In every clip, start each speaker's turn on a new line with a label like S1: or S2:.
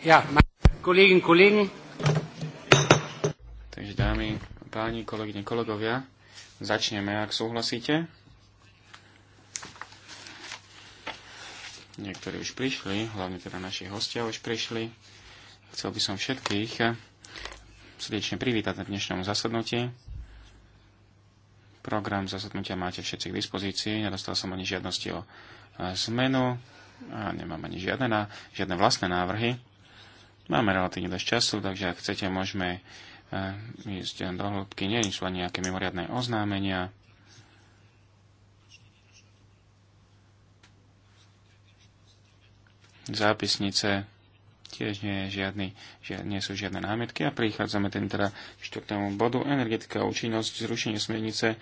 S1: Ja, kolegyň, kolegyň.
S2: Takže dámy, páni, kolegyne, kolegovia, začneme, ak súhlasíte. Niektorí už prišli, hlavne teda naši hostia už prišli. Chcel by som všetkých srdečne privítať na dnešnom zasadnutí. Program zasadnutia máte všetci k dispozícii. Nedostal som ani žiadnosti o e, zmenu a nemám ani žiadne, na, žiadne vlastné návrhy Máme relatívne dosť času, takže ak chcete, môžeme eh, ísť do hĺbky. Nie sú ani nejaké mimoriadné oznámenia. Zápisnice tiež nie, je žiadny, žiad, nie sú žiadne námietky a prichádzame ten teda k štvrtému bodu. Energetika, účinnosť, zrušenie smernice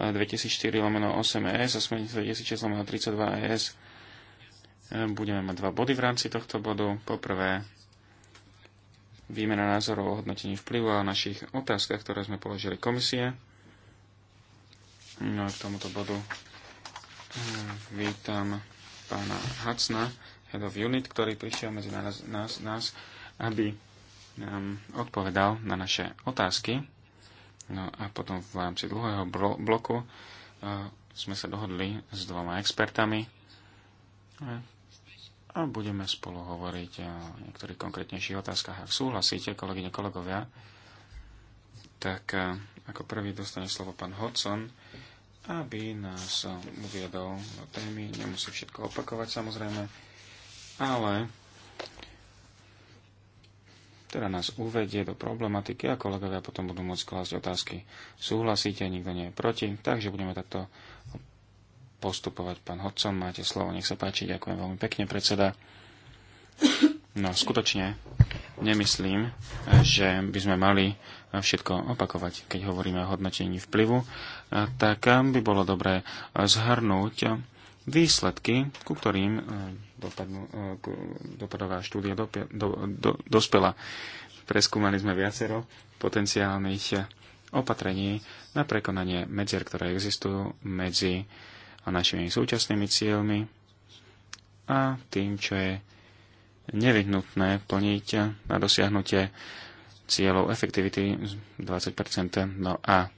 S2: 2004-8ES eh, e a smernice 2006-32ES. E eh, budeme mať dva body v rámci tohto bodu. Poprvé, výmena názorov o hodnotení vplyvu a o našich otázkach, ktoré sme položili komisie. No a k tomuto bodu hm, vítam pána Hacna, Head of Unit, ktorý prišiel medzi nás, nás, nás aby nám odpovedal na naše otázky. No a potom v rámci druhého bloku eh, sme sa dohodli s dvoma expertami, a budeme spolu hovoriť o niektorých konkrétnejších otázkach. Ak súhlasíte, kolegyne, kolegovia, tak e, ako prvý dostane slovo pán Hodson, aby nás uviedol do témy. Nemusí všetko opakovať samozrejme, ale teda nás uvedie do problematiky a kolegovia potom budú môcť klásť otázky. Súhlasíte, nikto nie je proti, takže budeme takto postupovať. Pán Hodcom, máte slovo, nech sa páči. Ďakujem veľmi pekne, predseda. No, skutočne nemyslím, že by sme mali všetko opakovať. Keď hovoríme o hodnotení vplyvu, tak by bolo dobré zhrnúť výsledky, ku ktorým dopadnú, dopadová štúdia do, do, dospela. Preskúmali sme viacero potenciálnych opatrení na prekonanie medzier, ktoré existujú medzi a našimi súčasnými cieľmi a tým, čo je nevyhnutné plniť na dosiahnutie cieľov efektivity 20%. No a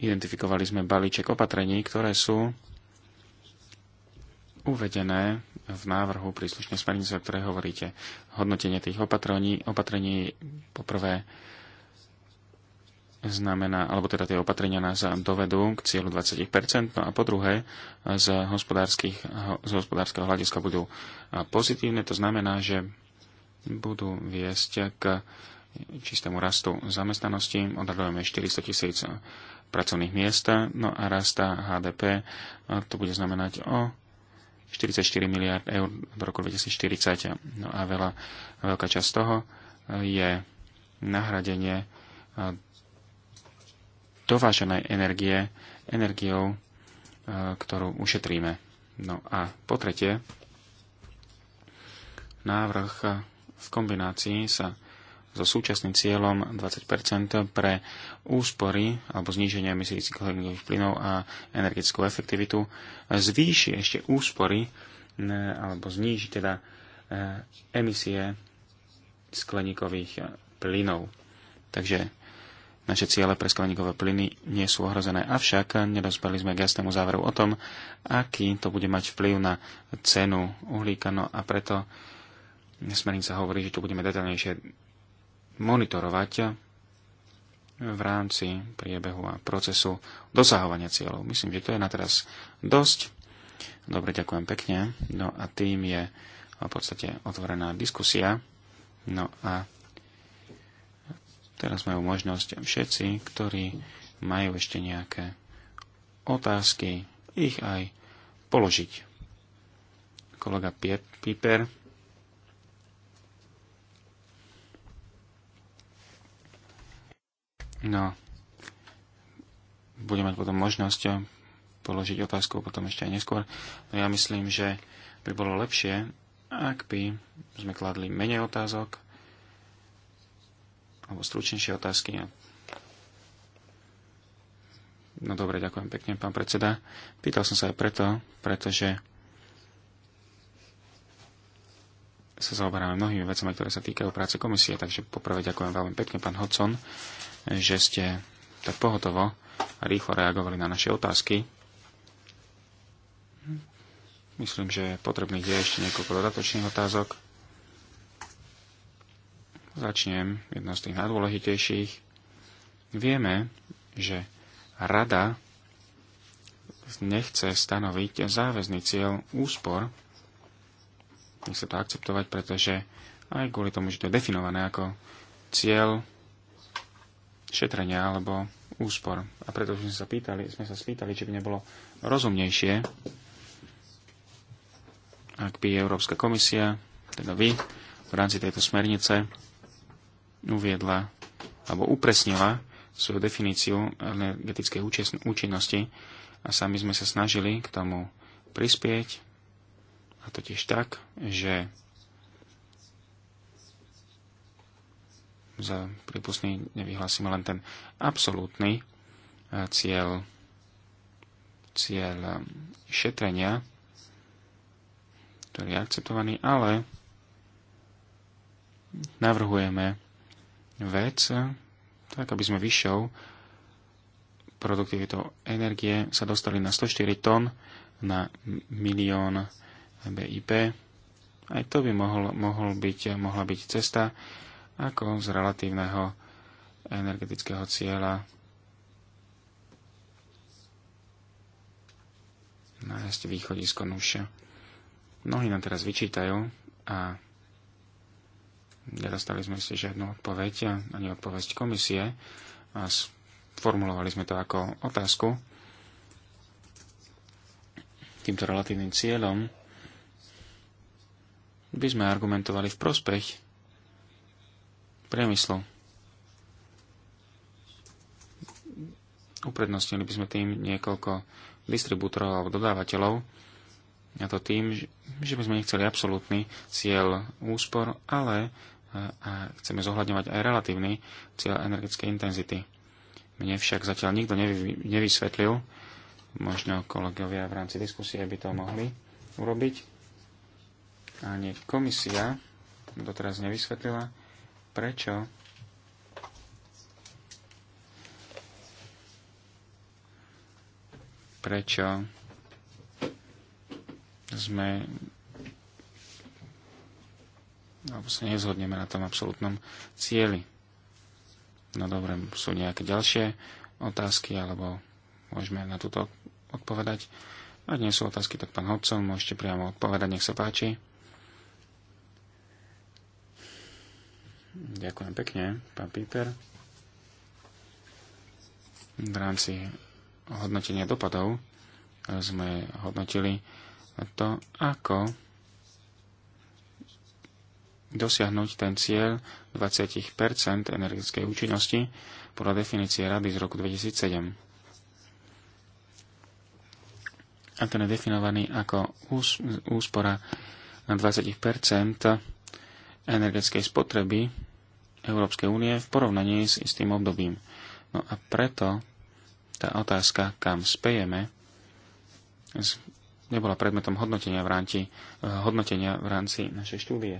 S2: identifikovali sme balíček opatrení, ktoré sú uvedené v návrhu príslušnej smernice, o ktorej hovoríte. Hodnotenie tých opatrení, opatrení poprvé znamená, alebo teda tie opatrenia nás dovedú k cieľu 20%, no a po druhé z, hospodárskych, z hospodárskeho hľadiska budú pozitívne, to znamená, že budú viesť k čistému rastu zamestnanosti, odhadujeme 400 tisíc pracovných miest, no a rasta HDP, a to bude znamenať o 44 miliard eur do roku 2040. No a veľa, veľká časť toho je nahradenie dováženej energie energiou, e, ktorú ušetríme. No a po tretie, návrh v kombinácii sa so súčasným cieľom 20 pre úspory alebo zníženie emisí skleníkových plynov a energetickú efektivitu zvýši ešte úspory e, alebo zníži teda e, emisie skleníkových plynov. Takže naše ciele pre skleníkové plyny nie sú ohrozené, avšak nedospeli sme k jasnému záveru o tom, aký to bude mať vplyv na cenu uhlíka, no a preto smernica hovorí, že to budeme detaľnejšie monitorovať v rámci priebehu a procesu dosahovania cieľov. Myslím, že to je na teraz dosť. Dobre, ďakujem pekne. No a tým je v podstate otvorená diskusia. No a Teraz majú možnosť všetci, ktorí majú ešte nejaké otázky, ich aj položiť. Kolega Piper No, budem mať potom možnosť položiť otázku potom ešte aj neskôr. No ja myslím, že by bolo lepšie, ak by sme kladli menej otázok alebo stručnejšie otázky. No dobre, ďakujem pekne, pán predseda. Pýtal som sa aj preto, pretože sa zaoberáme mnohými vecami, ktoré sa týkajú práce komisie, takže poprvé ďakujem veľmi pekne, pán Hodson, že ste tak pohotovo a rýchlo reagovali na naše otázky. Myslím, že potrebných je ešte niekoľko dodatočných otázok. Začnem jedno z tých najdôležitejších. Vieme, že rada nechce stanoviť záväzný cieľ úspor. Nechce to akceptovať, pretože aj kvôli tomu, že to je definované ako cieľ šetrenia alebo úspor. A preto sme sa, pýtali, sme sa spýtali, či by nebolo rozumnejšie, ak by Európska komisia, teda vy, v rámci tejto smernice uviedla alebo upresnila svoju definíciu energetickej účinnosti a sami sme sa snažili k tomu prispieť a to tiež tak, že za prípustný nevyhlasíme len ten absolútny e, cieľ, cieľ e, šetrenia, ktorý je akceptovaný, ale navrhujeme vec, tak aby sme vyšou produktivitou energie sa dostali na 104 tón na milión BIP. Aj to by mohol, mohol byť, mohla byť cesta ako z relatívneho energetického cieľa nájsť východisko nuša. Mnohí nám teraz vyčítajú a Nedostali sme si žiadnu odpoveď ani odpoveď komisie a sformulovali sme to ako otázku. Týmto relatívnym cieľom by sme argumentovali v prospech priemyslu. Uprednostnili by sme tým niekoľko distribútorov alebo dodávateľov, a to tým, že by sme nechceli absolútny cieľ úspor, ale a chceme zohľadňovať aj relatívny cieľ energetickej intenzity. Mne však zatiaľ nikto nevy, nevysvetlil, možno kolegovia v rámci diskusie by to mohli urobiť, ani komisia doteraz nevysvetlila, prečo prečo sme alebo no, sa nezhodneme na tom absolútnom cieli. No dobre, sú nejaké ďalšie otázky, alebo môžeme na túto odpovedať. No, ak nie sú otázky, tak pán Hobson, môžete priamo odpovedať, nech sa páči. Ďakujem pekne, pán Píper. V rámci hodnotenia dopadov sme hodnotili to, ako dosiahnuť ten cieľ 20 energetickej účinnosti podľa definície Rady z roku 2007. A ten je definovaný ako úspora na 20 energetickej spotreby Európskej únie v porovnaní s istým obdobím. No a preto tá otázka, kam spejeme, nebola predmetom hodnotenia v rámci, eh, hodnotenia v rámci našej štúdie.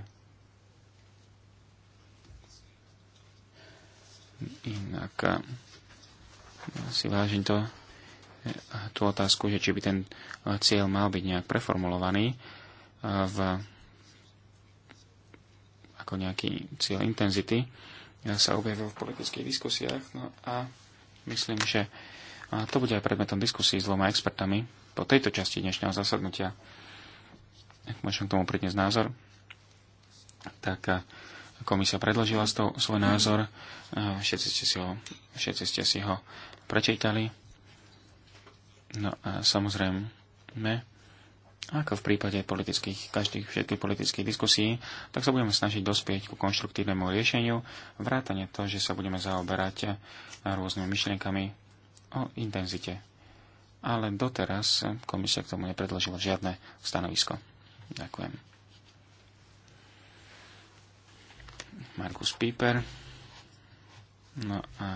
S2: Inak eh, si vážim to, eh, tú otázku, že či by ten eh, cieľ mal byť nejak preformulovaný v, ako nejaký cieľ intenzity, ja sa objavil v politických diskusiách. No a myslím, že to bude aj predmetom diskusí s dvoma expertami po tejto časti dnešného zasadnutia. Ak môžem k tomu prednes názor, tak Komisia predložila svoj názor, všetci ste si ho, všetci ste si ho prečítali. No a samozrejme, ako v prípade politických, každých, všetkých politických diskusí, tak sa budeme snažiť dospieť ku konštruktívnemu riešeniu, vrátane to, že sa budeme zaoberať rôznymi myšlienkami o intenzite. Ale doteraz komisia k tomu nepredložila žiadne stanovisko. Ďakujem. Markus Píper. No a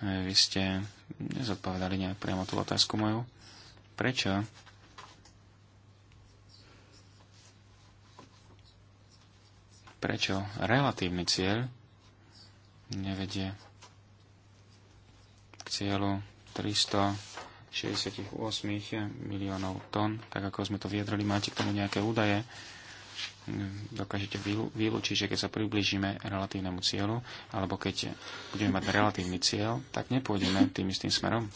S2: vy ste nezodpovedali nejak priamo tú otázku moju. Prečo? Prečo relatívny cieľ nevedie k cieľu 368 miliónov tón, tak ako sme to vyjadrili, máte k tomu nejaké údaje? dokážete vylúčiť, že keď sa priblížime relatívnemu cieľu, alebo keď budeme mať relatívny cieľ, tak nepôjdeme tým istým smerom?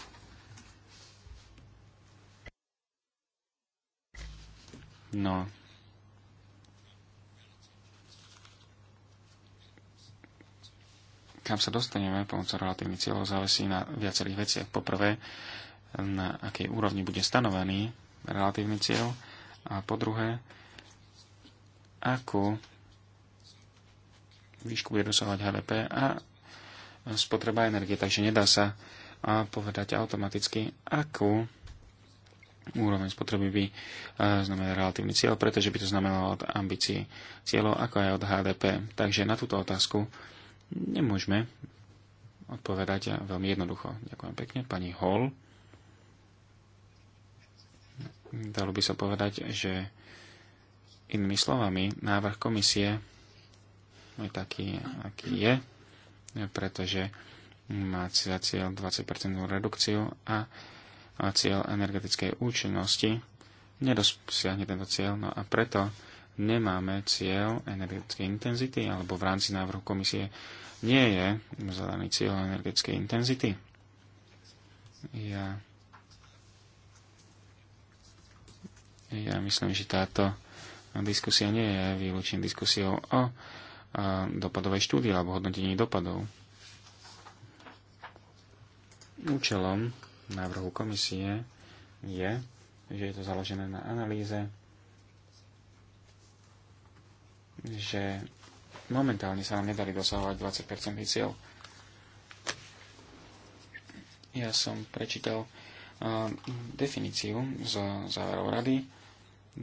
S2: No. Kam sa dostaneme pomocou relatívnych cieľov závisí na viacerých veciach. Poprvé, na akej úrovni bude stanovený relatívny cieľ a po druhé, ako výšku bude dosahovať HDP a spotreba energie. Takže nedá sa povedať automaticky, akú úroveň spotreby by e, znamená relatívny cieľ, pretože by to znamenalo od ambícií cieľov, ako aj od HDP. Takže na túto otázku nemôžeme odpovedať veľmi jednoducho. Ďakujem pekne. Pani Hall. Dalo by sa povedať, že Inými slovami, návrh komisie je taký, aký je, pretože má za cieľ 20% redukciu a cieľ energetickej účinnosti nedosiahne tento cieľ, no a preto nemáme cieľ energetickej intenzity, alebo v rámci návrhu komisie nie je zadaný cieľ energetickej intenzity. Ja, ja myslím, že táto Diskusia nie je výlučne diskusiou o dopadovej štúdii alebo hodnotení dopadov. Účelom návrhu komisie je, že je to založené na analýze, že momentálne sa nám nedali dosahovať 20% cieľ. Ja som prečítal uh, definíciu z záverov rady,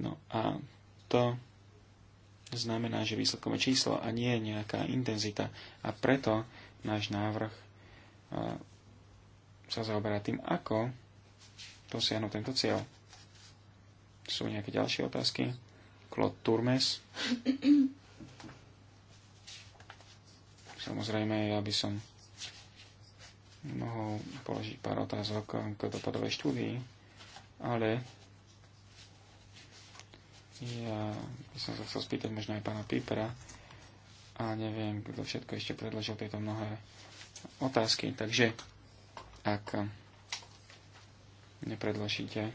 S2: no a to znamená, že výsledkové číslo a nie je nejaká intenzita. A preto náš návrh sa zaoberá tým, ako dosiahnuť tento cieľ. Sú nejaké ďalšie otázky? Claude Turmes. Samozrejme, ja by som mohol položiť pár otázok k dopadovej štúdii, ale ja by som sa chcel spýtať možno aj pána Pípera, a neviem, kto všetko ešte predložil tieto mnohé otázky, takže ak nepredložíte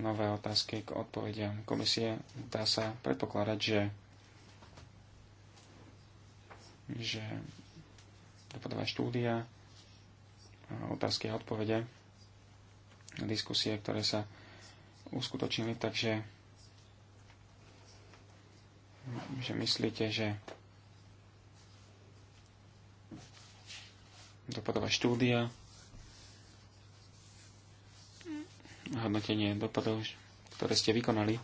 S2: nové otázky k odpovediam komisie, dá sa predpokladať, že že dopadová štúdia, otázky a odpovede, diskusie, ktoré sa uskutočnili, takže že myslíte, že dopadová štúdia, hodnotenie dopadov, ktoré ste vykonali,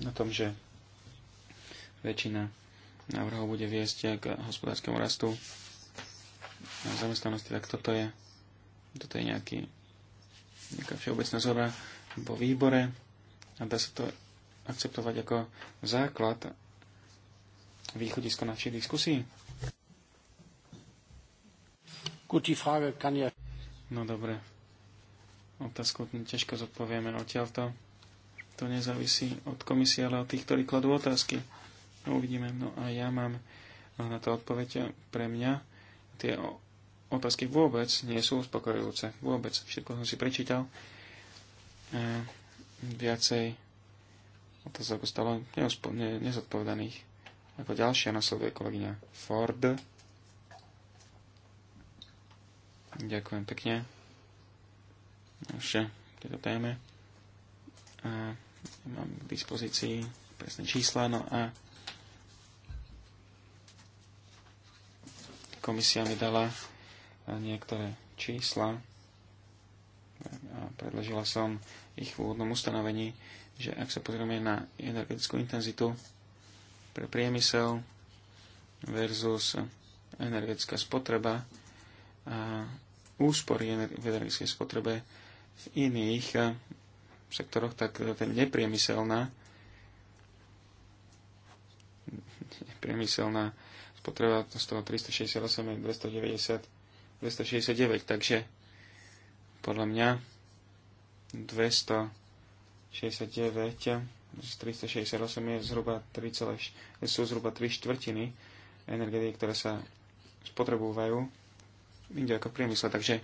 S2: na tom, že väčšina návrhov bude viesť k hospodárskému rastu a zamestnanosti, tak toto je, toto je nejaký, nejaká všeobecná zhoda vo výbore a dá sa to akceptovať ako základ východisko našich diskusí? No dobre. Otázku ťažko zodpovieme odtiaľto. To nezávisí od komisie, ale od tých, ktorí kladú otázky. No, uvidíme. No a ja mám na to odpoveď pre mňa. Tie otázky vôbec nie sú uspokojujúce. Vôbec. Všetko som si prečítal. E viacej otázok ostalo neuspo- ne- nezodpovedaných. Ako ďalšia nasleduje kolegyňa Ford. Ďakujem pekne. Ešte tejto téme. A mám k dispozícii presné čísla, no a komisia mi dala niektoré čísla a predložila som ich v úvodnom ustanovení, že ak sa pozrieme na energetickú intenzitu pre priemysel versus energetická spotreba a úspory v energetickej spotrebe v iných eh, sektoroch, tak ten nepriemyselná priemyselná spotreba z stalo 368 290 269, takže podľa mňa 269 z 368 je zhruba 3, sú zhruba 3 štvrtiny energie, ktoré sa spotrebujú inde ako priemysle. Takže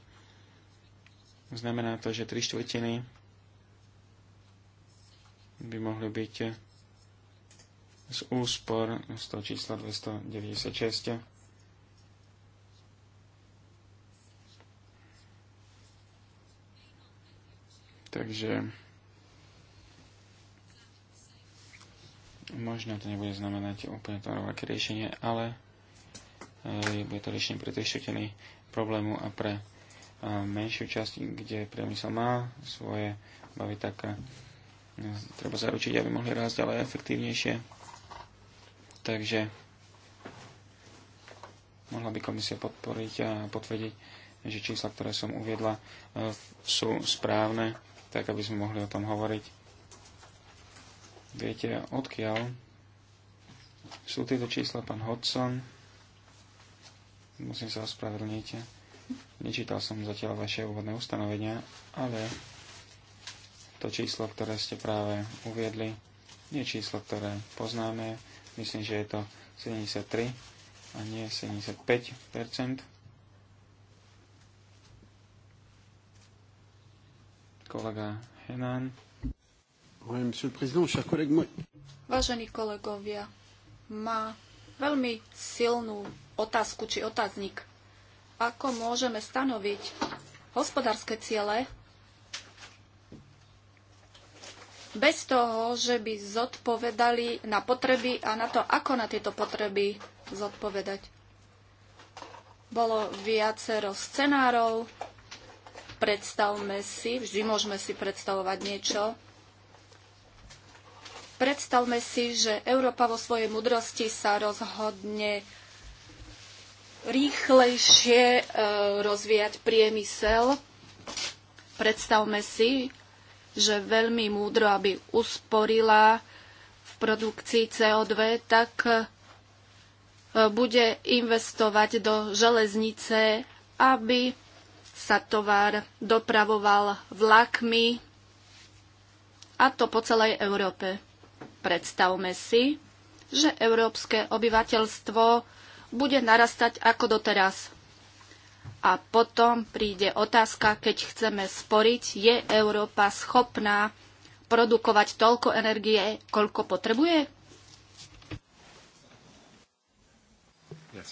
S2: znamená to, že 3 štvrtiny by mohli byť z úspor z toho čísla 296 Takže možno to nebude znamenať úplne to rovnaké riešenie, ale e, bude to riešenie pre trieštetený problému a pre e, menšiu časť, kde priemysel má svoje bavy tak e, treba zaručiť, aby mohli rásť ale efektívnejšie. Takže mohla by komisia podporiť a potvrdiť, že čísla, ktoré som uviedla, sú správne tak aby sme mohli o tom hovoriť. Viete, odkiaľ sú tieto čísla, pán Hodson? Musím sa ospravedlniť. Nečítal som zatiaľ vaše úvodné ustanovenia, ale to číslo, ktoré ste práve uviedli, je číslo, ktoré poznáme. Myslím, že je to 73 a nie 75 kolega Henan.
S3: Vážení kolegovia, má veľmi silnú otázku či otáznik. Ako môžeme stanoviť hospodárske ciele bez toho, že by zodpovedali na potreby a na to, ako na tieto potreby zodpovedať. Bolo viacero scenárov, Predstavme si, vždy môžeme si predstavovať niečo. Predstavme si, že Európa vo svojej mudrosti sa rozhodne rýchlejšie e, rozvíjať priemysel. Predstavme si, že veľmi múdro, aby usporila v produkcii CO2, tak e, bude investovať do železnice, aby sa tovar dopravoval vlakmi a to po celej Európe. Predstavme si, že európske obyvateľstvo bude narastať ako doteraz. A potom príde otázka, keď chceme sporiť, je Európa schopná produkovať toľko energie, koľko potrebuje?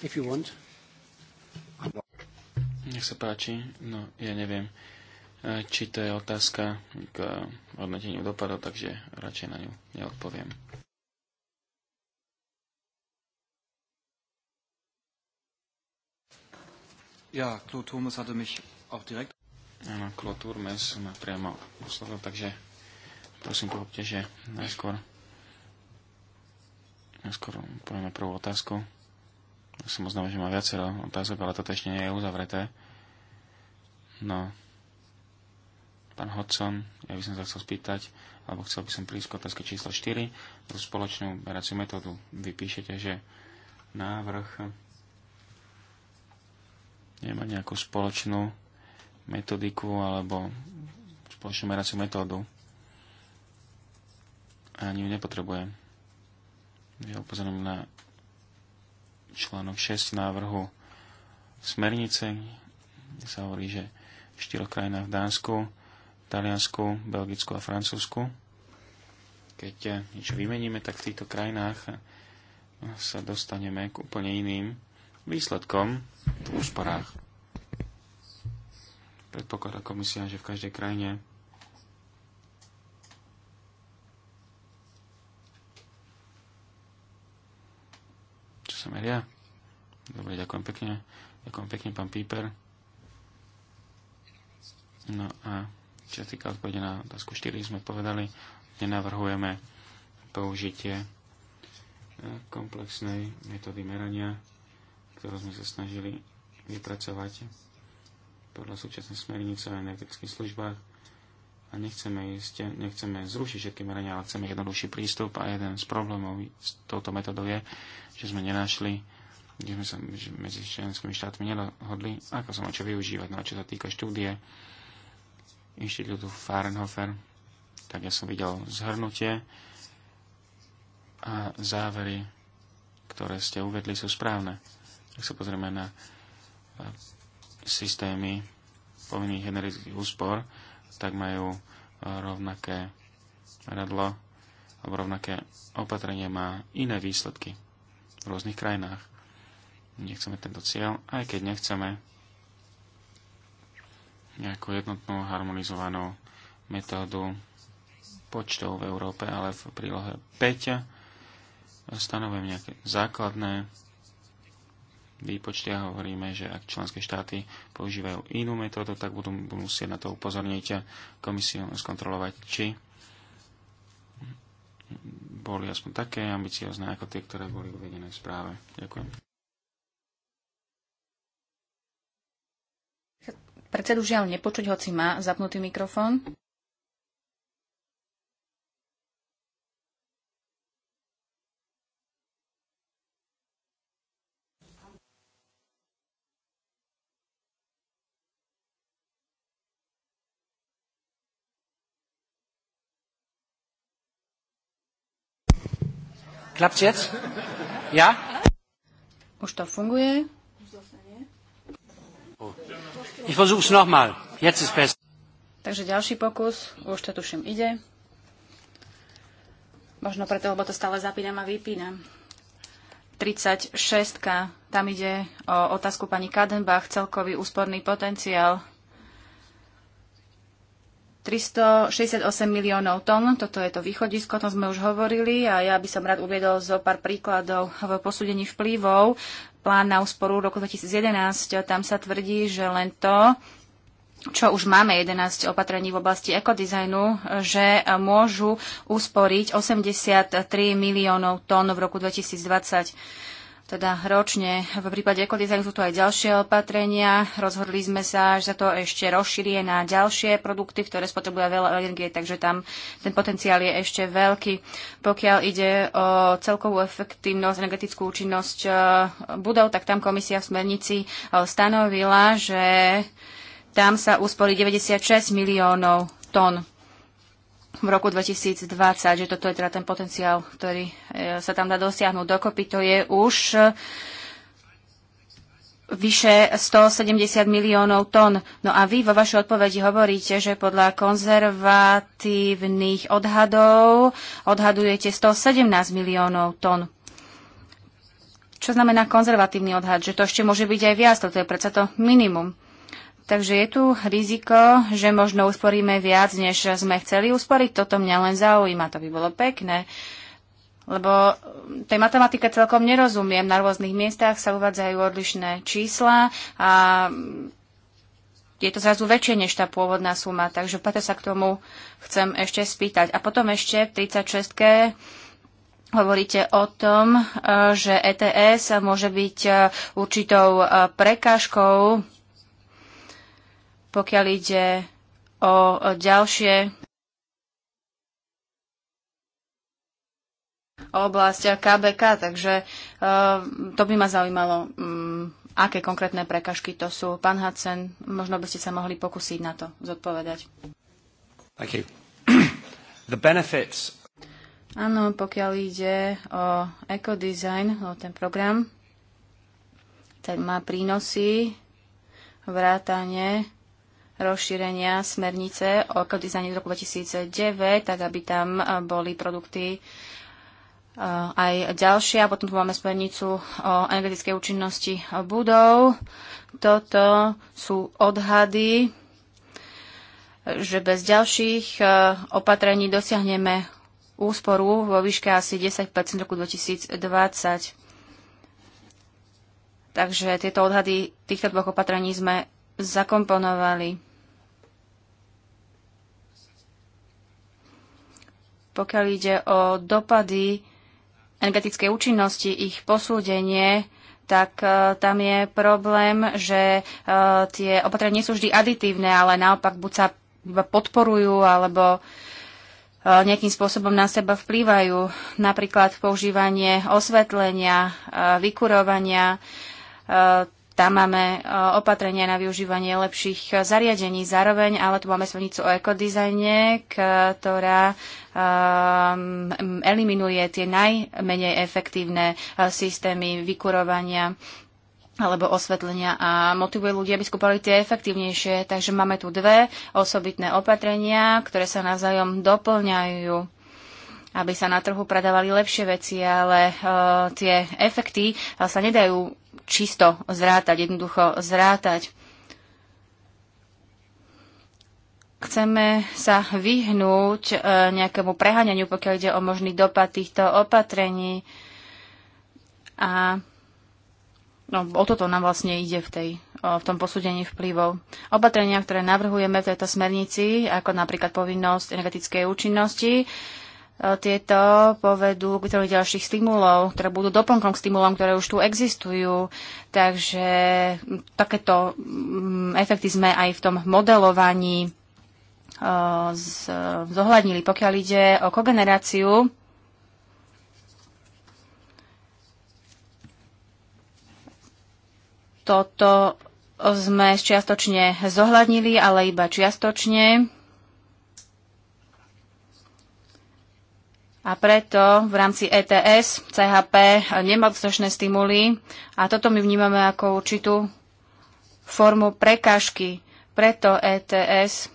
S1: If you want.
S2: Nech sa páči, no ja neviem, e, či to je otázka k hodnoteniu dopadov, takže radšej na ňu neodpoviem. Ja, Claude Thomas hatte mich auch direkt... Áno, Claude Turmes ma priamo oslovil, takže prosím pochopte, že najskôr najskôr povieme prvú otázku som oznámil, že má viacero otázok, ale toto ešte nie je uzavreté. No, pán Hodson, ja by som sa chcel spýtať, alebo chcel by som prísť k otázke číslo 4, tú spoločnú beraciu metódu. vypíšete, že návrh nemá nejakú spoločnú metodiku alebo spoločnú meraciu metódu. A ani ju nepotrebujem. Ja upozorujem na článok 6 návrhu smernice, kde sa hovorí, že v štyroch krajinách v Dánsku, Taliansku, Belgicku a Francúzsku. Keď eh, niečo vymeníme, tak v týchto krajinách eh, sa dostaneme k úplne iným výsledkom v úsporách. Predpokladá komisia, že v každej krajine som aj ja. Dobre, ďakujem pekne. Ďakujem pekne, pán Píper. No a čo sa týka odpovede na otázku 4, sme povedali, nenavrhujeme použitie e, komplexnej metódy merania, ktorú sme sa snažili vypracovať podľa súčasnej smernice o energetických službách a nechceme, ísť, nechceme zrušiť všetky merania, ale chceme jednoduchší prístup a jeden z problémov s touto metodou je, že sme nenašli, kde sme sa medzi členskými štátmi nedohodli, ako sa má čo využívať. No a čo sa týka štúdie Inštitútu Fahrenhofer, tak ja som videl zhrnutie a závery, ktoré ste uvedli, sú správne. Ak sa pozrieme na eh, systémy povinných energetických úspor, tak majú e, rovnaké radlo alebo rovnaké opatrenie má iné výsledky v rôznych krajinách. Nechceme tento cieľ, aj keď nechceme nejakú jednotnú harmonizovanú metódu počtov v Európe, ale v prílohe 5 stanovím nejaké základné výpočte a hovoríme, že ak členské štáty používajú inú metódu, tak budú, musieť na to upozorniť a komisiu skontrolovať, či boli aspoň také ambiciozne ako tie, ktoré boli uvedené v správe. Ďakujem.
S4: Predsedu žiaľ nepočuť, hoci má zapnutý mikrofón.
S1: Klappt's jetzt? Ja? Už to funguje?
S4: Ich versuch's nochmal. Jetzt ist besser. Takže ďalší pokus. Už to tuším ide. Možno preto, lebo to stále zapínam a vypínam. 36. Tam ide o otázku pani Kadenbach, celkový úsporný potenciál 368 miliónov tón, toto je to východisko, o tom sme už hovorili a ja by som rád uviedol zo pár príkladov v posúdení vplyvov. Plán na úsporu roku 2011, tam sa tvrdí, že len to, čo už máme 11 opatrení v oblasti ekodizajnu, že môžu usporiť 83 miliónov tón v roku 2020 teda ročne. V prípade ekodizajnu sú tu aj ďalšie opatrenia. Rozhodli sme sa, že sa to ešte rozšírie na ďalšie produkty, ktoré spotrebujú veľa energie, takže tam ten potenciál je ešte veľký. Pokiaľ ide o celkovú efektívnosť, energetickú účinnosť e, budov, tak tam komisia v smernici e, stanovila, že tam sa úsporí 96 miliónov tón v roku 2020, že toto je teda ten potenciál, ktorý e, sa tam dá dosiahnuť. Dokopy to je už e, vyše 170 miliónov tón. No a vy vo vašej odpovedi hovoríte, že podľa konzervatívnych odhadov odhadujete 117 miliónov tón. Čo znamená konzervatívny odhad? Že to ešte môže byť aj viac, toto je predsa to minimum. Takže je tu riziko, že možno usporíme viac, než sme chceli usporiť. Toto mňa len zaujíma, to by bolo pekné. Lebo tej matematike celkom nerozumiem. Na rôznych miestach sa uvádzajú odlišné čísla a je to zrazu väčšie než tá pôvodná suma. Takže preto sa k tomu chcem ešte spýtať. A potom ešte v 36. Hovoríte o tom, e, že ETS môže byť e, určitou e, prekážkou pokiaľ ide o ďalšie oblasť KBK, takže e, to by ma zaujímalo, mm, aké konkrétne prekažky to sú. Pán Hacen, možno by ste sa mohli pokúsiť na to zodpovedať. Áno, pokiaľ ide o ekodesign, o ten program, ten má prínosy, vrátanie rozšírenia smernice o ekodizajne z roku 2009, tak aby tam eh, boli produkty eh, aj ďalšie. A potom tu máme smernicu o energetickej účinnosti budov. Toto sú odhady, že bez ďalších eh, opatrení dosiahneme úsporu vo výške asi 10 roku 2020. Takže tieto odhady týchto dvoch opatrení sme zakomponovali. Pokiaľ ide o dopady energetickej účinnosti, ich posúdenie, tak uh, tam je problém, že uh, tie opatrenia nie sú vždy aditívne, ale naopak buď sa iba podporujú alebo e, nejakým spôsobom na seba vplývajú. Napríklad používanie osvetlenia, vykurovania, tam máme e, opatrenia na využívanie lepších e, zariadení zároveň, ale tu máme smernicu o ekodizajne, ktorá e, eliminuje tie najmenej efektívne systémy vykurovania alebo osvetlenia a motivuje ľudí, aby skúpali tie efektívnejšie. Takže máme tu dve osobitné opatrenia, ktoré sa navzájom doplňajú aby sa na trhu predávali lepšie veci, ale uh, tie efekty sa nedajú čisto zrátať, jednoducho zrátať. Chceme sa vyhnúť e, nejakému preháňaniu, pokiaľ ide o možný dopad týchto opatrení. A no, o toto nám vlastne ide v, tej, v tom posúdení vplyvov. Opatrenia, ktoré navrhujeme v tejto smernici, ako napríklad povinnosť energetickej účinnosti, tieto povedú k vytvoreniu ďalších stimulov, ktoré budú doplnkom k stimulom, ktoré už tu existujú. Takže takéto mm, efekty sme aj v tom modelovaní e, zohľadnili. Pokiaľ ide o kogeneráciu, toto sme čiastočne zohľadnili, ale iba čiastočne. a preto v rámci ETS CHP nemá dostatočné stimuly a toto my vnímame ako určitú formu prekážky. Preto ETS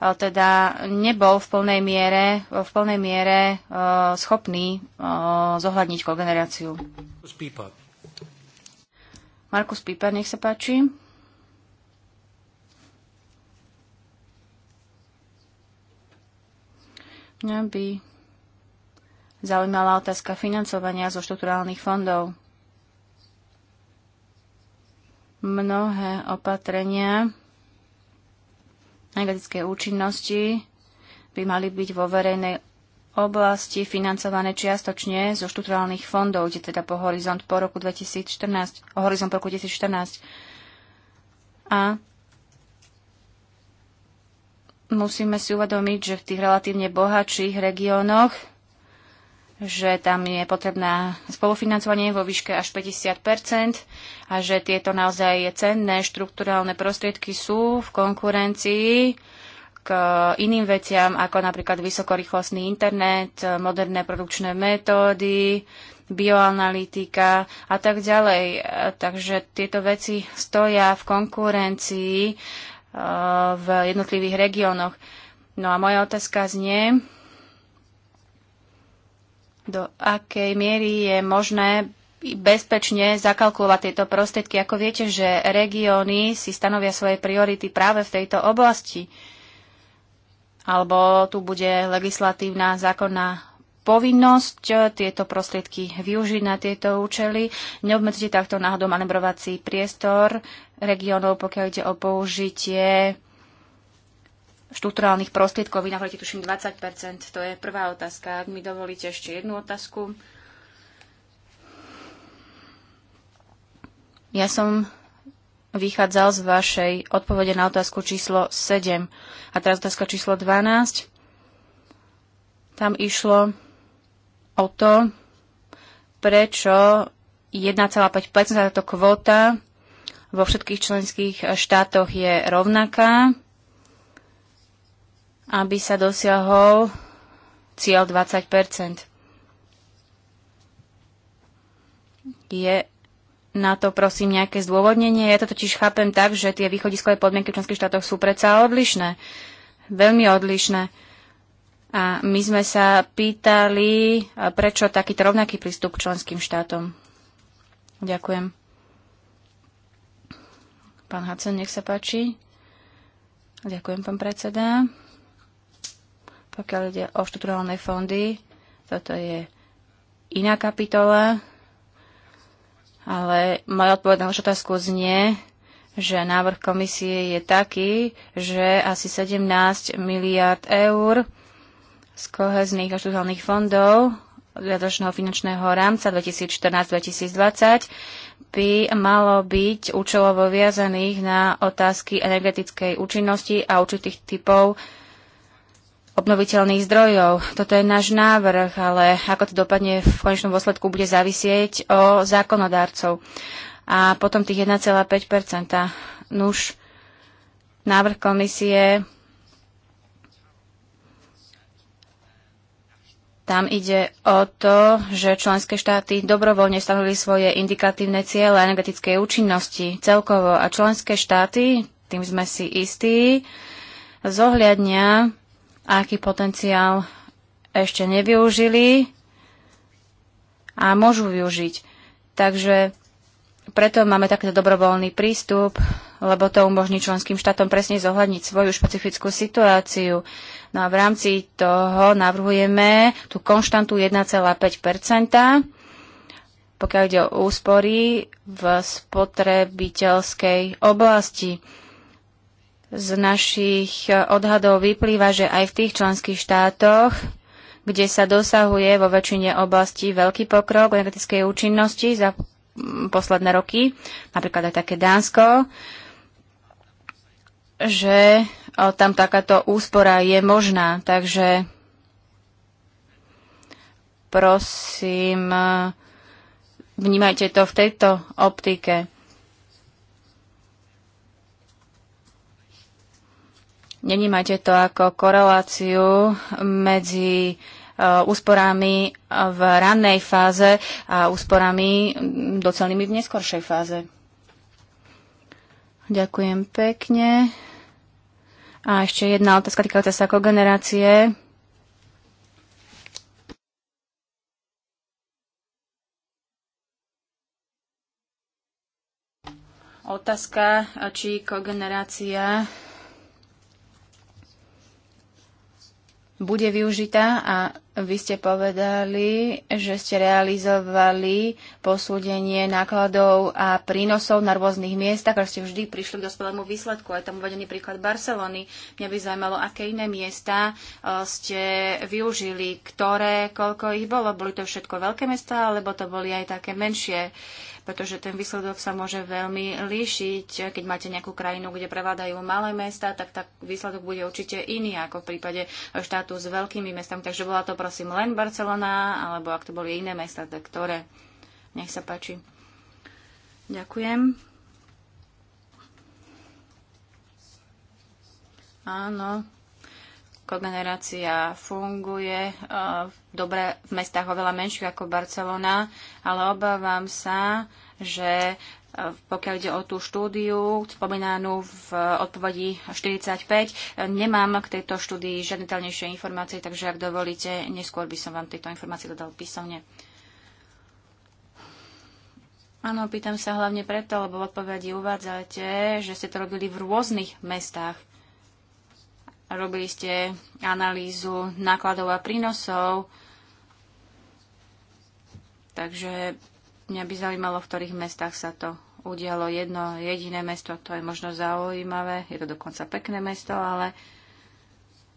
S4: teda nebol v plnej miere, v plnej miere uh, schopný uh, zohľadniť kogeneráciu. Markus Piper, nech sa páči. Mňa by zaujímala otázka financovania zo štrukturálnych fondov. Mnohé opatrenia energetickej účinnosti by mali byť vo verejnej oblasti financované čiastočne zo štrukturálnych fondov, kde teda po horizont po roku 2014, o horizont po roku 2014. A musíme si uvedomiť, že v tých relatívne bohatších regiónoch, že tam je potrebné spolufinancovanie vo výške až 50 a že tieto naozaj cenné štruktúrálne prostriedky sú v konkurencii k iným veciam, ako napríklad vysokorýchlostný internet, moderné produkčné metódy, bioanalytika a tak ďalej. Takže tieto veci stoja v konkurencii Eh, v jednotlivých regiónoch. No a moja otázka znie, do akej miery je možné bezpečne zakalkulovať tieto prostriedky. Ako viete, že regióny si stanovia svoje priority práve v tejto oblasti. Alebo tu bude legislatívna zákonná povinnosť e, tieto prostriedky využiť na tieto účely. Neobmedzite takto náhodou manevrovací priestor regionov, pokiaľ ide o použitie štruktúrálnych prostriedkov. Vy navrhujete tuším 20 To je prvá otázka. Ak mi dovolíte ešte jednu otázku. Ja som vychádzal z vašej odpovede na otázku číslo 7. A teraz otázka číslo 12. Tam išlo o to, prečo 1,5 táto kvóta vo všetkých členských štátoch je rovnaká, aby sa dosiahol cieľ 20 Je na to prosím nejaké zdôvodnenie. Ja to totiž chápem tak, že tie východiskové podmienky v členských štátoch sú predsa odlišné. Veľmi odlišné. A my sme sa pýtali, prečo takýto rovnaký prístup k členským štátom. Ďakujem. Pán Hacen, nech sa páči. Ďakujem, pán predseda. Pokiaľ ide o štruktúrálne fondy, toto je iná kapitola, ale moja odpoveď na vašu otázku znie, že návrh komisie je taký, že asi 17 miliard eur z kohezných a štruktúrnych fondov viadočného finančného rámca 2014-2020 by malo byť účelovo viazaných na otázky energetickej účinnosti a určitých typov obnoviteľných zdrojov. Toto je náš návrh, ale ako to dopadne v konečnom dôsledku bude závisieť o zákonodárcov. A potom tých 1,5 Nuž, návrh komisie Tam ide o to, že členské štáty dobrovoľne stanovili svoje indikatívne ciele energetickej účinnosti celkovo a členské štáty, tým sme si istí, zohľadnia, aký potenciál ešte nevyužili a môžu využiť. Takže preto máme takýto dobrovoľný prístup lebo to umožní členským štátom presne zohľadniť svoju špecifickú situáciu. No a v rámci toho navrhujeme tú konštantu 1,5 pokiaľ ide o úspory v spotrebiteľskej oblasti. Z našich odhadov vyplýva, že aj v tých členských štátoch, kde sa dosahuje vo väčšine oblasti veľký pokrok energetickej účinnosti za posledné roky, napríklad aj také Dánsko, že tam takáto úspora je možná. Takže prosím, vnímajte to v tejto optike. Nenímajte to ako koreláciu medzi úsporami v rannej fáze a úsporami docelnými v neskoršej fáze. Ďakujem pekne. A ešte jedna otázka týkajúca sa kogenerácie. Otázka, či kogenerácia bude využitá a vy ste povedali, že ste realizovali posúdenie nákladov a prínosov na rôznych miestach, ale ste vždy prišli k dospelému výsledku. Je tam uvedený príklad Barcelony. Mňa by zaujímalo, aké iné miesta e, ste využili, ktoré, koľko ich bolo. Boli to všetko veľké mesta, alebo to boli aj také menšie? Uh, pretože ten výsledok sa môže veľmi líšiť. Keď máte nejakú krajinu, kde prevádajú malé mesta, tak, tak výsledok bude určite iný ako v prípade štátu s veľkými mestami. Takže bola to prosím len Barcelona, alebo ak to boli iné mesta, tak ktoré. Nech sa páči. Ďakujem. Áno, kogenerácia funguje. V eh, dobre v mestách oveľa menších ako Barcelona, ale obávam sa, že e, pokiaľ ide o tú štúdiu spomínanú v e, odpovedi 45, e, nemám k tejto štúdii žiadne telnejšie informácie, takže ak dovolíte, neskôr by som vám tieto informácie dodal písomne. Áno, pýtam sa hlavne preto, lebo v odpovedi uvádzate, že ste to robili v rôznych mestách. Robili ste analýzu nákladov a prínosov, Takže mňa by zaujímalo, v ktorých mestách sa to udialo. Jedno jediné mesto, to je možno zaujímavé, je to dokonca pekné mesto, ale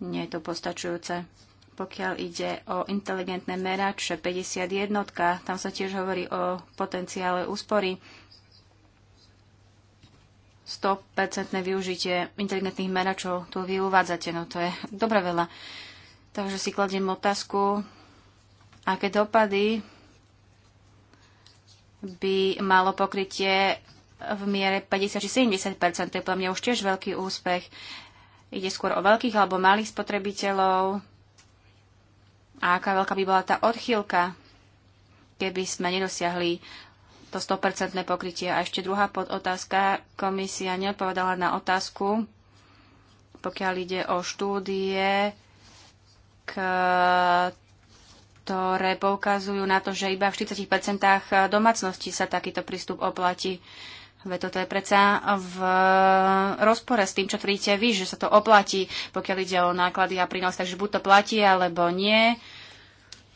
S4: nie je to postačujúce. Pokiaľ ide o inteligentné merače 51, tam sa tiež hovorí o potenciále úspory. 100% využitie inteligentných meračov tu vy uvádzate, no to je dobre veľa. Takže si kladiem otázku, aké dopady by malo pokrytie v miere 50 70 To je pre mňa už tiež veľký úspech. Ide skôr o veľkých alebo malých spotrebiteľov. A aká veľká by bola tá odchýlka, keby sme nedosiahli to 100% pokrytie. A ešte druhá podotázka. Komisia neodpovedala na otázku, pokiaľ ide o štúdie, k ktoré poukazujú na to, že iba v 40% domácnosti sa takýto prístup oplatí. Veď toto je predsa v rozpore s tým, čo tvrdíte vy, že sa to oplatí, pokiaľ ide o náklady a prínos. Takže buď to platí, alebo nie.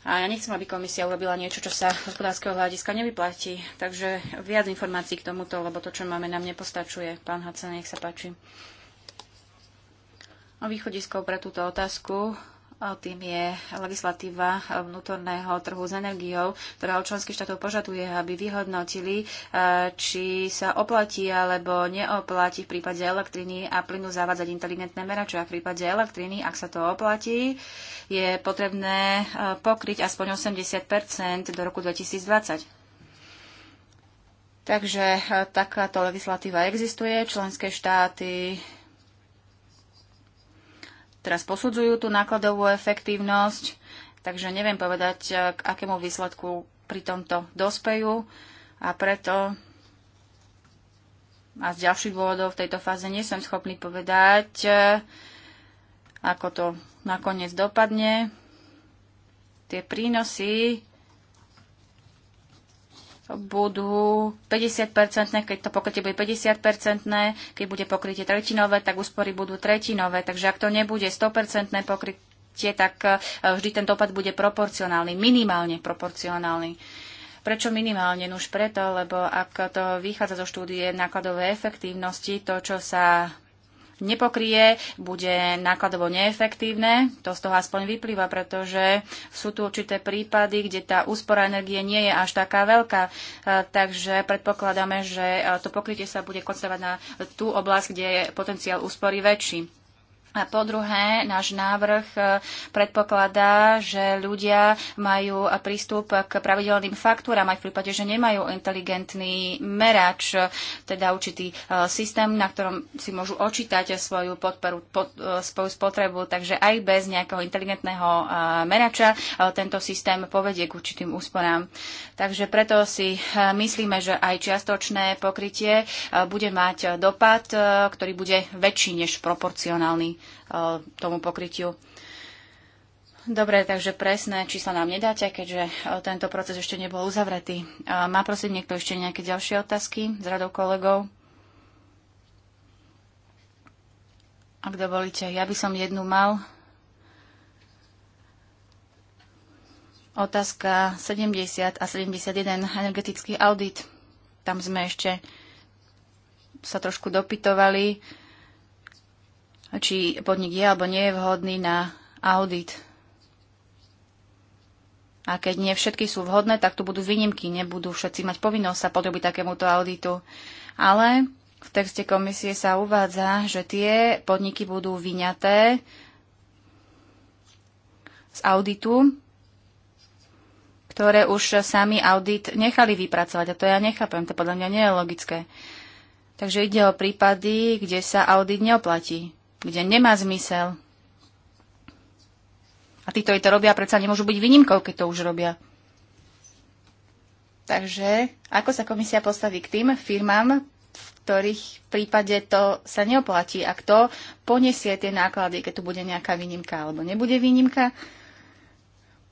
S4: A ja nechcem, aby komisia urobila niečo, čo sa z hospodárskeho hľadiska nevyplatí. Takže viac informácií k tomuto, lebo to, čo máme, nám nepostačuje. Pán Hacen, nech sa páči. O východisko pre túto otázku tým je legislatíva vnútorného trhu s energiou, ktorá od členských štátov požaduje, aby vyhodnotili, e, či sa oplatí alebo neoplatí v prípade elektriny a plynu zavádzať inteligentné merače. A v prípade elektriny, ak sa to oplatí, je potrebné e, pokryť aspoň 80 do roku 2020. Takže e, takáto legislatíva existuje. Členské štáty teraz posudzujú tú nákladovú efektívnosť, takže neviem povedať, e, k akému výsledku pri tomto dospejú a preto a z ďalších dôvodov v tejto fáze nie som schopný povedať, e, ako to nakoniec dopadne. Tie prínosy budú 50-percentné, keď to pokrytie bude 50-percentné, keď bude pokrytie tretinové, tak úspory budú tretinové. Takže ak to nebude 100-percentné pokrytie, tak e, vždy ten dopad bude proporcionálny, minimálne proporcionálny. Prečo minimálne? už preto, lebo ak to vychádza zo štúdie nákladovej efektívnosti, to, čo sa nepokrie, bude nákladovo neefektívne. To z toho aspoň vyplýva, pretože sú tu určité prípady, kde tá úspora energie nie je až taká veľká. E, takže predpokladáme, že e, to pokrytie sa bude koncentrovať na tú oblasť, kde je potenciál úspory väčší. A po druhé, náš návrh e, predpokladá, že ľudia majú prístup k pravidelným faktúram aj v prípade, že nemajú inteligentný merač, teda určitý e, systém, na ktorom si môžu očítať svoju, podporu, pod, e, svoju spotrebu. Takže aj bez nejakého inteligentného merača tento systém povedie k určitým úsporám. Takže preto si myslíme, že aj čiastočné pokrytie bude mať dopad, ktorý bude väčší než proporcionálny. Eh, tomu pokrytiu. Dobre, takže presné čísla nám nedáte, keďže eh, tento proces ešte nebol uzavretý. Eh, má prosím niekto ešte nejaké ďalšie otázky z radou kolegov? Ak dovolíte, ja by som jednu mal. Otázka 70 a 71, energetický audit. Tam sme ešte sa trošku dopytovali či podnik je alebo nie je vhodný na audit. A keď nie všetky sú vhodné, tak tu budú výnimky, nebudú všetci mať povinnosť sa podrobiť takémuto auditu. Ale v texte komisie sa uvádza, že tie podniky budú vyňaté z auditu, ktoré už sami audit nechali vypracovať. A to ja nechápem, to podľa mňa nie je logické. Takže ide o prípady, kde sa audit neoplatí kde nemá zmysel. A títo ktorí to robia, predsa nemôžu byť výnimkou, keď to už robia. Takže ako sa komisia postaví k tým firmám, v ktorých prípade to sa neoplatí a kto poniesie tie náklady, keď tu bude nejaká výnimka alebo nebude výnimka.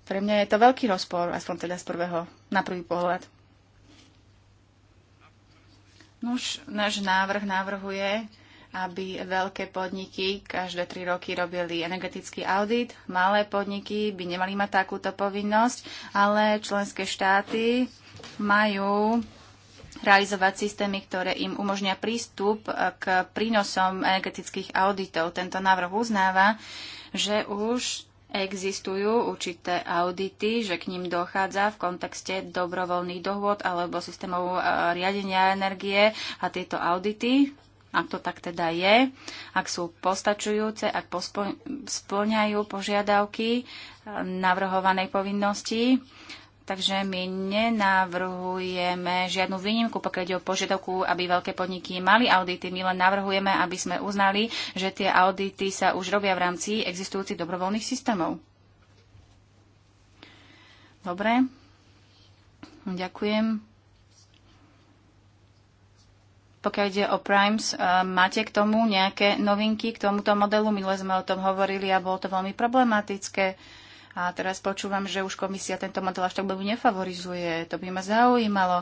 S4: Pre mňa je to veľký rozpor, aspoň teda z prvého, na prvý pohľad. Nuž, náš návrh navrhuje aby veľké podniky každé tri roky robili energetický audit. Malé podniky by nemali mať takúto povinnosť, ale členské štáty majú realizovať systémy, ktoré im umožnia prístup k prínosom energetických auditov. Tento návrh uznáva, že už existujú určité audity, že k ním dochádza v kontexte dobrovoľných dohôd alebo systémov eh, riadenia energie a tieto audity ak to tak teda je, ak sú postačujúce, ak splňajú požiadavky eh, navrhovanej povinnosti. Takže my nenavrhujeme žiadnu výnimku, pokiaľ ide o požiadavku, aby veľké podniky mali audity. My len navrhujeme, aby sme uznali, že tie audity sa už robia v rámci existujúcich dobrovoľných systémov. Dobre, ďakujem. Pokiaľ ide o Primes, eh, máte k tomu nejaké novinky k tomuto modelu? Minule sme o tom hovorili a bolo to veľmi problematické. A teraz počúvam, že už komisia tento model až tak veľmi nefavorizuje. To by ma zaujímalo.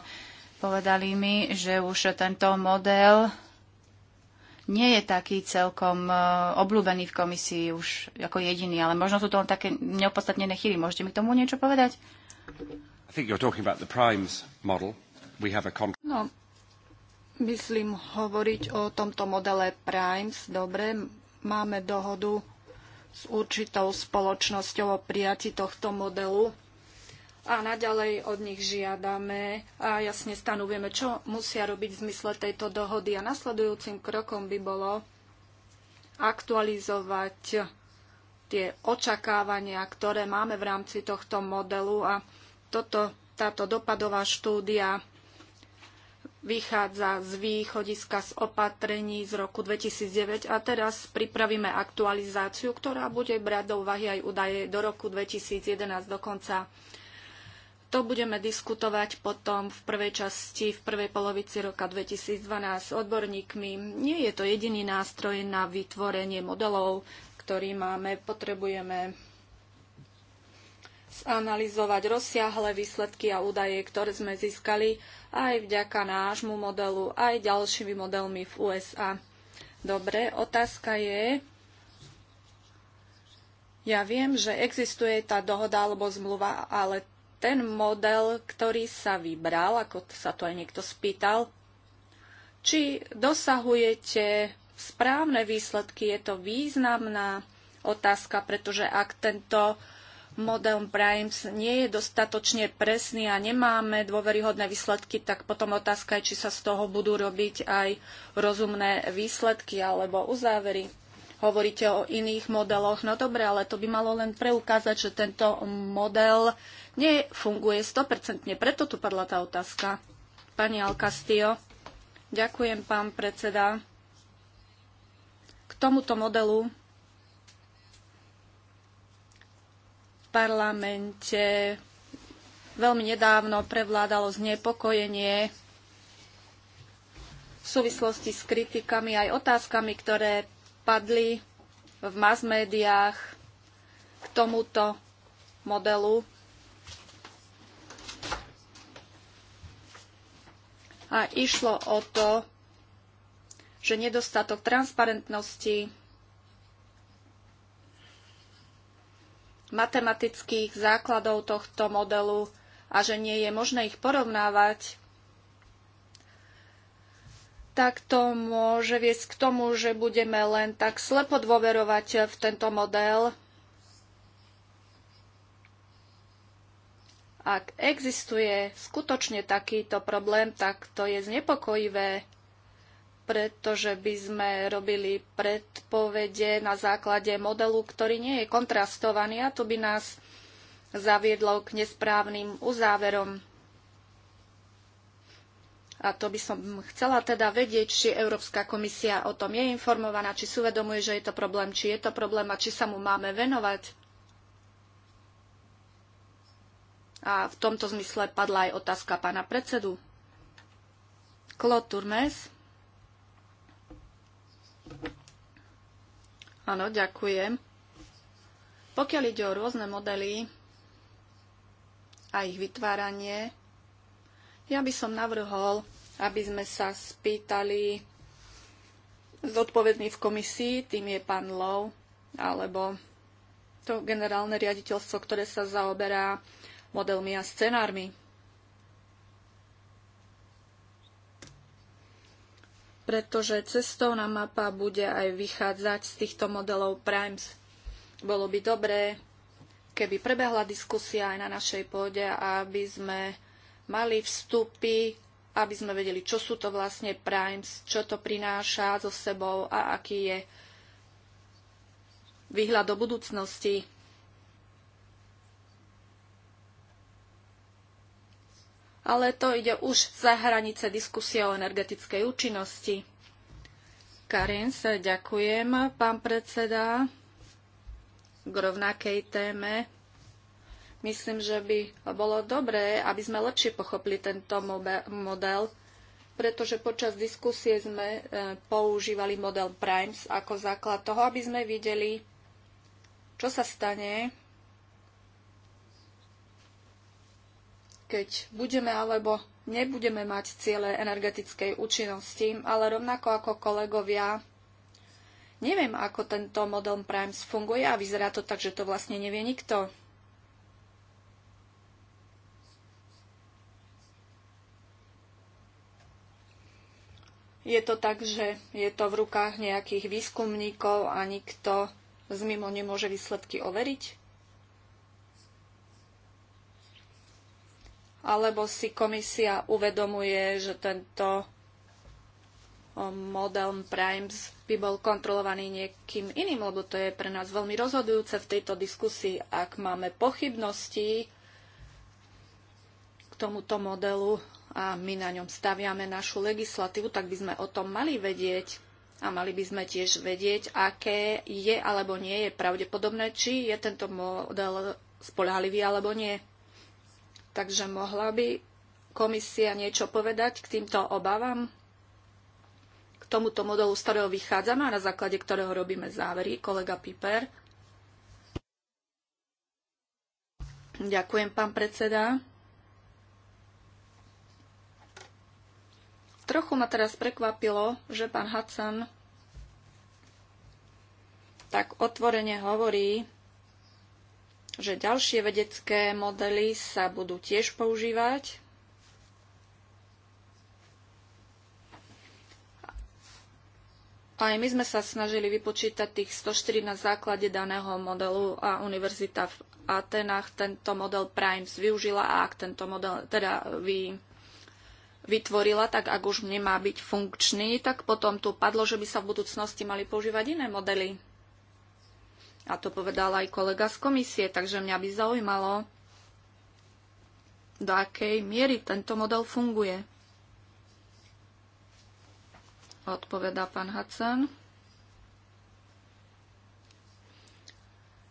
S4: Povedali mi, že už tento model nie je taký celkom eh, obľúbený v komisii už ako jediný, ale možno sú to len také neopodstatnené chyby. Môžete mi k tomu niečo povedať?
S3: No, myslím, hovoriť o tomto modele Primes. Dobre, máme dohodu s určitou spoločnosťou o prijati tohto modelu a naďalej od nich žiadame a jasne stanovujeme, čo musia robiť v zmysle tejto dohody. A nasledujúcim krokom by bolo aktualizovať tie očakávania, ktoré máme v rámci tohto modelu a toto, táto dopadová štúdia vychádza z východiska z opatrení z roku 2009 a teraz pripravíme aktualizáciu, ktorá bude brať do úvahy aj údaje do roku 2011 dokonca. To budeme diskutovať potom v prvej časti, v prvej polovici roka 2012 s odborníkmi. Nie je to jediný nástroj na vytvorenie modelov, ktorý máme. Potrebujeme zanalizovať rozsiahle výsledky a údaje, ktoré sme získali aj vďaka nášmu modelu, aj ďalšími modelmi v USA. Dobre, otázka je, ja viem, že existuje tá dohoda alebo zmluva, ale ten model, ktorý sa vybral, ako sa to aj niekto spýtal, či dosahujete správne výsledky, je to významná otázka, pretože ak tento model Primes nie je dostatočne presný a nemáme dôveryhodné výsledky, tak potom otázka je, či sa z toho budú robiť aj rozumné výsledky alebo uzávery. Hovoríte o iných modeloch, no dobre, ale to by malo len preukázať, že tento model nefunguje 100%. Preto tu padla tá otázka. Pani Alcastio, ďakujem, pán predseda. K tomuto modelu parlamente veľmi nedávno prevládalo znepokojenie v súvislosti s kritikami aj otázkami, ktoré padli v mass médiách k tomuto modelu. A išlo o to, že nedostatok transparentnosti matematických základov tohto modelu a že nie je možné ich porovnávať, tak to môže viesť k tomu, že budeme len tak slepo dôverovať v tento model. Ak existuje skutočne takýto problém, tak to je znepokojivé pretože by sme robili predpovede na základe modelu, ktorý nie je kontrastovaný a to by nás zaviedlo k nesprávnym uzáverom. A to by som chcela teda vedieť, či Európska komisia o tom je informovaná, či súvedomuje, že je to problém, či je to problém a či sa mu máme venovať. A v tomto zmysle padla aj otázka pána predsedu. Claude Turmes. Áno, ďakujem. Pokiaľ ide o rôzne modely a ich vytváranie, ja by som navrhol, aby sme sa spýtali zodpovedný v komisii, tým je pán Lov, alebo to generálne riaditeľstvo, ktoré sa zaoberá modelmi a scenármi. pretože cestovná mapa bude aj vychádzať z týchto modelov Primes. Bolo by dobré, keby prebehla diskusia aj na našej pôde, aby sme mali vstupy, aby sme vedeli, čo sú to vlastne primes, čo to prináša so sebou a aký je výhľad do budúcnosti. ale to ide už za hranice diskusie o energetickej účinnosti. sa ďakujem, pán predseda, k rovnakej téme. Myslím, že by bolo dobré, aby sme lepšie pochopili tento model, pretože počas diskusie sme e, používali model Primes ako základ toho, aby sme videli, čo sa stane, keď budeme alebo nebudeme mať ciele energetickej účinnosti, ale rovnako ako kolegovia, neviem, ako tento model Primes funguje a vyzerá to tak, že to vlastne nevie nikto. Je to tak, že je to v rukách nejakých výskumníkov a nikto z mimo nemôže výsledky overiť? alebo si komisia uvedomuje, že tento model Primes by bol kontrolovaný niekým iným, lebo to je pre nás veľmi rozhodujúce v tejto diskusii. Ak máme pochybnosti k tomuto modelu a my na ňom staviame našu legislatívu, tak by sme o tom mali vedieť a mali by sme tiež vedieť, aké je alebo nie je pravdepodobné, či je tento model spolahlivý alebo nie. Takže mohla by komisia niečo povedať k týmto obavám? K tomuto modelu, z ktorého vychádzame a na základe ktorého robíme závery, kolega Piper. Ďakujem, pán predseda. Trochu ma teraz prekvapilo, že pán Hudson tak otvorene hovorí že ďalšie vedecké modely sa budú tiež používať. Aj my sme sa snažili vypočítať tých 104 na základe daného modelu a univerzita v Atenách tento model Primes využila a ak tento model teda vy, vytvorila, tak ak už nemá byť funkčný, tak potom tu padlo, že by sa v budúcnosti mali používať iné modely. A to povedal aj kolega z komisie, takže mňa by zaujímalo, do akej miery tento model funguje. Odpovedá pán Hudson.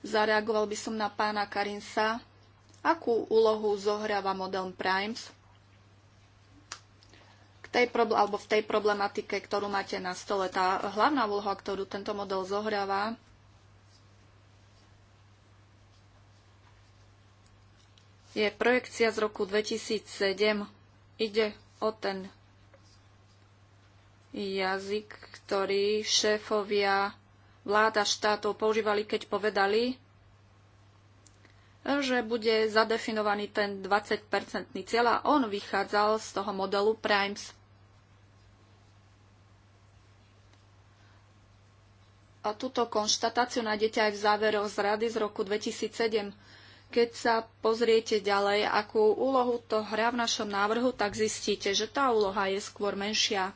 S3: Zareagoval by som na pána Karinsa. Akú úlohu zohráva model Primes k tej alebo v tej problematike, ktorú máte na stole? Tá hlavná úloha, ktorú tento model zohráva, je projekcia z roku 2007. Ide o ten jazyk, ktorý šéfovia vláda štátov používali, keď povedali, že bude zadefinovaný ten 20-percentný cieľ a on vychádzal z toho modelu Primes. A túto konštatáciu nájdete aj v záveroch z rady z roku 2007. Keď sa pozriete ďalej, akú úlohu to hrá v našom návrhu, tak zistíte, že tá úloha je skôr menšia.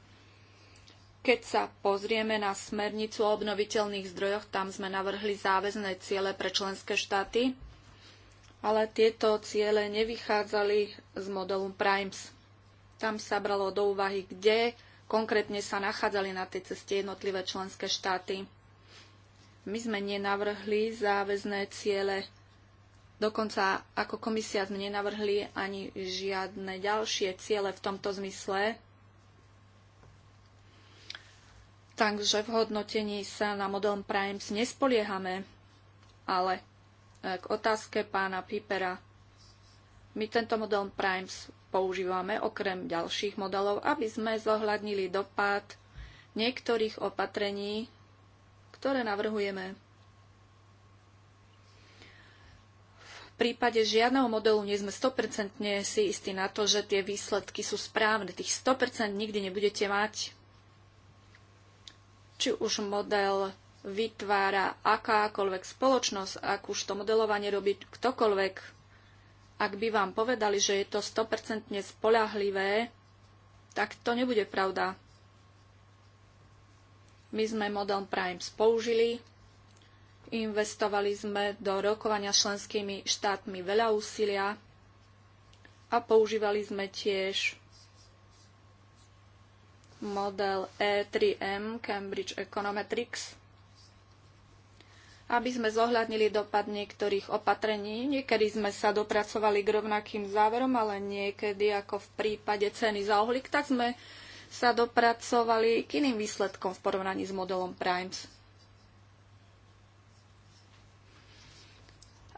S3: Keď sa pozrieme na smernicu o obnoviteľných zdrojoch, tam sme navrhli záväzné ciele pre členské štáty, ale tieto ciele nevychádzali z modelu Primes. Tam sa bralo do úvahy, kde konkrétne sa nachádzali na tej ceste jednotlivé členské štáty. My sme nenavrhli záväzné ciele Dokonca ako komisia sme nenavrhli ani žiadne ďalšie ciele v tomto zmysle. Takže v hodnotení sa na model Primes nespoliehame, ale e, k otázke pána Pipera. My tento model Primes používame okrem ďalších modelov, aby sme zohľadnili dopad niektorých opatrení, ktoré navrhujeme. prípade žiadneho modelu nie sme 100% si istí na to, že tie výsledky sú správne. Tých 100% nikdy nebudete mať. Či už model vytvára akákoľvek spoločnosť, ak už to modelovanie robí ktokoľvek, ak by vám povedali, že je to 100% spolahlivé, tak to nebude pravda. My sme model Prime spoužili, Investovali sme do rokovania členskými štátmi veľa úsilia a používali sme tiež model E3M Cambridge Econometrics, aby sme zohľadnili dopad niektorých opatrení. Niekedy sme sa dopracovali k rovnakým záverom, ale niekedy, ako v prípade ceny za uhlík, tak sme sa dopracovali k iným výsledkom v porovnaní s modelom Primes.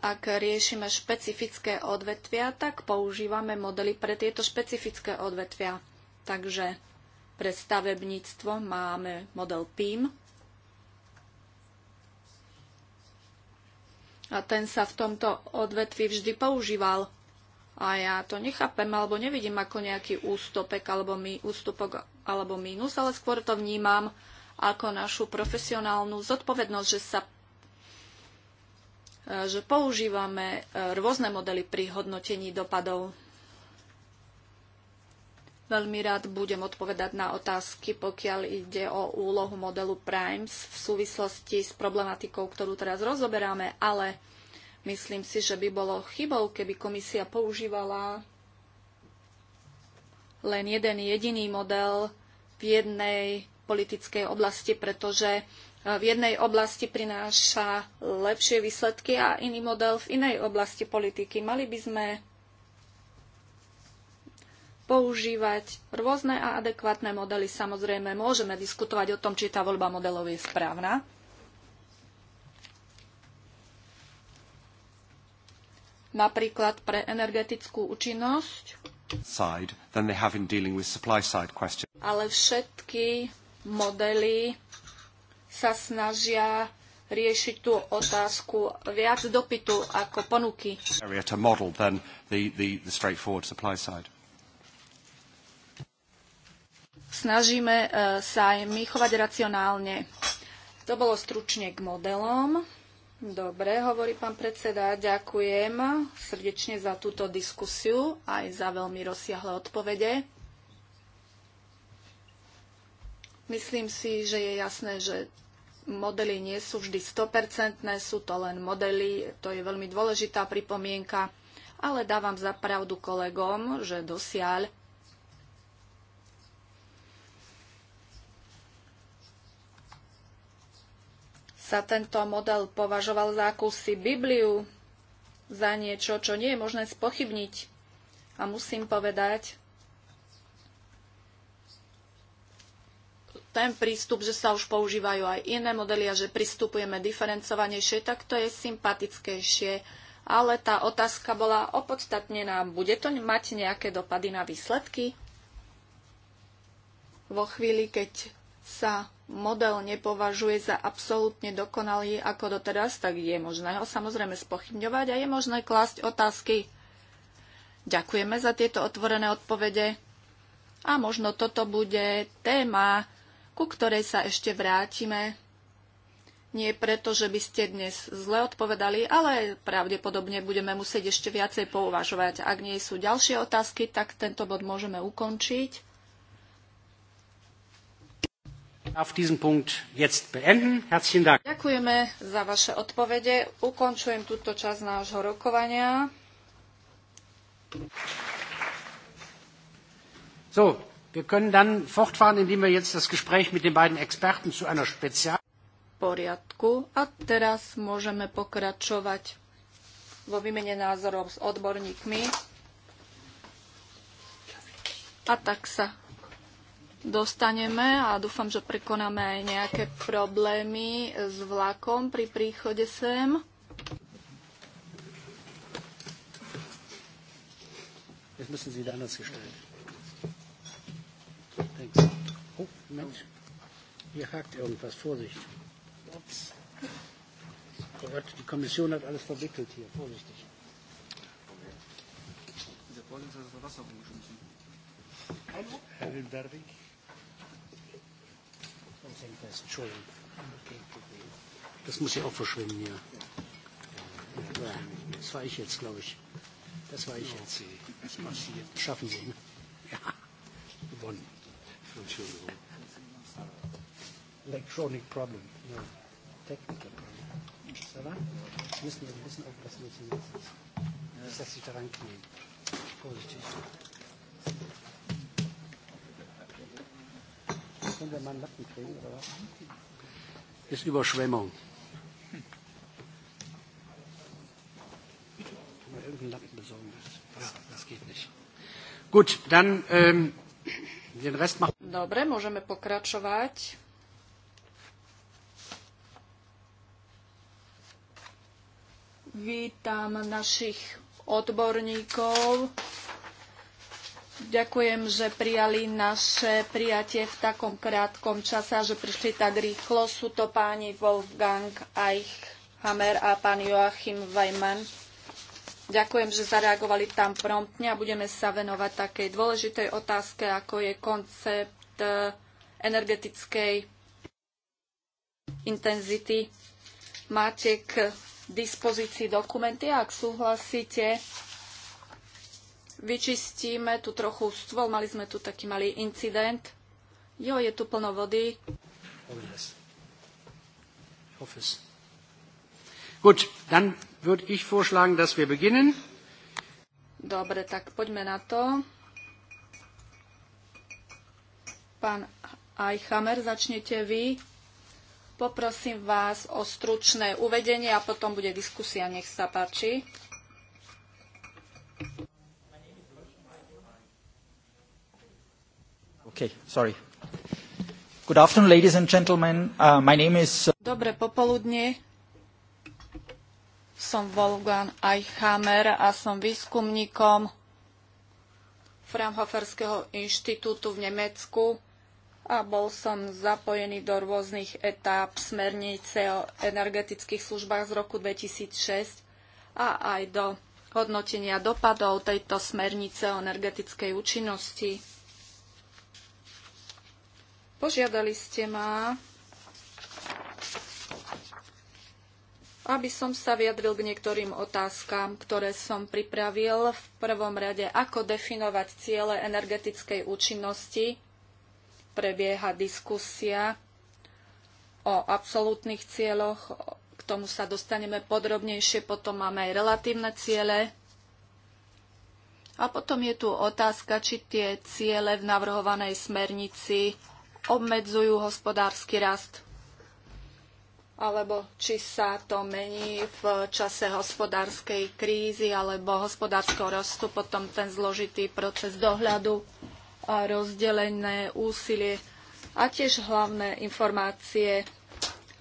S3: Ak riešime špecifické odvetvia, tak používame modely pre tieto špecifické odvetvia. Takže pre stavebníctvo máme model PIM. A ten sa v tomto odvetvi vždy používal. A ja to nechápem, alebo nevidím ako nejaký ústopek alebo, mi, ústupok, alebo mínus, ale skôr to vnímam ako našu profesionálnu zodpovednosť, že sa E, že používame e, rôzne modely pri hodnotení dopadov. Veľmi rád budem odpovedať na otázky, pokiaľ ide o úlohu modelu Primes v súvislosti s problematikou, ktorú teraz rozoberáme, ale myslím si, že by bolo chybou, keby komisia používala len jeden jediný model v jednej politickej oblasti, pretože v jednej oblasti prináša lepšie výsledky a iný model v inej oblasti politiky. Mali by sme používať rôzne a adekvátne modely. Samozrejme, môžeme diskutovať o tom, či tá voľba modelov je správna. Napríklad pre energetickú účinnosť. Side, ale všetky modely sa snažia riešiť tú otázku viac dopytu ako ponuky. Snažíme e, sa aj my chovať racionálne. To bolo stručne k modelom. Dobre, hovorí pán predseda, ďakujem srdečne za túto diskusiu aj za veľmi rozsiahle odpovede. Myslím si, že je jasné, že modely nie sú vždy 100%, sú to len modely, to je veľmi dôležitá pripomienka, ale dávam za pravdu kolegom, že dosiaľ sa tento model považoval za akúsi Bibliu, za niečo, čo nie je možné spochybniť. A musím povedať, ten prístup, že sa už používajú aj iné modely a že pristupujeme diferencovanejšie, tak to je sympatickejšie. Ale tá otázka bola opodstatnená. Bude to mať nejaké dopady na výsledky? Vo chvíli, keď sa model nepovažuje za absolútne dokonalý ako doteraz, tak je možné ho samozrejme spochybňovať a je možné klásť otázky. Ďakujeme za tieto otvorené odpovede a možno toto bude téma ku ktorej sa ešte vrátime. Nie preto, že by ste dnes zle odpovedali, ale pravdepodobne budeme musieť ešte viacej pouvažovať. Ak nie sú ďalšie otázky, tak tento bod môžeme ukončiť. Ďakujeme za vaše odpovede. Ukončujem túto časť nášho rokovania.
S1: So. Wir können dann fortfahren, indem wir jetzt das Gespräch mit den beiden Experten zu einer Spezial...
S3: poriadku. A teraz môžeme pokračovať vo výmene názorov s odborníkmi. A tak sa dostaneme a dúfam, že prekonáme aj nejaké problémy s vlakom pri príchode sem.
S1: Jetzt müssen Sie da anders gestellt. Thanks. Oh, Mensch, hier hakt irgendwas. Vorsicht. Ups. Oh Gott, die Kommission hat alles verwickelt hier. Vorsichtig. Der Vorsitzende hat das Wasser umgeschmissen. Hallo? Herr Wilberwig. Das hängt fest. Entschuldigung. Das muss ja auch verschwinden hier. Das war ich jetzt, glaube ich. Das war ich jetzt. Das passiert. Schaffen Sie, ne? Ja, gewonnen. Electronic problem, no. Technical problem. Ça Wir ein bisschen aufpassen, ist. da Können wir mal einen Lappen kriegen, oder was? Ist Überschwemmung. Lappen besorgen? Ja, das geht nicht. Gut, dann ähm, Dobre,
S3: môžeme pokračovať. Vítam našich odborníkov. Ďakujem, že prijali naše prijatie v takom krátkom čase a že prišli tak rýchlo. Sú to páni Wolfgang Eichhammer a pán Joachim Weimann Ďakujem, že zareagovali tam promptne a budeme sa venovať takej dôležitej otázke, ako je koncept e, energetickej intenzity. Máte k dispozícii dokumenty a ak súhlasíte, vyčistíme tu trochu stôl. Mali sme tu taký malý incident. Jo, je tu plno vody.
S1: Oh, Good, dann würde ich vorschlagen, dass wir beginnen.
S3: Dobre, tak poďme na to. Pán Eichhammer, začnete vy. Poprosím vás o stručné uvedenie a potom bude diskusia. Nech sa páči.
S1: Okay, sorry. Good afternoon, ladies and gentlemen. Uh, my name is... Uh,
S3: Dobre popoludne. Som Wolfgang Eichhammer a som výskumníkom Fraunhoferského inštitútu v Nemecku a bol som zapojený do rôznych etáp smernice o energetických službách z roku 2006 a aj do hodnotenia dopadov tejto smernice o energetickej účinnosti. Požiadali ste ma, aby som sa vyjadril k niektorým otázkam, ktoré som pripravil. V prvom rade, ako definovať ciele energetickej účinnosti. Prebieha diskusia o absolútnych cieľoch, k tomu sa dostaneme podrobnejšie, potom máme aj relatívne ciele. A potom je tu otázka, či tie ciele v navrhovanej smernici obmedzujú hospodársky rast alebo či sa to mení v čase hospodárskej krízy alebo hospodárskeho rastu, potom ten zložitý proces dohľadu a rozdelené úsilie a tiež hlavné informácie,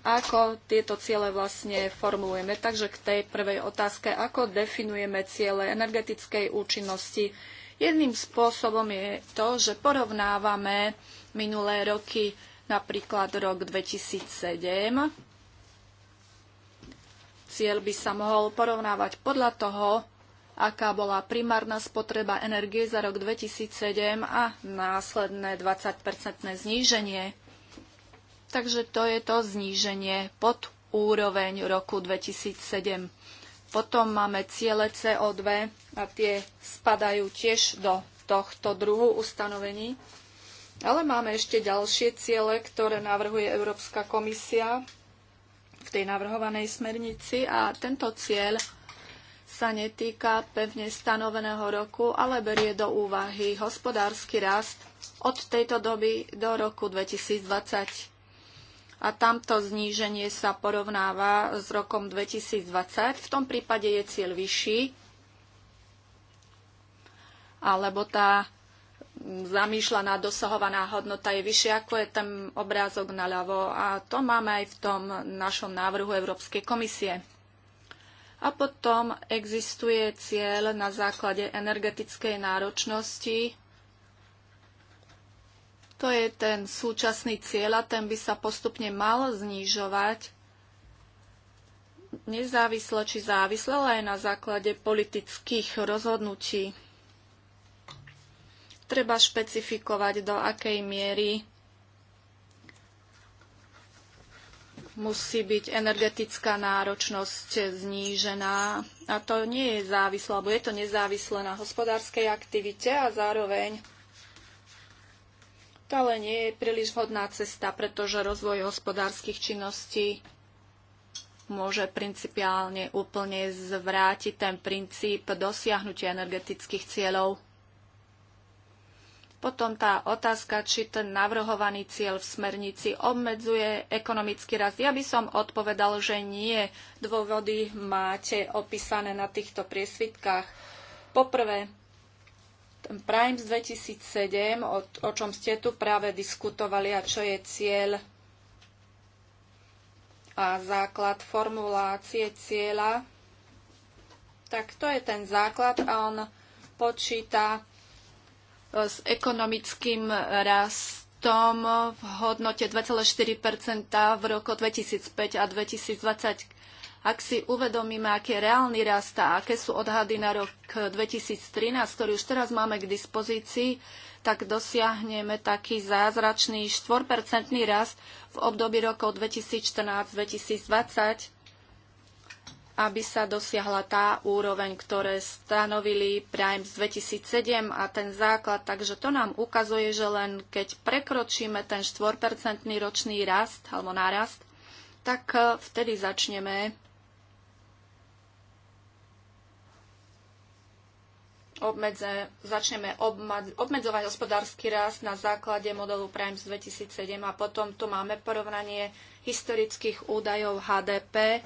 S3: ako tieto ciele vlastne formulujeme. Takže k tej prvej otázke, ako definujeme ciele energetickej účinnosti. Jedným spôsobom je to, že porovnávame minulé roky, napríklad rok 2007, Cieľ by sa mohol porovnávať podľa toho, aká bola primárna spotreba energie za rok 2007 a následné 20-percentné zníženie. Takže to je to zníženie pod úroveň roku 2007. Potom máme ciele CO2 a tie spadajú tiež do tohto druhu ustanovení. Ale máme ešte ďalšie ciele, ktoré navrhuje Európska komisia tej navrhovanej smernici a tento cieľ sa netýka pevne stanoveného roku, ale berie do úvahy hospodársky rast od tejto doby do roku 2020. A tamto zníženie sa porovnáva s rokom 2020. V tom prípade je cieľ vyšší, alebo tá zamýšľaná dosahovaná hodnota je vyššia, ako je ten obrázok naľavo. A to máme aj v tom našom návrhu Európskej komisie. A potom existuje cieľ na základe energetickej náročnosti. To je ten súčasný cieľ a ten by sa postupne mal znižovať nezávisle či závisle, ale aj na základe politických rozhodnutí treba špecifikovať, do akej miery musí byť energetická náročnosť znížená. A to nie je závislé, alebo je to nezávislé na hospodárskej aktivite a zároveň to ale nie je príliš vhodná cesta, pretože rozvoj hospodárskych činností môže principiálne úplne zvrátiť ten princíp dosiahnutia energetických cieľov. Potom tá otázka, či ten navrhovaný cieľ v smernici obmedzuje ekonomický rast. Ja by som odpovedal, že nie. Dôvody máte opísané na týchto priesvitkách. Poprvé, ten Prime z 2007, o, o čom ste tu práve diskutovali a čo je cieľ a základ formulácie cieľa, tak to je ten základ a on počíta s ekonomickým rastom v hodnote 2,4 v roku 2005 a 2020. Ak si uvedomíme, aký je reálny rast a aké sú odhady na rok 2013, ktorý už teraz máme k dispozícii, tak dosiahneme taký zázračný 4-percentný rast v období rokov 2014-2020 aby sa dosiahla tá úroveň, ktoré stanovili Prime z 2007 a ten základ. Takže to nám ukazuje, že len keď prekročíme ten 4% ročný rast alebo nárast, tak e, vtedy začneme obmedze, začneme obmedzovať hospodársky rast na základe modelu Prime z 2007 a potom tu máme porovnanie historických údajov HDP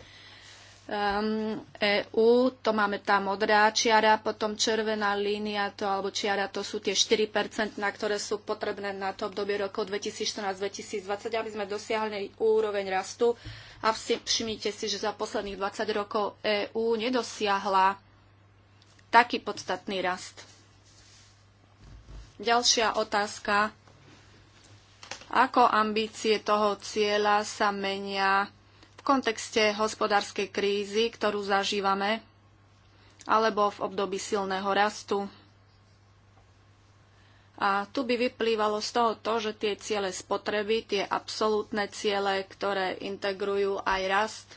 S3: um, ehm, EÚ, to máme tá modrá čiara, potom červená línia to, alebo čiara, to sú tie 4%, na ktoré sú potrebné na to obdobie rokov 2014-2020, aby sme dosiahli úroveň rastu. A všimnite si, že za posledných 20 rokov EÚ nedosiahla taký podstatný rast. Ďalšia otázka. Ako ambície toho cieľa sa menia kontexte hospodárskej krízy, ktorú zažívame, alebo v období silného rastu. A tu by vyplývalo z toho to, že tie ciele spotreby, tie absolútne ciele, ktoré integrujú aj rast,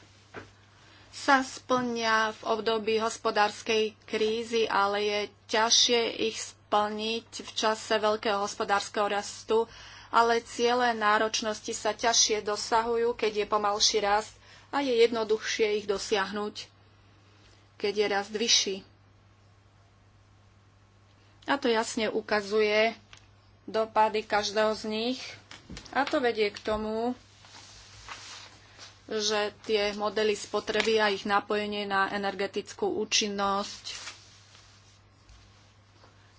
S3: sa splnia v období hospodárskej krízy, ale je ťažšie ich splniť v čase veľkého hospodárskeho rastu, ale ciele náročnosti sa ťažšie dosahujú, keď je pomalší rast a je jednoduchšie ich dosiahnuť, keď je rast vyšší. A to jasne ukazuje dopady každého z nich. A to vedie k tomu, že tie modely spotreby a ich napojenie na energetickú účinnosť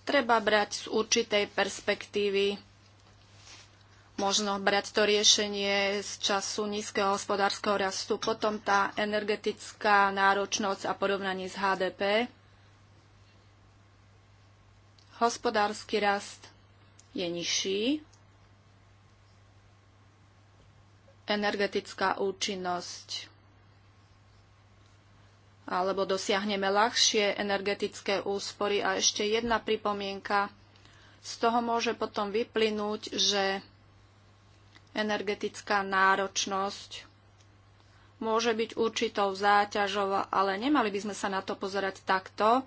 S3: treba brať z určitej perspektívy možno brať to riešenie z času nízkeho hospodárskeho rastu, potom tá energetická náročnosť a porovnanie s HDP. Hospodársky rast je nižší. Energetická účinnosť alebo dosiahneme ľahšie energetické úspory. A ešte jedna pripomienka. Z toho môže potom vyplynúť, že energetická náročnosť môže byť určitou záťažou, ale nemali by sme sa na to pozerať takto.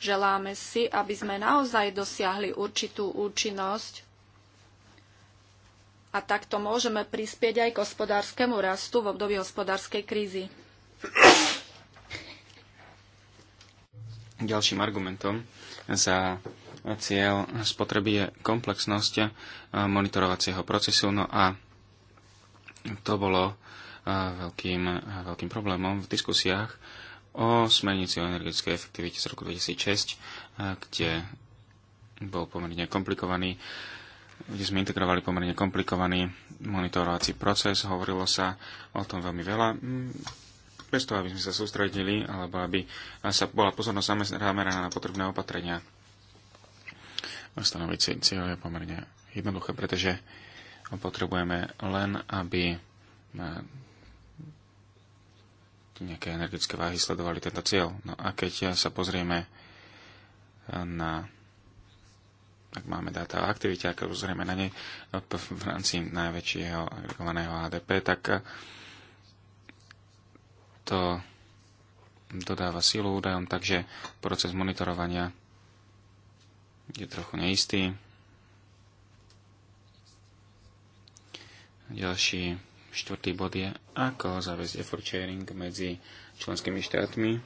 S3: Želáme si, aby sme naozaj dosiahli určitú účinnosť a takto môžeme prispieť aj k hospodárskému rastu v období hospodárskej krízy.
S2: Ďalším argumentom za Cieľ spotreby je komplexnosť eh, monitorovacieho procesu, no a to bolo eh, veľkým, eh, veľkým problémom v diskusiách o smernici o energetickej efektivite z roku 2006, kde bol pomerne komplikovaný kde sme integrovali pomerne komplikovaný monitorovací proces, hovorilo sa o tom veľmi veľa, mm, bez toho, aby sme sa sústredili, alebo aby sa bola pozornosť zameraná na potrebné opatrenia stanoviť si cieľ je pomerne jednoduché, pretože potrebujeme len, aby eh, nejaké energetické váhy sledovali tento cieľ. No a keď sa pozrieme eh, na ak máme dáta o aktivite, ak pozrieme na nej v rámci najväčšieho agregovaného ADP, tak eh, to dodáva silu údajom, takže proces monitorovania je trochu neistý. Ďalší štvrtý bod je, ako zaviesť effort sharing medzi členskými štátmi.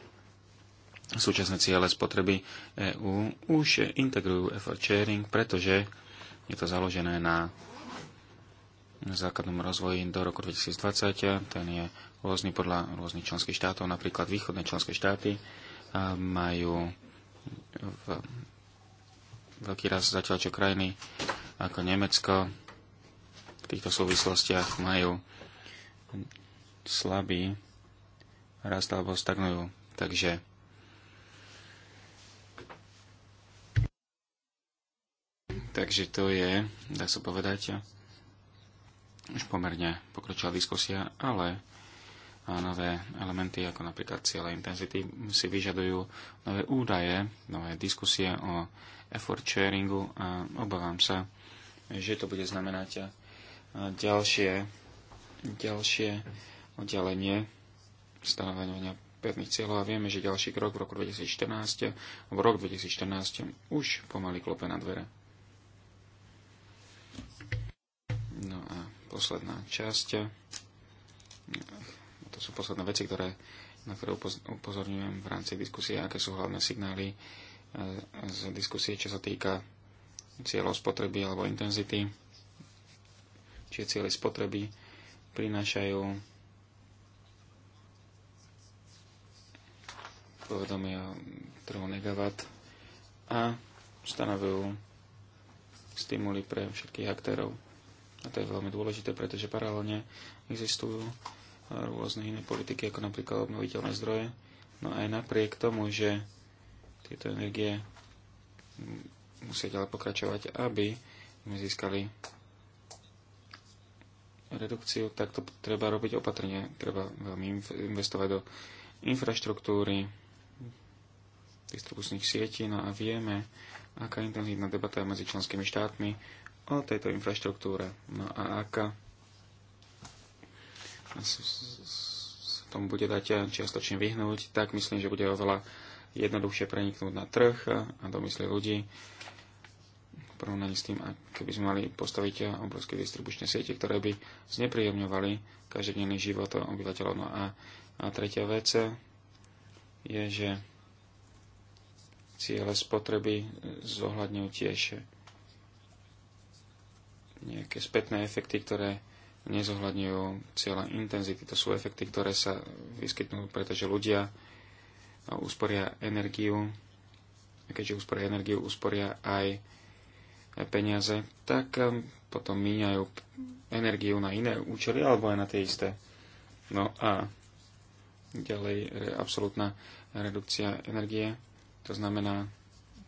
S2: Súčasné ciele spotreby EÚ už integrujú effort sharing, pretože je to založené na základnom rozvoji do roku 2020. Ten je rôzny podľa rôznych členských štátov. Napríklad východné členské štáty eh, majú v veľký raz zatiaľ, čo krajiny ako Nemecko v týchto súvislostiach majú slabý rast alebo stagnujú. Takže Takže to je, dá sa povedať, už pomerne pokročila diskusia, ale nové elementy, ako napríklad cieľa intenzity, si vyžadujú nové údaje, nové diskusie o effort sharingu a obávam sa, že to bude znamenať ďalšie, ďalšie oddelenie stanovenia pevných cieľov a vieme, že ďalší krok v roku 2014, v roku 2014 už pomaly klope na dvere. No a posledná časť. To sú posledné veci, ktoré, na ktoré upozorňujem v rámci diskusie, aké sú hlavné signály z diskusie, čo sa týka cieľov spotreby alebo intenzity. Čiže cieľy spotreby prinášajú povedomie o trhu megawatt a stanovujú stimuly pre všetkých aktérov. A to je veľmi dôležité, pretože paralelne existujú rôzne iné politiky, ako napríklad obnoviteľné zdroje. No aj napriek tomu, že tieto energie musia ďalej pokračovať, aby sme získali redukciu, tak to treba robiť opatrne. Treba veľmi investovať do infraštruktúry, distribučných sietí, no a vieme, aká intenzívna debata je medzi členskými štátmi o tejto infraštruktúre. No a aká tomu bude dať čiastočne vyhnúť, tak myslím, že bude oveľa jednoduchšie preniknúť na trh a do mysli ľudí v porovnaní s tým, by sme mali postaviť obrovské distribučné siete, ktoré by znepríjemňovali každodenný život obyvateľov. No a, a tretia vec je, že ciele spotreby zohľadňujú tiež nejaké spätné efekty, ktoré nezohľadňujú cieľa intenzity. To sú efekty, ktoré sa vyskytnú, pretože ľudia usporia energiu, keďže usporia energiu, usporia aj peniaze, tak um, potom míňajú energiu na iné účely alebo aj na tie isté. No a ďalej e, absolútna redukcia energie, to znamená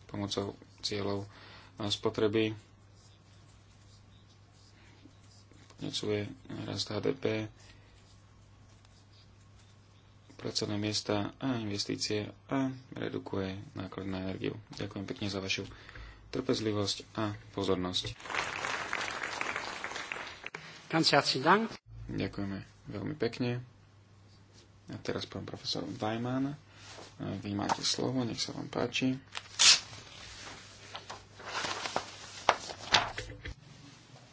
S2: pomocou cieľov spotreby podnecuje rast HDP, pracovné miesta a investície a redukuje náklad na energiu. Ďakujem pekne za vašu trpezlivosť a pozornosť. Ďakujeme veľmi pekne. A teraz pán profesor Weimann. Vy máte slovo, nech sa vám páči.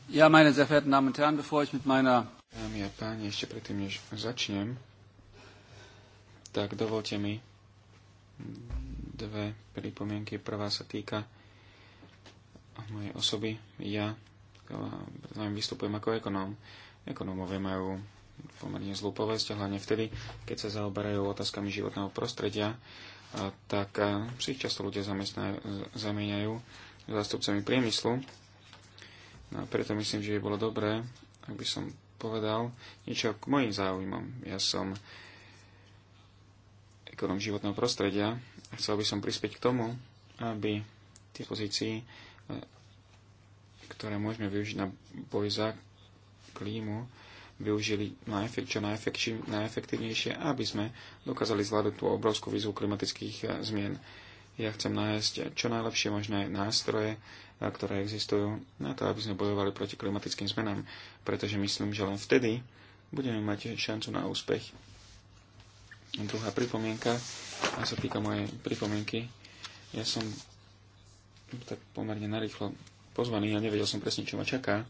S2: Ja, meine sehr verehrten Damen und Herren, bevor ich mit meiner... Dámy a páni, ešte predtým, než začnem tak dovolte mi dve pripomienky. Prvá sa týka mojej osoby. Ja vystupujem ako ekonóm. Ekonómové majú pomerne zlú povesť, hlavne vtedy, keď sa zaoberajú otázkami životného prostredia, tak si ich často ľudia zamieňajú zástupcami priemyslu. No a preto myslím, že by bolo dobré, ak by som povedal niečo k mojim záujmom. Ja som výkonom životného prostredia. Chcel by som prispieť k tomu, aby tie pozícii, e, ktoré môžeme využiť na boj za klímu, využili na efekt, čo najefektívnejšie, aby sme dokázali zvládať tú obrovskú výzvu klimatických e, zmien. Ja chcem nájsť čo najlepšie možné nástroje, e, ktoré existujú na to, aby sme bojovali proti klimatickým zmenám, pretože myslím, že len vtedy budeme mať šancu na úspech. Druhá pripomienka, a sa týka mojej pripomienky, ja som tak pomerne narýchlo pozvaný a ja nevedel som presne, čo ma čaká.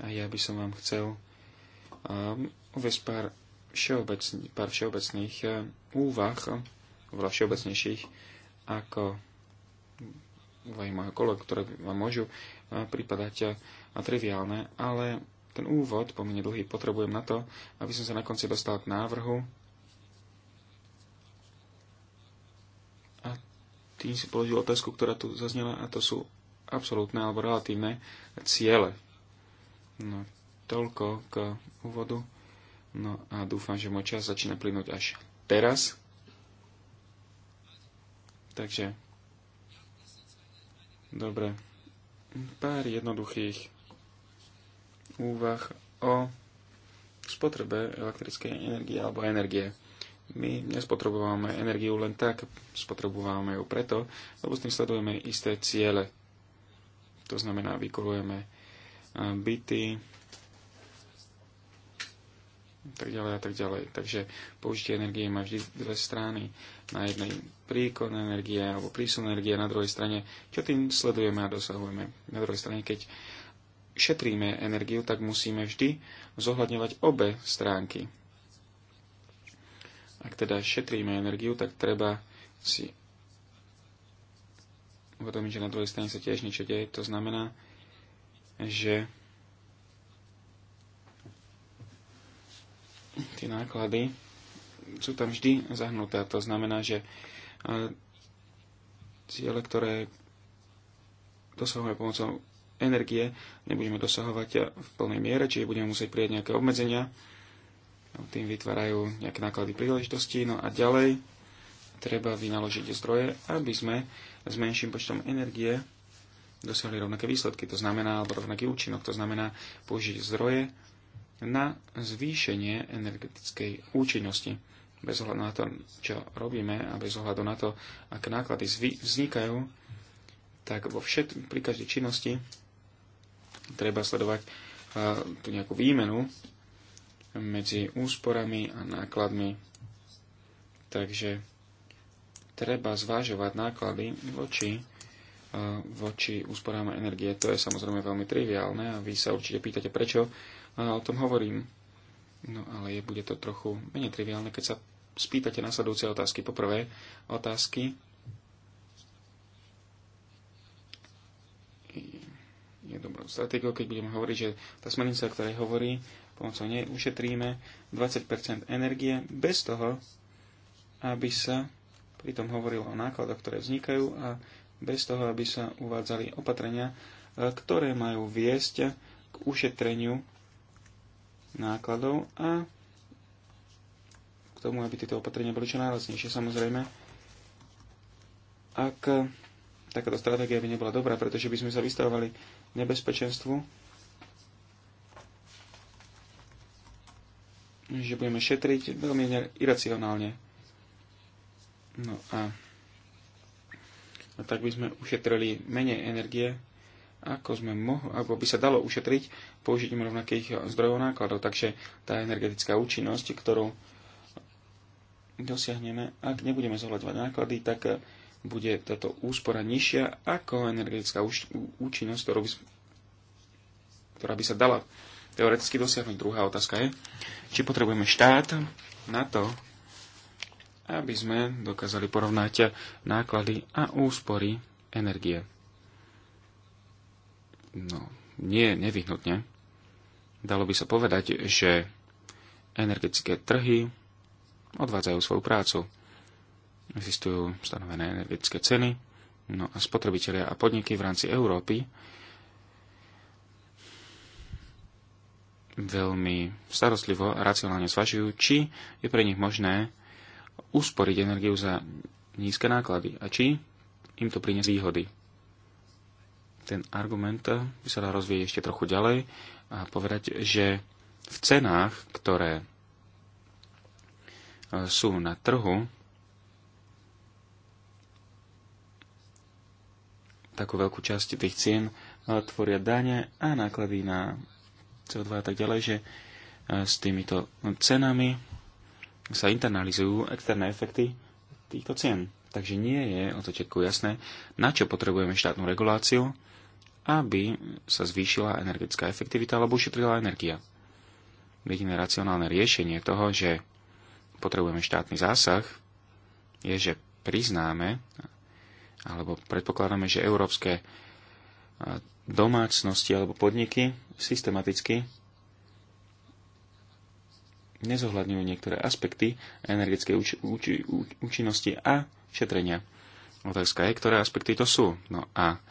S2: A ja by som vám chcel um, pár, všeobecn- pár všeobecných uh, úvah, oveľa všeobecnejších, ako aj mojho kolegu, ktoré vám môžu uh, pripadať uh, triviálne, ale ten úvod, pomerne dlhý, potrebujem na to, aby som sa na konci dostal k návrhu, tým si položil otázku, ktorá tu zaznela, a to sú absolútne alebo relatívne ciele. No, toľko k úvodu. No a dúfam, že môj čas začína plynúť až teraz. Takže, dobre, pár jednoduchých úvah o spotrebe elektrickej energie alebo energie. My nespotrebujeme energiu len tak, spotrebujeme ju preto, lebo s tým sledujeme isté ciele. To znamená, vykolujeme eh, byty, tak ďalej a tak ďalej. Takže použitie energie má vždy dve strany. Na jednej príkon energie alebo prísun energie, na druhej strane, čo tým sledujeme a dosahujeme. Na druhej strane, keď šetríme energiu, tak musíme vždy zohľadňovať obe stránky. Ak teda šetríme energiu, tak treba si uvedomiť, že na druhej strane sa tiež niečo deje. To znamená, že tie náklady sú tam vždy zahnuté. a To znamená, že e, ciele, ktoré dosahujeme pomocou energie, nebudeme dosahovať v plnej miere, čiže budeme musieť prijať nejaké obmedzenia, tým vytvárajú nejaké náklady príležitosti. No a ďalej treba vynaložiť zdroje, aby sme s menším počtom energie dosiahli rovnaké výsledky, to znamená, alebo rovnaký účinok, to znamená použiť zdroje na zvýšenie energetickej účinnosti. Bez ohľadu na to, čo robíme a bez ohľadu na to, aké náklady vznikajú, tak vo všet, pri každej činnosti treba sledovať uh, tú nejakú výmenu medzi úsporami a nákladmi. Takže treba zvážovať náklady voči, e, voči úsporám energie. To je samozrejme veľmi triviálne a vy sa určite pýtate, prečo e, o tom hovorím. No ale je, bude to trochu menej triviálne, keď sa spýtate nasledujúce otázky. Poprvé, otázky, je dobrou stratégiou, keď budeme hovoriť, že tá smernica, ktorá hovorí, pomocou nej ušetríme 20 energie bez toho, aby sa pritom hovorilo o nákladoch, ktoré vznikajú a bez toho, aby sa uvádzali opatrenia, e, ktoré majú viesť k ušetreniu nákladov a k tomu, aby tieto opatrenia boli čo najlacnejšie. Samozrejme, ak takáto stratégia by nebola dobrá, pretože by sme sa vystavovali nebezpečenstvu, že budeme šetriť veľmi iracionálne. No a, a tak by sme ušetrili menej energie, ako sme mohli, ako by sa dalo ušetriť použitím rovnakých zdrojov nákladov. Takže tá energetická účinnosť, ktorú dosiahneme, ak nebudeme zohľadovať náklady, tak bude táto úspora nižšia ako energetická úč účinnosť, ktorú by, ktorá by sa dala teoreticky dosiahnuť. Druhá otázka je, či potrebujeme štát na to, aby sme dokázali porovnať náklady a úspory energie. No, nie nevyhnutne. Dalo by sa povedať, že energetické trhy odvádzajú svoju prácu. Existujú stanovené energetické ceny, no a spotrebitelia a podniky v rámci Európy veľmi starostlivo a racionálne zvažujú, či je pre nich možné usporiť energiu za nízke náklady a či im to priniesie výhody. Ten argument by sa dá rozvieť ešte trochu ďalej a povedať, že v cenách, ktoré e, sú na trhu, takú veľkú časť tých cien tvoria dane a náklady na CO2 a tak ďalej, že e, s týmito cenami sa internalizujú externé efekty týchto cien. Takže nie je od začiatku jasné, na čo potrebujeme štátnu reguláciu, aby sa zvýšila energetická efektivita alebo ušetrila energia. Jediné racionálne riešenie toho, že potrebujeme štátny zásah, je, že priznáme alebo predpokladáme, že európske domácnosti alebo podniky systematicky nezohľadňujú niektoré aspekty energetickej úč- úč- úč- účinnosti a šetrenia. Otázka je, ktoré aspekty to sú. No a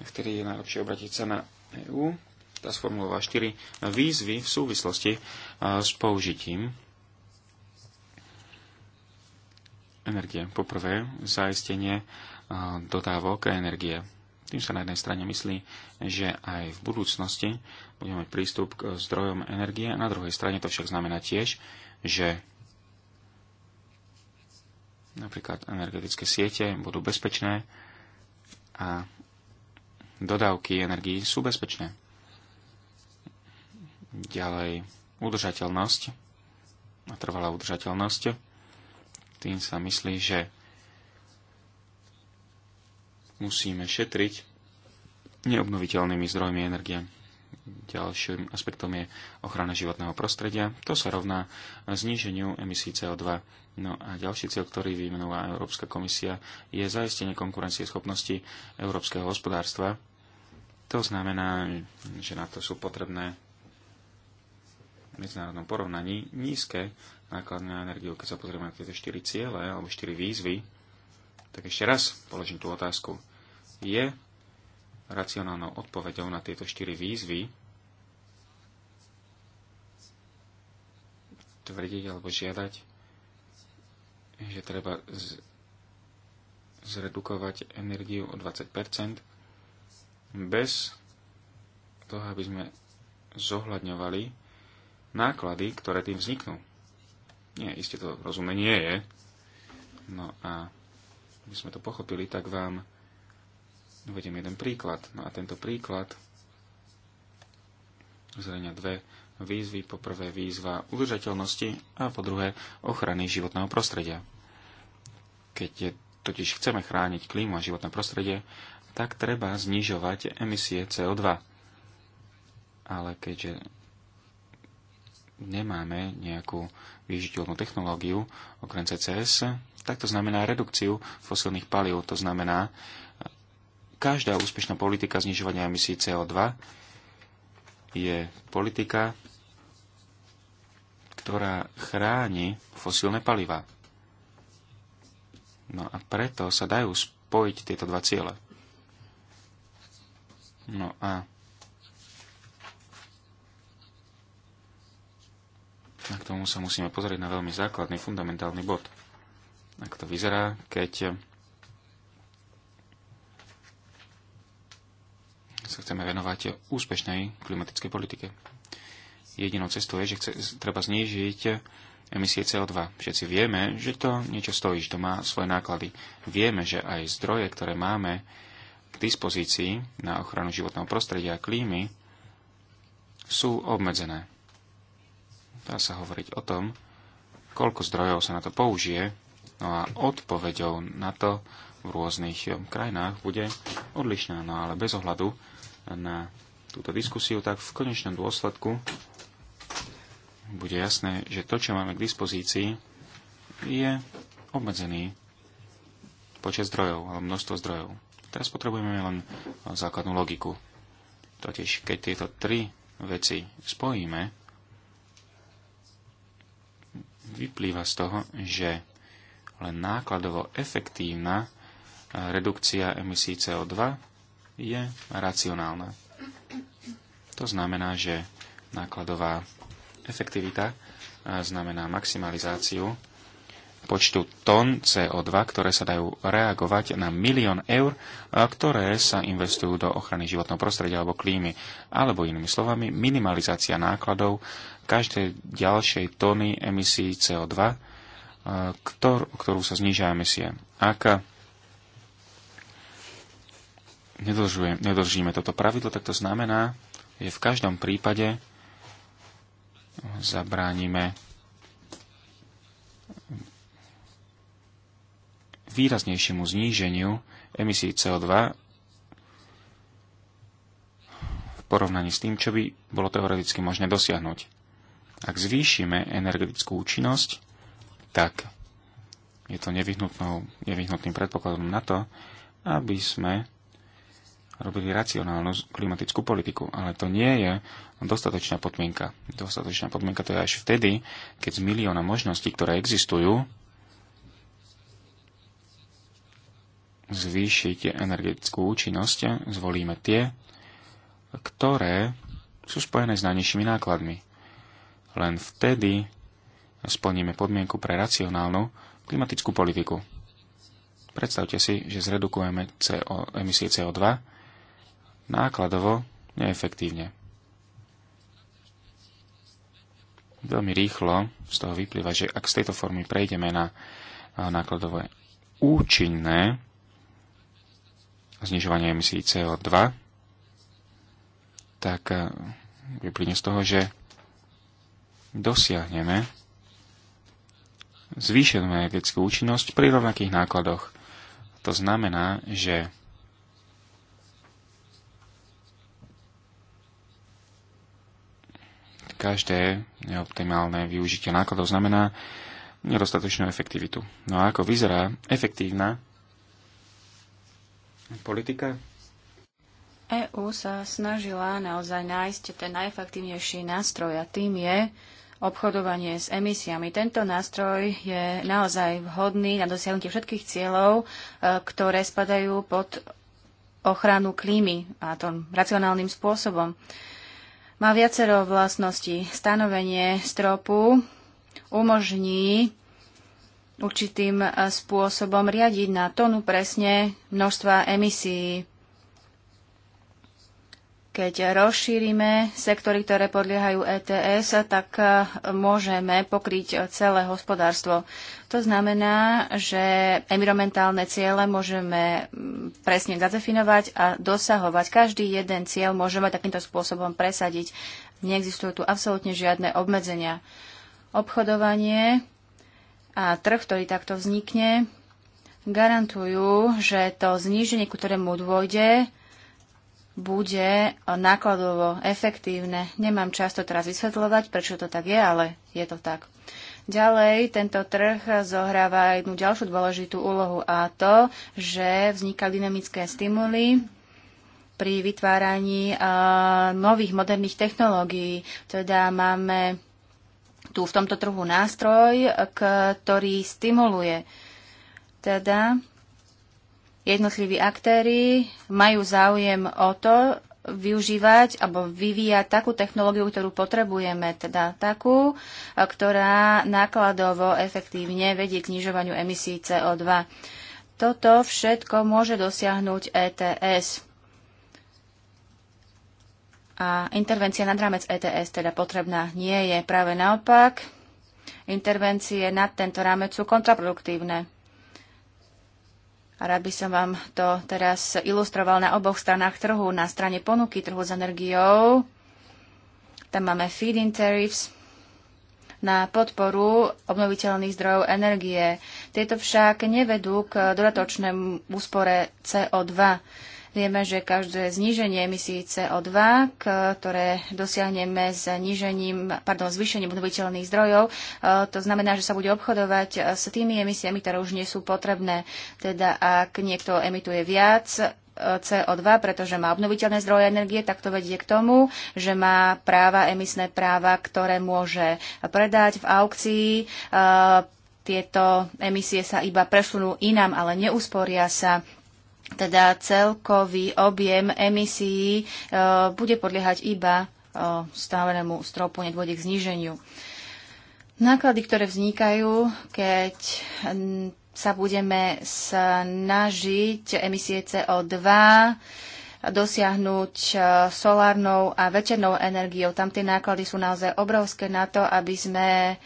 S2: vtedy je najlepšie obratiť sa na EU Tá sformulová 4 výzvy v súvislosti s použitím energie. Poprvé, zaistenie dodávok energie tým sa na jednej strane myslí, že aj v budúcnosti budeme mať prístup k zdrojom energie, na druhej strane to však znamená tiež, že napríklad energetické siete budú bezpečné a dodávky energií sú bezpečné. Ďalej udržateľnosť a trvalá udržateľnosť. Tým sa myslí, že musíme šetriť neobnoviteľnými zdrojmi energie. Ďalším aspektom je ochrana životného prostredia. To sa rovná zníženiu emisí CO2. No a ďalší cieľ, ktorý vymenová Európska komisia, je zaistenie konkurencieschopnosti európskeho hospodárstva. To znamená, že na to sú potrebné v medzinárodnom porovnaní nízke náklady na energiu. Keď sa pozrieme na tieto štyri ciele alebo štyri výzvy, tak ešte raz položím tú otázku. Je racionálnou odpoveďou na tieto štyri výzvy tvrdiť alebo žiadať, že treba z- zredukovať energiu o 20 bez toho, aby sme zohľadňovali náklady, ktoré tým vzniknú. Nie, isté to rozumenie je. No a aby sme to pochopili, tak vám uvediem jeden príklad. No a tento príklad zrejme dve výzvy. Po prvé výzva udržateľnosti a po druhé ochrany životného prostredia. Keď je, totiž chceme chrániť klímu a životné prostredie, tak treba znižovať emisie CO2. Ale keďže nemáme nejakú využiteľnú technológiu okrem CCS, tak to znamená redukciu fosilných palív. To znamená, každá úspešná politika znižovania emisí CO2 je politika, ktorá chráni fosilné paliva. No a preto sa dajú spojiť tieto dva ciele. No a A k tomu sa musíme pozrieť na veľmi základný, fundamentálny bod. Ak to vyzerá, keď sa chceme venovať úspešnej klimatickej politike. Jedinou cestou je, že chce, treba znížiť emisie CO2. Všetci vieme, že to niečo stojí, že to má svoje náklady. Vieme, že aj zdroje, ktoré máme k dispozícii na ochranu životného prostredia a klímy, sú obmedzené. Dá sa hovoriť o tom, koľko zdrojov sa na to použije, no a odpoveďou na to v rôznych um, krajinách bude odlišná, no ale bez ohľadu na túto diskusiu, tak v konečnom dôsledku bude jasné, že to, čo máme k dispozícii, je obmedzený počet zdrojov, alebo množstvo zdrojov. Teraz potrebujeme len základnú logiku. Totiž, keď tieto tri veci spojíme, vyplýva z toho, že len nákladovo efektívna e, redukcia emisí CO2 je racionálna. To znamená, že nákladová efektivita e, znamená maximalizáciu počtu tón CO2, ktoré sa dajú reagovať na milión eur, e, ktoré sa investujú do ochrany životného prostredia alebo klímy, alebo inými slovami minimalizácia nákladov každej ďalšej tony emisí CO2, e, ktor, ktorú sa znižia emisie. Ak nedržíme toto pravidlo, tak to znamená, že v každom prípade zabránime výraznejšiemu zníženiu emisí CO2 v porovnaní s tým, čo by bolo teoreticky možné dosiahnuť. Ak zvýšime energetickú účinnosť, tak je to nevyhnutným predpokladom na to, aby sme robili racionálnu klimatickú politiku. Ale to nie je dostatočná podmienka. Dostatočná podmienka to je až vtedy, keď z milióna možností, ktoré existujú, zvýšiť energetickú účinnosť, zvolíme tie, ktoré sú spojené s najnižšími nákladmi. Len vtedy splníme podmienku pre racionálnu klimatickú politiku. Predstavte si, že zredukujeme CO, emisie CO2 nákladovo neefektívne. Veľmi rýchlo z toho vyplýva, že ak z tejto formy prejdeme na nákladové účinné znižovanie emisí CO2, tak vyplyne z toho, že dosiahneme zvýšenú energetickú účinnosť pri rovnakých nákladoch. To znamená, že každé neoptimálne využitie nákladov znamená nedostatočnú efektivitu. No a ako vyzerá efektívna politika?
S4: EÚ sa snažila naozaj nájsť ten najefektívnejší nástroj a tým je obchodovanie s emisiami. Tento nástroj je naozaj vhodný na dosiahnutie všetkých cieľov, e, ktoré spadajú pod ochranu klímy a to racionálnym spôsobom. Má viacero vlastností. Stanovenie stropu umožní určitým e, spôsobom riadiť na tonu presne množstva emisí keď rozšírime sektory, ktoré podliehajú ETS, tak e, môžeme pokryť celé hospodárstvo. To znamená, že environmentálne ciele môžeme mm, presne zadefinovať a dosahovať. Každý jeden cieľ môžeme takýmto spôsobom presadiť. Neexistujú tu absolútne žiadne obmedzenia. Obchodovanie a trh, ktorý takto vznikne, garantujú, že to zníženie, ku ktorému dôjde, bude nákladovo efektívne. Nemám často teraz vysvetľovať, prečo to tak je, ale je to tak. Ďalej tento trh zohráva jednu ďalšiu dôležitú úlohu a to, že vznikajú dynamické stimuly pri vytváraní uh, nových moderných technológií. Teda máme tu v tomto trhu nástroj, ktorý stimuluje. Teda jednotliví aktéry majú záujem o to využívať alebo vyvíjať takú technológiu, ktorú potrebujeme, teda takú, ktorá nákladovo efektívne vedie k znižovaniu emisí CO2. Toto všetko môže dosiahnuť ETS. A intervencia nad rámec ETS teda potrebná nie je. Práve naopak, intervencie nad tento rámec sú kontraproduktívne. A Rád by som vám to teraz ilustroval na oboch stranách trhu. Na strane ponuky trhu s energiou, tam máme feed-in tariffs na podporu obnoviteľných zdrojov energie. Tieto však nevedú k dodatočnému úspore CO2. Vieme, že každé zníženie emisí CO2, ktoré dosiahneme znižením, pardon, zvýšením obnoviteľných zdrojov, e, to znamená, že sa bude obchodovať e, s tými emisiami, ktoré už nie sú potrebné. Teda ak niekto emituje viac, e, CO2, pretože má obnoviteľné zdroje energie, tak to vedie k tomu, že má práva, emisné práva, ktoré môže predať v aukcii. Tieto emisie sa iba presunú inám, ale neusporia sa teda celkový objem emisí e, bude podliehať iba e, stálenému stropu, nedôjde k zníženiu. Náklady, ktoré vznikajú, keď sa budeme snažiť emisie CO2 dosiahnuť e, solárnou a veternou energiou. Tam tie náklady sú naozaj obrovské na to, aby sme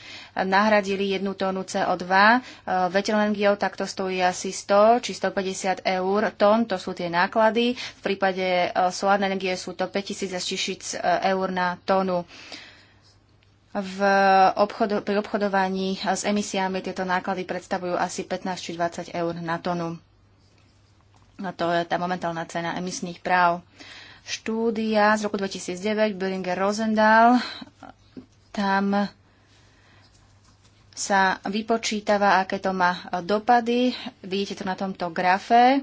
S4: nahradili jednu tónu CO2 e, veternou takto stojí asi 100 či 150 eur tón, to sú tie náklady. V prípade e, solárnej energie sú to 5000 až 1000 e, eur na tónu. V obchodu, pri obchodovaní s emisiami tieto náklady predstavujú asi 15 či 20 eur na tonu. A to je tá momentálna cena emisných práv. Štúdia z roku 2009 Billinger Rosendahl, tam sa vypočítava, aké to má dopady. Vidíte to na tomto grafe.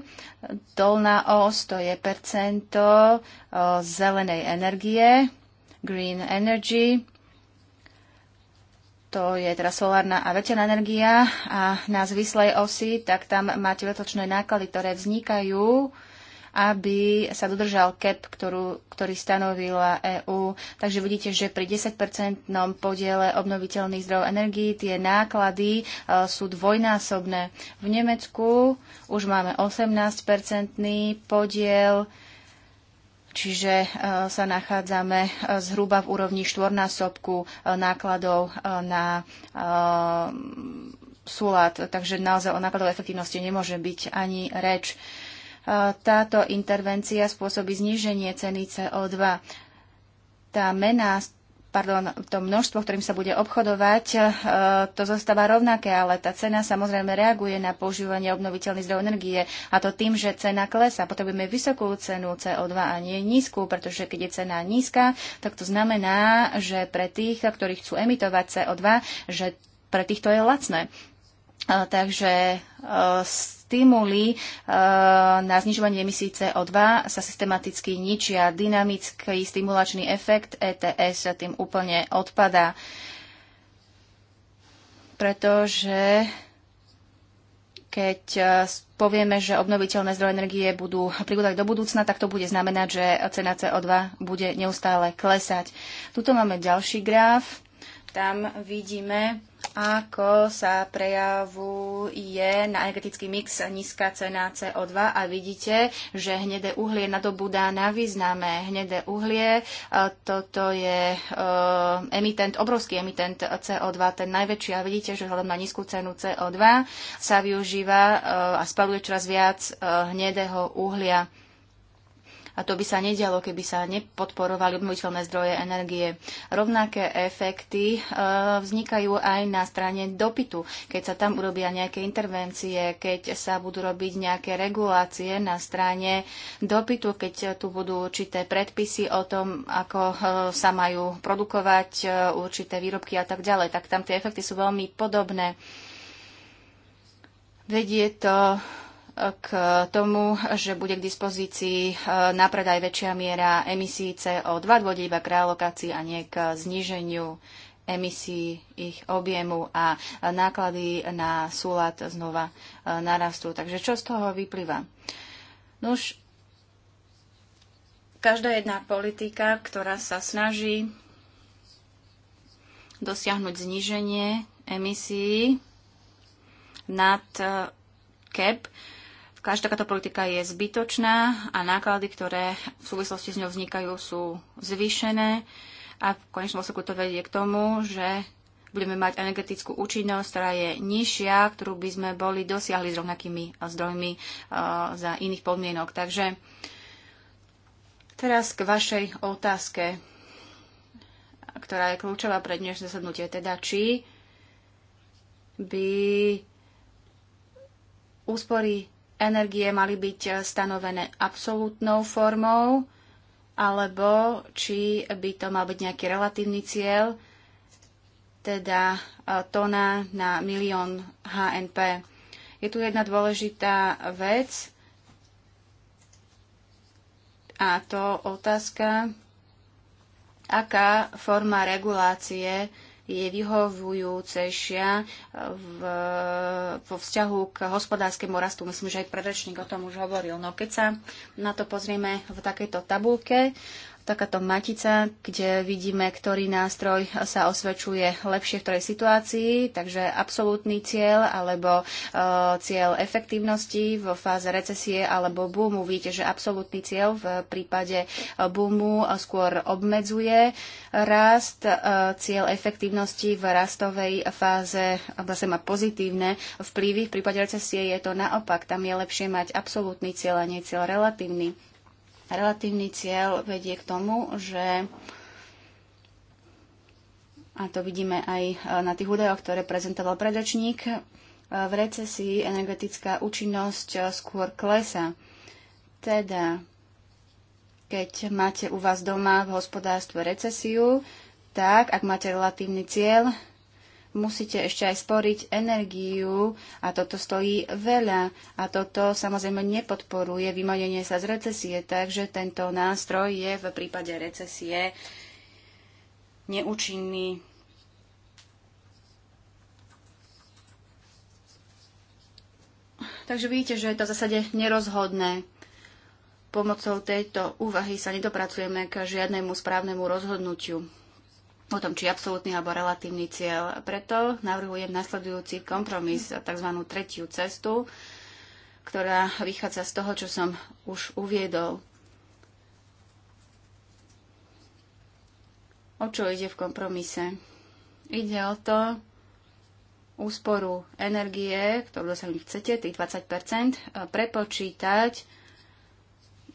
S4: Dolná os to je percento zelenej energie, green energy. To je teda solárna a veterná energia. A na zvislej osi, tak tam máte letočné náklady, ktoré vznikajú aby sa dodržal CAP, ktorú, ktorý stanovila EÚ. Takže vidíte, že pri 10-percentnom podiele obnoviteľných zdrojov energií tie náklady e, sú dvojnásobné. V Nemecku už máme 18-percentný podiel čiže e, sa nachádzame e, zhruba v úrovni štvornásobku nákladov na súlad, takže naozaj o nákladovej efektivnosti nemôže byť ani reč táto intervencia spôsobí zníženie ceny CO2. Tá mena pardon, to množstvo, ktorým sa bude obchodovať, e, to zostáva rovnaké, ale tá cena samozrejme reaguje na používanie obnoviteľných zdrojov energie a to tým, že cena klesa. Potrebujeme vysokú cenu CO2 a nie nízku, pretože keď je cena nízka, tak to znamená, že pre tých, ktorí chcú emitovať CO2, že pre týchto je lacné. Takže stimuly na znižovanie emisí CO2 sa systematicky ničia. Dynamický stimulačný efekt ETS tým úplne odpadá, pretože keď povieme, že obnoviteľné zdroje energie budú pribúdať do budúcna, tak to bude znamenať, že cena CO2 bude neustále klesať. Tuto máme ďalší graf. Tam vidíme, ako sa prejavuje na energetický mix nízka cena CO2 a vidíte, že hnedé uhlie nadobúda na význame. Hnedé uhlie, e, toto je e, emitent, obrovský emitent CO2, ten najväčší a vidíte, že hľadom na nízku cenu CO2 sa využíva e, a spaluje čoraz viac hnedého uhlia. A to by sa nedialo, keby sa nepodporovali obnoviteľné zdroje energie. Rovnaké efekty e, vznikajú aj na strane dopytu, keď sa tam urobia nejaké intervencie, keď sa budú robiť nejaké regulácie na strane dopytu, keď tu budú určité predpisy o tom, ako e, sa majú produkovať e, určité výrobky a tak ďalej. Tak tam tie efekty sú veľmi podobné. Vedie to k tomu, že bude k dispozícii e, na predaj väčšia miera emisí CO2, dôjde iba k realokácii a nie k zníženiu emisí ich objemu a náklady na súlad znova e, narastú. Takže čo z toho vyplýva? už každá jedna politika, ktorá sa snaží dosiahnuť zníženie emisí nad CAP, e, Každá takáto politika je zbytočná a náklady, ktoré v súvislosti s ňou vznikajú, sú zvýšené a v konečnom dôsledku to vedie k tomu, že budeme mať energetickú účinnosť, ktorá je nižšia, ktorú by sme boli dosiahli s rovnakými zdrojmi za iných podmienok. Takže teraz k vašej otázke, ktorá je kľúčová pre dnešné zasadnutie, teda či by úspory energie mali byť eh, stanovené absolútnou formou, alebo či by to mal byť nejaký relatívny cieľ, teda eh, tona na milión HNP. Je tu jedna dôležitá vec a to otázka, aká forma regulácie je vyhovujúcejšia e, v, vo vzťahu k hospodárskému rastu. Myslím, že aj predrečník o tom už hovoril. No keď sa na to pozrieme v takejto tabulke, takáto matica, kde vidíme, ktorý nástroj sa osvedčuje lepšie v ktorej situácii, takže absolútny cieľ alebo e, cieľ efektívnosti v fáze recesie alebo boomu. Vidíte, že absolútny cieľ v prípade e, boomu skôr obmedzuje rast. E, cieľ efektívnosti v rastovej fáze vlastne má pozitívne vplyvy. V prípade recesie je to naopak. Tam je lepšie mať absolútny cieľ a nie cieľ relatívny. Relatívny cieľ vedie k tomu, že a to vidíme aj e, na tých údajoch, ktoré prezentoval predočník, e, v recesii energetická účinnosť e, skôr klesa. Teda, keď máte u vás doma v hospodárstve recesiu, tak ak máte relatívny cieľ, musíte ešte aj sporiť energiu a toto stojí veľa a toto samozrejme nepodporuje vymanenie sa z recesie, takže tento nástroj je v prípade recesie neúčinný. Takže vidíte, že je to v zásade nerozhodné. Pomocou tejto úvahy sa nedopracujeme k žiadnemu správnemu rozhodnutiu potom či absolútny alebo relatívny cieľ. Preto navrhujem nasledujúci kompromis, tzv. tretiu cestu, ktorá vychádza z toho, čo som už uviedol. O čo ide v kompromise? Ide o to úsporu energie, ktorú dosahnuť chcete, tých 20 prepočítať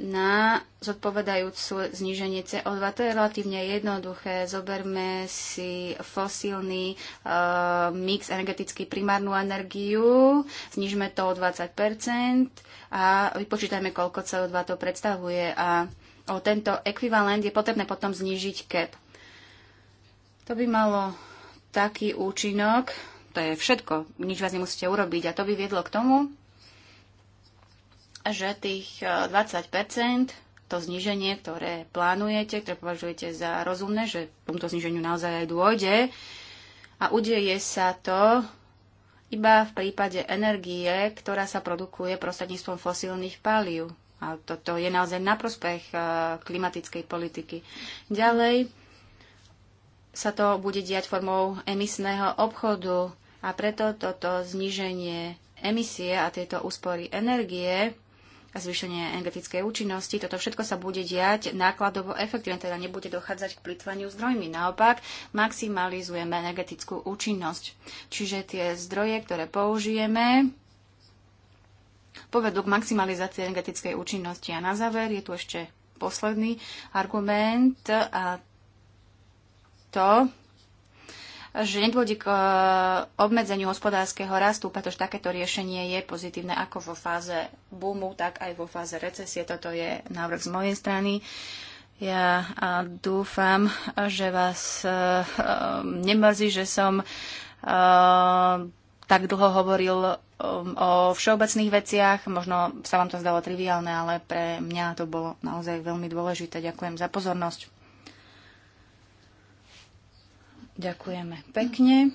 S4: na zodpovedajúcu zníženie CO2. To je relatívne jednoduché. Zoberme si fosílny e, mix energetický primárnu energiu, znižme to o 20 a vypočítajme, koľko CO2 to predstavuje. A o tento ekvivalent je potrebné potom znížiť CAP. To by malo taký účinok, to je všetko, nič vás nemusíte urobiť. A to by viedlo k tomu, že tých 20 e, to zníženie, ktoré plánujete, ktoré považujete za rozumné, že tomuto zníženiu naozaj aj dôjde a udeje sa to iba v prípade energie, ktorá sa produkuje prostredníctvom fosílnych palív. A toto je naozaj na prospech e, klimatickej politiky. Ďalej sa to bude diať formou emisného obchodu a preto toto zníženie emisie a tieto úspory energie zvýšenie energetickej účinnosti. Toto všetko sa bude diať nákladovo efektívne, teda nebude dochádzať k plitvaniu zdrojmi. Naopak, maximalizujeme energetickú účinnosť. Čiže tie zdroje, ktoré použijeme, povedú k maximalizácii energetickej účinnosti. A na záver je tu ešte posledný argument a to že nedôjde k eh, obmedzeniu hospodárskeho rastu, pretože takéto riešenie je pozitívne ako vo fáze boomu, tak aj vo fáze recesie. Toto je návrh z mojej strany. Ja dúfam, že vás eh, eh, nemrzí, že som tak dlho hovoril um, o všeobecných veciach. Možno sa vám to zdalo triviálne, ale pre mňa to bolo naozaj veľmi dôležité. Ďakujem za pozornosť. Ďakujeme pekne.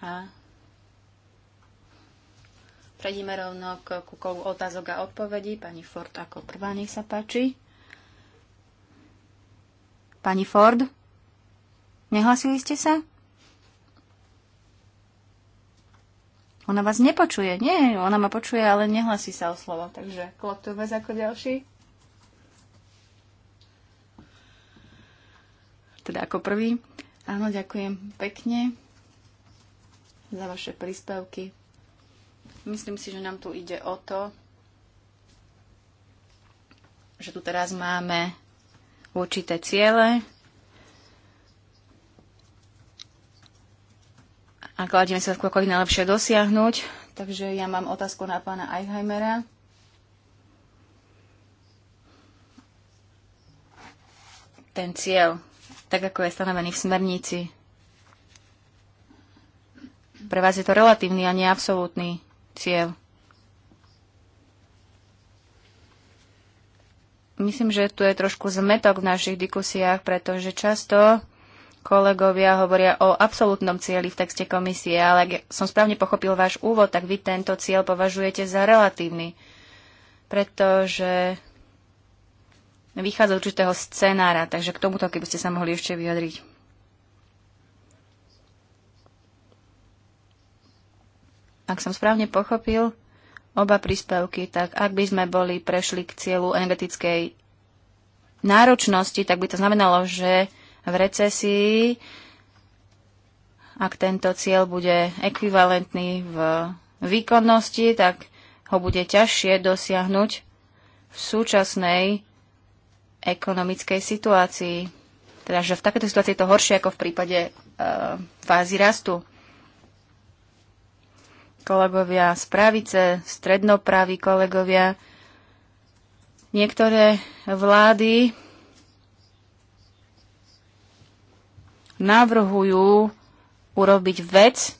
S4: A prejdeme rovno k kukolu otázok a odpovedí. Pani Ford ako prvá, nech sa páči. Pani Ford, nehlasili ste sa? Ona vás nepočuje. Nie, ona ma počuje, ale nehlasí sa o slovo. Takže Klotúvez ako ďalší. teda ako prvý. Áno, ďakujem pekne za vaše príspevky. Myslím si, že nám tu ide o to, že tu teraz máme určité ciele a kladieme sa ako ich najlepšie dosiahnuť. Takže ja mám otázku na pána Eichheimera. Ten cieľ tak ako je stanovený v smernici. Pre vás je to relatívny a neabsolútny cieľ. Myslím, že tu je trošku zmetok v našich diskusiách, pretože často kolegovia hovoria o absolútnom cieli v texte komisie, ale ak som správne pochopil váš úvod, tak vy tento cieľ považujete za relatívny, pretože vychádza z určitého scenára, takže k tomuto, keby ste sa mohli ešte vyjadriť. Ak som správne pochopil oba príspevky, tak ak by sme boli prešli k cieľu energetickej náročnosti, tak by to znamenalo, že v recesii, ak tento cieľ bude ekvivalentný v výkonnosti, tak ho bude ťažšie dosiahnuť v súčasnej ekonomickej situácii. Teda, že v takéto situácii je to horšie ako v prípade uh, fázy rastu. Kolegovia z pravice, strednopraví kolegovia, niektoré vlády navrhujú urobiť vec,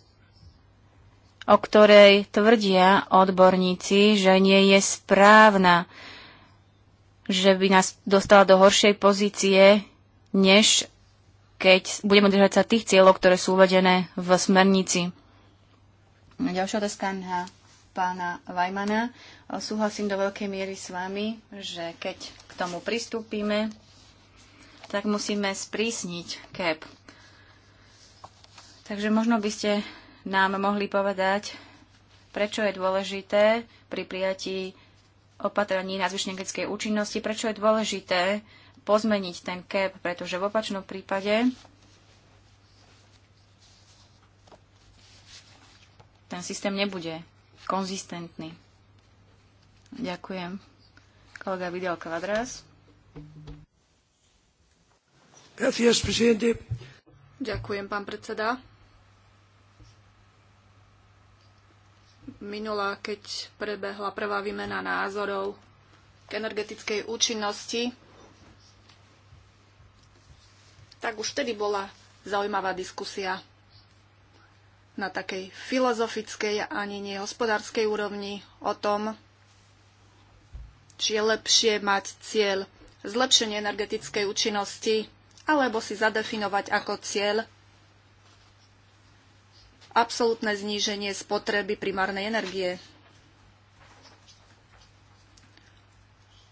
S4: o ktorej tvrdia odborníci, že nie je správna že by nás dostala do horšej pozície, než keď budeme držať sa tých cieľov, ktoré sú uvedené v smernici. Ďalšia otázka na pána Vajmana. Súhlasím do veľkej miery s vami, že keď k tomu pristúpime, tak musíme sprísniť CAP. Takže možno by ste nám mohli povedať, prečo je dôležité pri prijatí opatrení na zvyšne účinnosti. Prečo je dôležité pozmeniť ten CAP, pretože v opačnom prípade ten systém nebude konzistentný.
S3: Ďakujem. Kolega Vidal Kvadras. Ďakujem, pán predseda. minula, keď prebehla prvá výmena názorov k energetickej účinnosti, tak už vtedy bola zaujímavá diskusia na takej filozofickej ani nie hospodárskej úrovni o tom, či je lepšie mať cieľ zlepšenie energetickej účinnosti alebo si zadefinovať ako cieľ absolútne zníženie spotreby primárnej energie.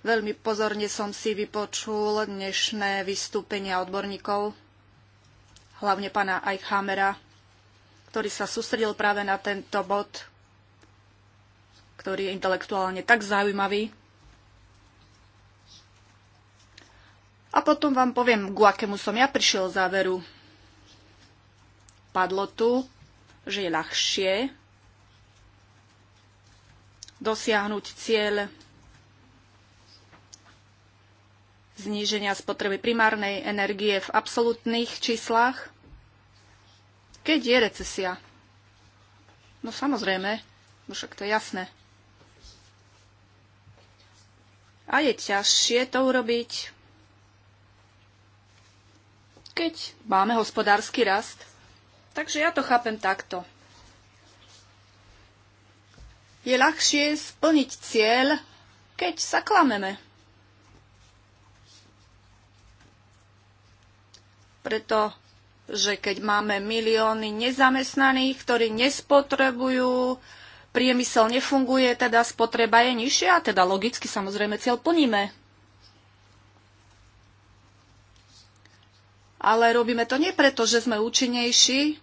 S3: Veľmi pozorne som si vypočul dnešné vystúpenia odborníkov, hlavne pána Eichhamera, ktorý sa sústredil práve na tento bod, ktorý je intelektuálne tak zaujímavý. A potom vám poviem, ku akému som ja prišiel záveru. Padlo tu, že je ľahšie dosiahnuť cieľ zníženia spotreby primárnej energie v absolútnych číslach, keď je recesia. No samozrejme, no však to je jasné. A je ťažšie to urobiť, keď máme hospodársky rast. Takže ja to chápem takto. Je ľahšie splniť cieľ, keď sa klameme. Preto, že keď máme milióny nezamestnaných, ktorí nespotrebujú, priemysel nefunguje, teda spotreba je nižšia, teda logicky samozrejme cieľ plníme. ale robíme to nie preto, že sme účinnejší,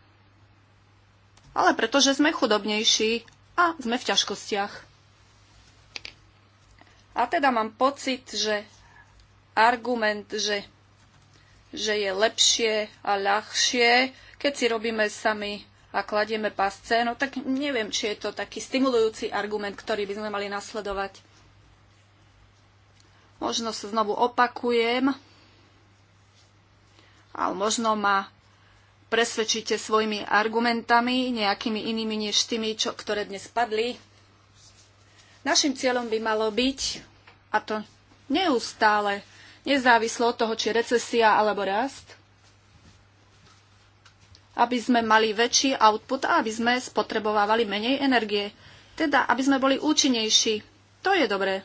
S3: ale preto, že sme chudobnejší a sme v ťažkostiach. A teda mám pocit, že argument, že, že je lepšie a ľahšie, keď si robíme sami a kladieme pasce, no tak neviem, či je to taký stimulujúci argument, ktorý by sme mali nasledovať. Možno sa znovu opakujem, ale možno ma presvedčíte svojimi argumentami, nejakými inými než tými, čo, ktoré dnes padli. Našim cieľom by malo byť, a to neustále, nezávislo od toho, či recesia alebo rast, aby sme mali väčší output a aby sme spotrebovávali menej energie. Teda, aby sme boli účinnejší. To je dobré.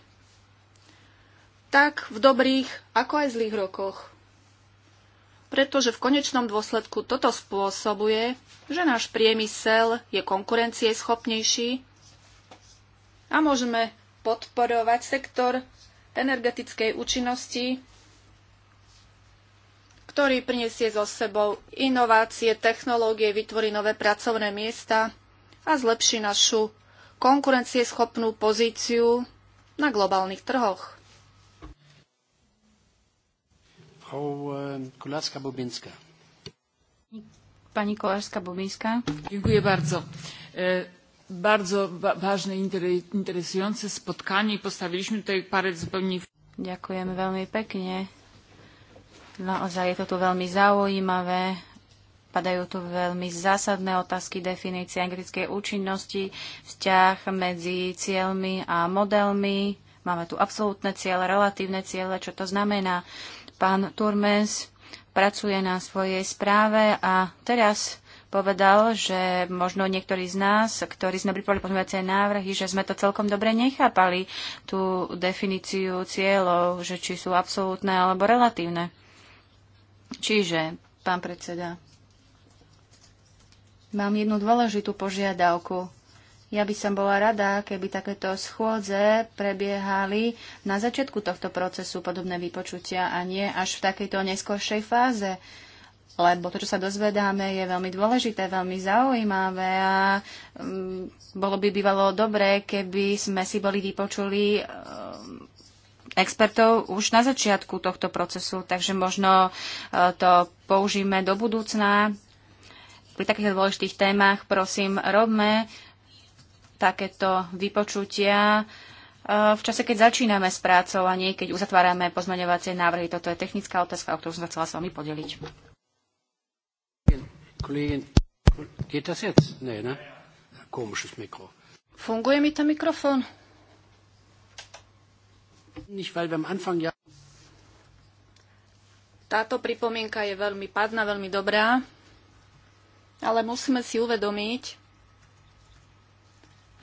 S3: Tak v dobrých, ako aj zlých rokoch pretože v konečnom dôsledku toto spôsobuje, že náš priemysel je konkurencieschopnejší a môžeme podporovať sektor energetickej účinnosti, ktorý prinesie so sebou inovácie, technológie, vytvorí nové pracovné miesta a zlepší našu konkurencieschopnú pozíciu na globálnych trhoch.
S1: Frau ehm, Kulaska-Bobinska.
S4: Pani Kolarska-Bobińska.
S3: Dziękuję bardzo. E, bardzo ważne, interesujące spotkanie postawiliśmy tutaj parę zupełnie...
S4: Ďakujem veľmi pekne. Naozaj je to tu veľmi zaujímavé. Padajú tu veľmi zásadné otázky definície anglickej účinnosti, vzťah medzi cieľmi a modelmi. Máme tu absolútne ciele, relatívne ciele, čo to znamená. Pán Turmes pracuje na svojej správe a teraz povedal, že možno niektorí z nás, ktorí sme pripravili pozmeňovacie návrhy, že sme to celkom dobre nechápali, tú definíciu cieľov, že či sú absolútne alebo relatívne. Čiže, pán predseda, mám jednu dôležitú požiadavku ja by som bola rada, keby takéto schôdze prebiehali na začiatku tohto procesu podobné vypočutia a nie až v takejto neskoršej fáze lebo to, čo sa dozvedáme, je veľmi dôležité, veľmi zaujímavé a mm, bolo by bývalo dobré, keby sme si boli vypočuli ehm, expertov už na začiatku tohto procesu, takže možno e, to použijeme do budúcna. Pri takých dôležitých témach prosím, robme takéto vypočutia eh, v čase, keď začíname s prácou a nie keď uzatvárame pozmeňovacie návrhy. Toto je technická otázka,
S1: o ktorú som sa chcela s vami podeliť.
S3: Funguje mi ten mikrofón? Táto pripomienka je veľmi padná, veľmi dobrá, ale musíme si uvedomiť,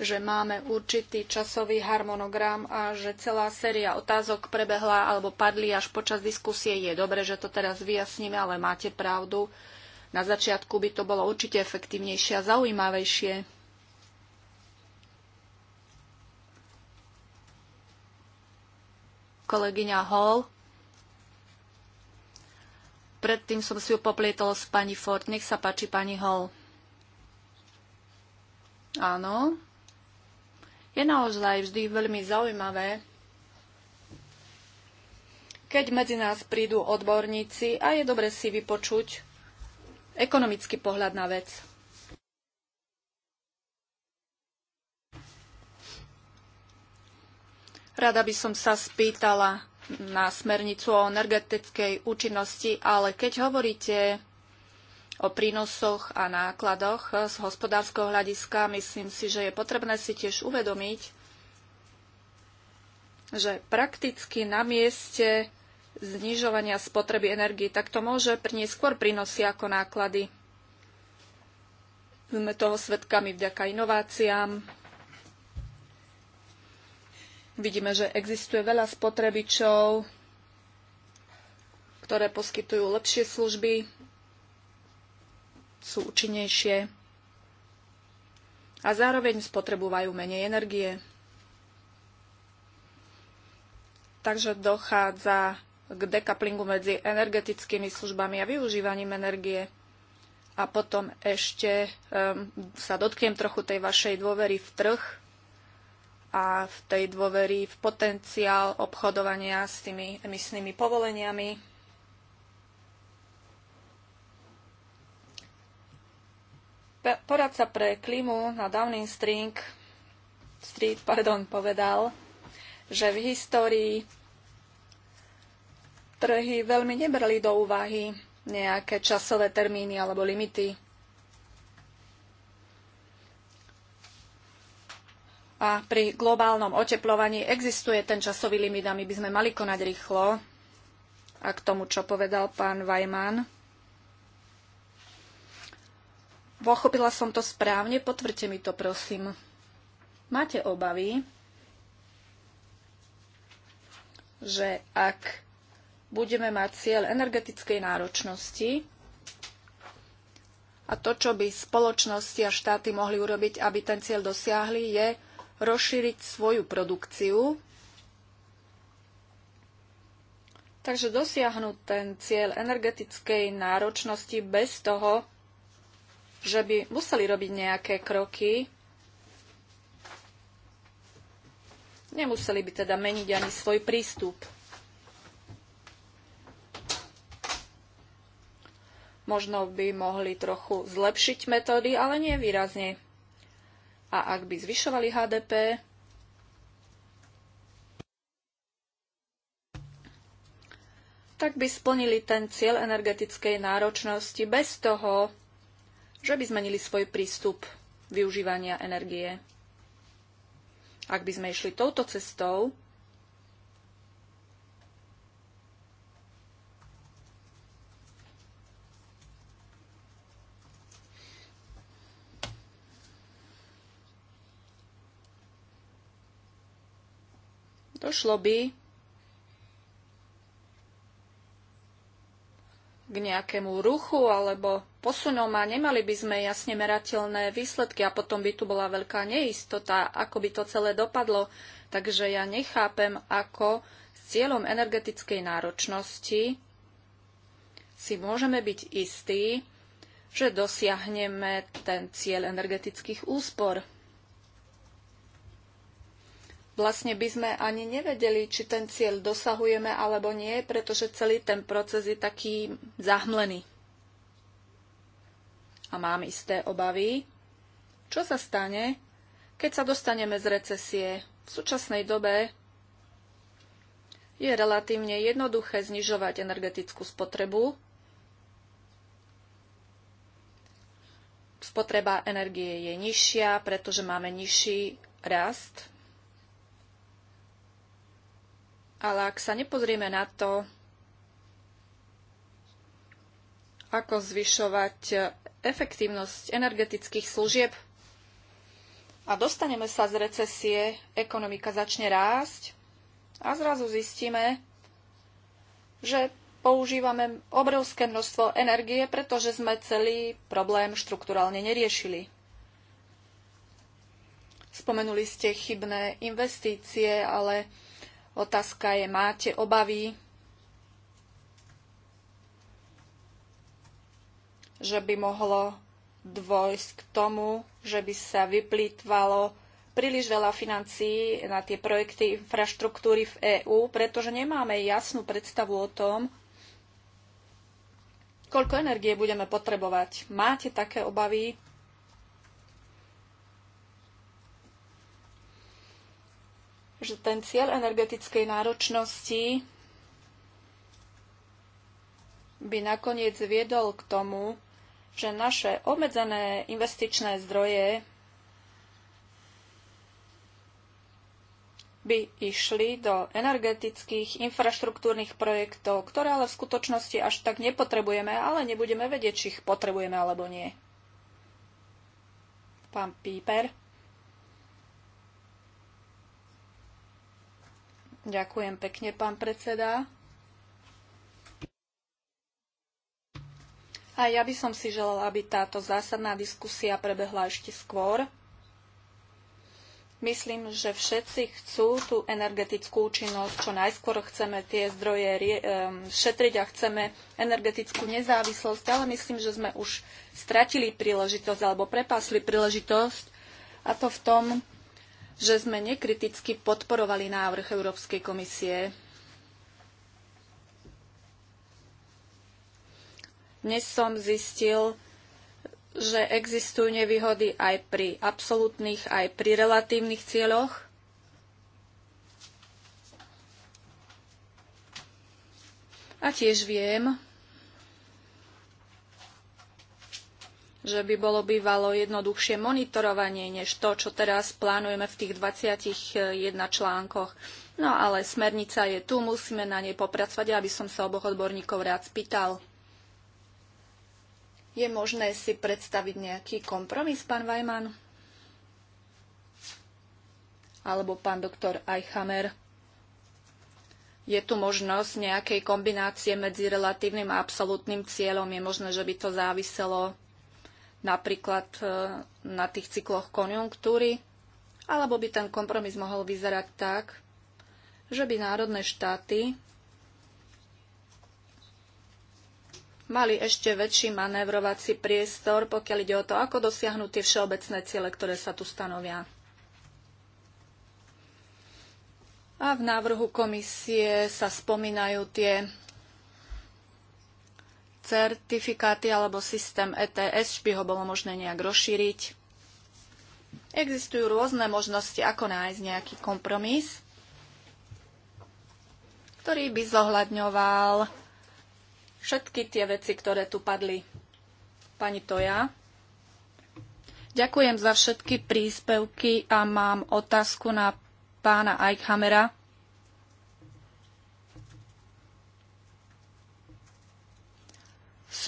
S3: že máme určitý časový harmonogram a že celá séria otázok prebehla alebo padli až počas diskusie. Je dobre, že to teraz vyjasníme, ale máte pravdu. Na začiatku by to bolo určite efektívnejšie a zaujímavejšie. Kolegyňa Hall. Predtým som si ju poplietol s pani Ford. Nech sa páči, pani Hall. Áno, je naozaj vždy veľmi zaujímavé, keď medzi nás prídu odborníci a je dobre si vypočuť ekonomický pohľad na vec. Rada by som sa spýtala na smernicu o energetickej účinnosti, ale keď hovoríte o prínosoch a nákladoch eh, z hospodárskeho hľadiska, myslím si, že je potrebné si tiež uvedomiť, že prakticky na mieste znižovania spotreby tak takto môže priniesť skôr prínosy ako náklady. Sme toho svedkami vďaka inováciám. Vidíme, že existuje veľa spotrebičov, ktoré poskytujú lepšie služby sú účinnejšie a zároveň spotrebujú menej energie. Takže dochádza k dekaplingu medzi energetickými službami a využívaním energie. A potom ešte um, sa dotknem trochu tej vašej dôvery v trh a v tej dôvery v potenciál obchodovania s tými emisnými povoleniami. poradca pre klímu na Downing Street, Street pardon, povedal, že v histórii trhy veľmi nebrali do úvahy nejaké časové termíny alebo limity. A pri globálnom oteplovaní existuje ten časový limit a my by sme mali konať rýchlo. A k tomu, čo povedal pán Vajman, Pochopila som to správne, potvrďte mi to, prosím. Máte obavy, že ak budeme mať cieľ energetickej náročnosti a to, čo by spoločnosti a štáty mohli urobiť, aby ten cieľ dosiahli, je rozšíriť svoju produkciu. Takže dosiahnuť ten cieľ energetickej náročnosti bez toho, že by museli robiť nejaké kroky. Nemuseli by teda meniť ani svoj prístup. Možno by mohli trochu zlepšiť metódy, ale nie výrazne. A ak by zvyšovali HDP, tak by splnili ten cieľ energetickej náročnosti bez toho, že by zmenili svoj prístup využívania energie. Ak by sme išli touto cestou, došlo by k nejakému ruchu alebo posunom a nemali by sme jasne merateľné výsledky a potom by tu bola veľká neistota, ako by to celé dopadlo. Takže ja nechápem, ako s cieľom energetickej náročnosti si môžeme byť istí, že dosiahneme ten cieľ energetických úspor vlastne by sme ani nevedeli, či ten cieľ dosahujeme alebo nie, pretože celý ten proces je taký zahmlený. A mám isté obavy. Čo sa stane, keď sa dostaneme z recesie? V súčasnej dobe je relatívne jednoduché znižovať energetickú spotrebu. Spotreba energie je nižšia, pretože máme nižší rast Ale ak sa nepozrieme na to, ako zvyšovať efektívnosť energetických služieb a dostaneme sa z recesie, ekonomika začne rásť a zrazu zistíme, že používame obrovské množstvo energie, pretože sme celý problém štruktúralne neriešili. Spomenuli ste chybné investície, ale Otázka je, máte obavy, že by mohlo dôjsť k tomu, že by sa vyplýtvalo príliš veľa financií na tie projekty infraštruktúry v EÚ, pretože nemáme jasnú predstavu o tom, koľko energie budeme potrebovať. Máte také obavy? že ten cieľ energetickej náročnosti by nakoniec viedol k tomu, že naše obmedzené investičné zdroje by išli do energetických infraštruktúrnych projektov, ktoré ale v skutočnosti až tak nepotrebujeme, ale nebudeme vedieť, či ich potrebujeme alebo nie. Pán Píper. Ďakujem pekne, pán predseda. A ja by som si želala, aby táto zásadná diskusia prebehla ešte skôr. Myslím, že všetci chcú tú energetickú účinnosť, čo najskôr chceme tie zdroje šetriť a chceme energetickú nezávislosť, ale myslím, že sme už stratili príležitosť alebo prepásli príležitosť a to v tom, že sme nekriticky podporovali návrh Európskej komisie. Dnes som zistil, že existujú nevýhody aj pri absolútnych, aj pri relatívnych cieľoch. A tiež viem, že by bolo bývalo jednoduchšie monitorovanie než to, čo teraz plánujeme v tých 21 článkoch. No ale smernica je tu, musíme na nej popracovať, aby som sa oboch odborníkov rád spýtal. Je možné si predstaviť nejaký kompromis, pán Vajman? Alebo pán doktor Eichhammer? Je tu možnosť nejakej kombinácie medzi relatívnym a absolútnym cieľom? Je možné, že by to záviselo napríklad e, na tých cykloch konjunktúry, alebo by ten kompromis mohol vyzerať tak, že by národné štáty mali ešte väčší manévrovací priestor, pokiaľ ide o to, ako dosiahnu tie všeobecné ciele, ktoré sa tu stanovia. A v návrhu komisie sa spomínajú tie certifikáty alebo systém ETS by ho bolo možné nejak rozšíriť. Existujú rôzne možnosti, ako nájsť nejaký kompromis, ktorý by zohľadňoval všetky tie veci, ktoré tu padli. Pani Toja. Ďakujem za všetky príspevky a mám otázku na pána Eichhamera.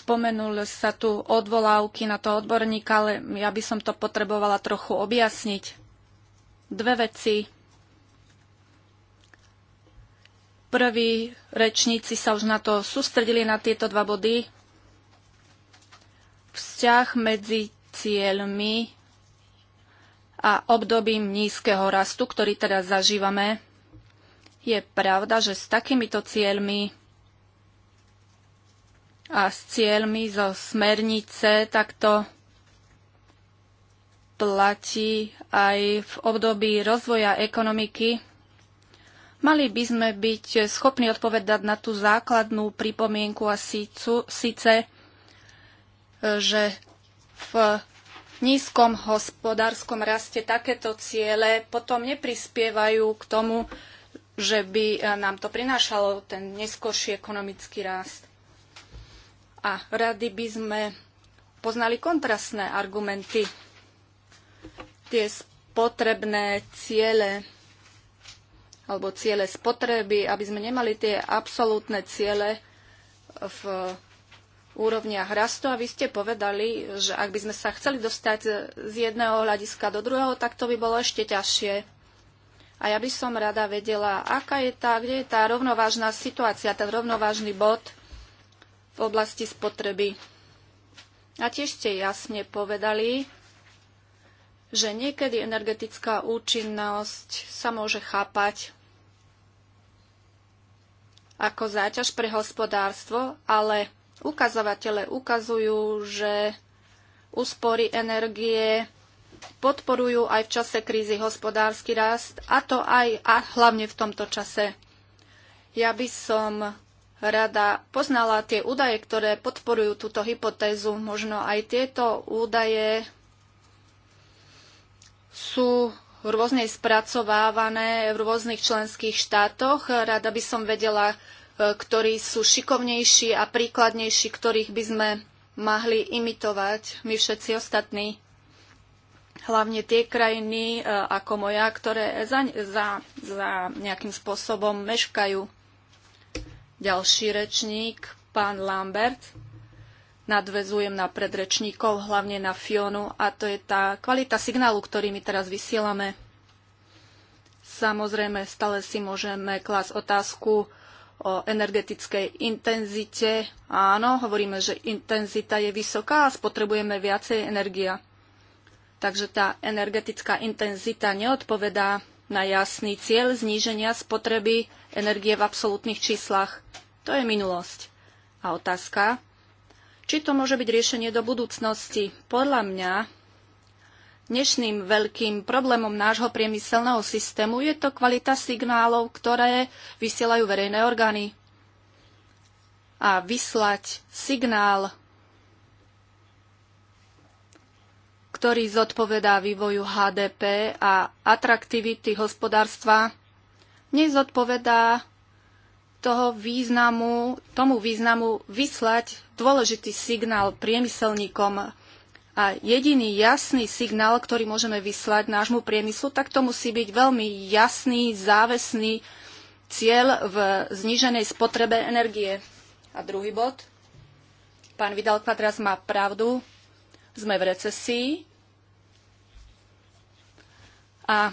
S3: Spomenul sa tu odvolávky na toho odborníka, ale ja by som to potrebovala trochu objasniť. Dve veci. Prví rečníci sa už na to sústredili, na tieto dva body. Vzťah medzi cieľmi a obdobím nízkeho rastu, ktorý teraz zažívame, je pravda, že s takýmito cieľmi a s cieľmi zo smernice takto platí aj v období rozvoja ekonomiky. Mali by sme byť schopní odpovedať na tú základnú pripomienku a sícu, síce, že v nízkom hospodárskom raste takéto ciele potom neprispievajú k tomu, že by nám to prinášalo ten neskorší ekonomický rast. A rady by sme poznali kontrastné argumenty, tie potrebné ciele alebo ciele spotreby, aby sme nemali tie absolútne ciele v úrovniach rastu. A vy ste povedali, že ak by sme sa chceli dostať z jedného hľadiska do druhého, tak to by bolo ešte ťažšie. A ja by som rada vedela, aká je tá, kde je tá rovnovážna situácia, ten rovnovážny bod, v oblasti spotreby. A tiež ste jasne povedali, že niekedy energetická účinnosť sa môže chápať ako záťaž pre hospodárstvo, ale ukazovatele ukazujú, že úspory energie podporujú aj v čase krízy hospodársky rast, a to aj a hlavne v tomto čase. Ja by som rada poznala tie údaje, ktoré podporujú túto hypotézu. Možno aj tieto údaje sú rôzne spracovávané v rôznych členských štátoch. Rada by som vedela, e, ktorí sú šikovnejší a príkladnejší, ktorých by sme mohli imitovať my všetci ostatní hlavne tie krajiny e, ako moja, ktoré za, za, za nejakým spôsobom meškajú. Ďalší rečník, pán Lambert. Nadvezujem na predrečníkov, hlavne na Fionu, a to je tá kvalita signálu, ktorý my teraz vysielame. Samozrejme, stále si môžeme klásť otázku o energetickej intenzite. Áno, hovoríme, že intenzita je vysoká a spotrebujeme viacej energia. Takže tá energetická intenzita neodpovedá na jasný cieľ zníženia spotreby energie v absolútnych číslach. To je minulosť. A otázka, či to môže byť riešenie do budúcnosti. Podľa mňa dnešným veľkým problémom nášho priemyselného systému je to kvalita signálov, ktoré vysielajú verejné orgány. A vyslať signál ktorý zodpovedá vývoju HDP a atraktivity hospodárstva, nezodpovedá toho významu, tomu významu vyslať dôležitý signál priemyselníkom. A jediný jasný signál, ktorý môžeme vyslať nášmu priemyslu, tak to musí byť veľmi jasný, závesný cieľ v zníženej spotrebe energie. A druhý bod. Pán Vidalka teraz má pravdu. Sme v recesii. A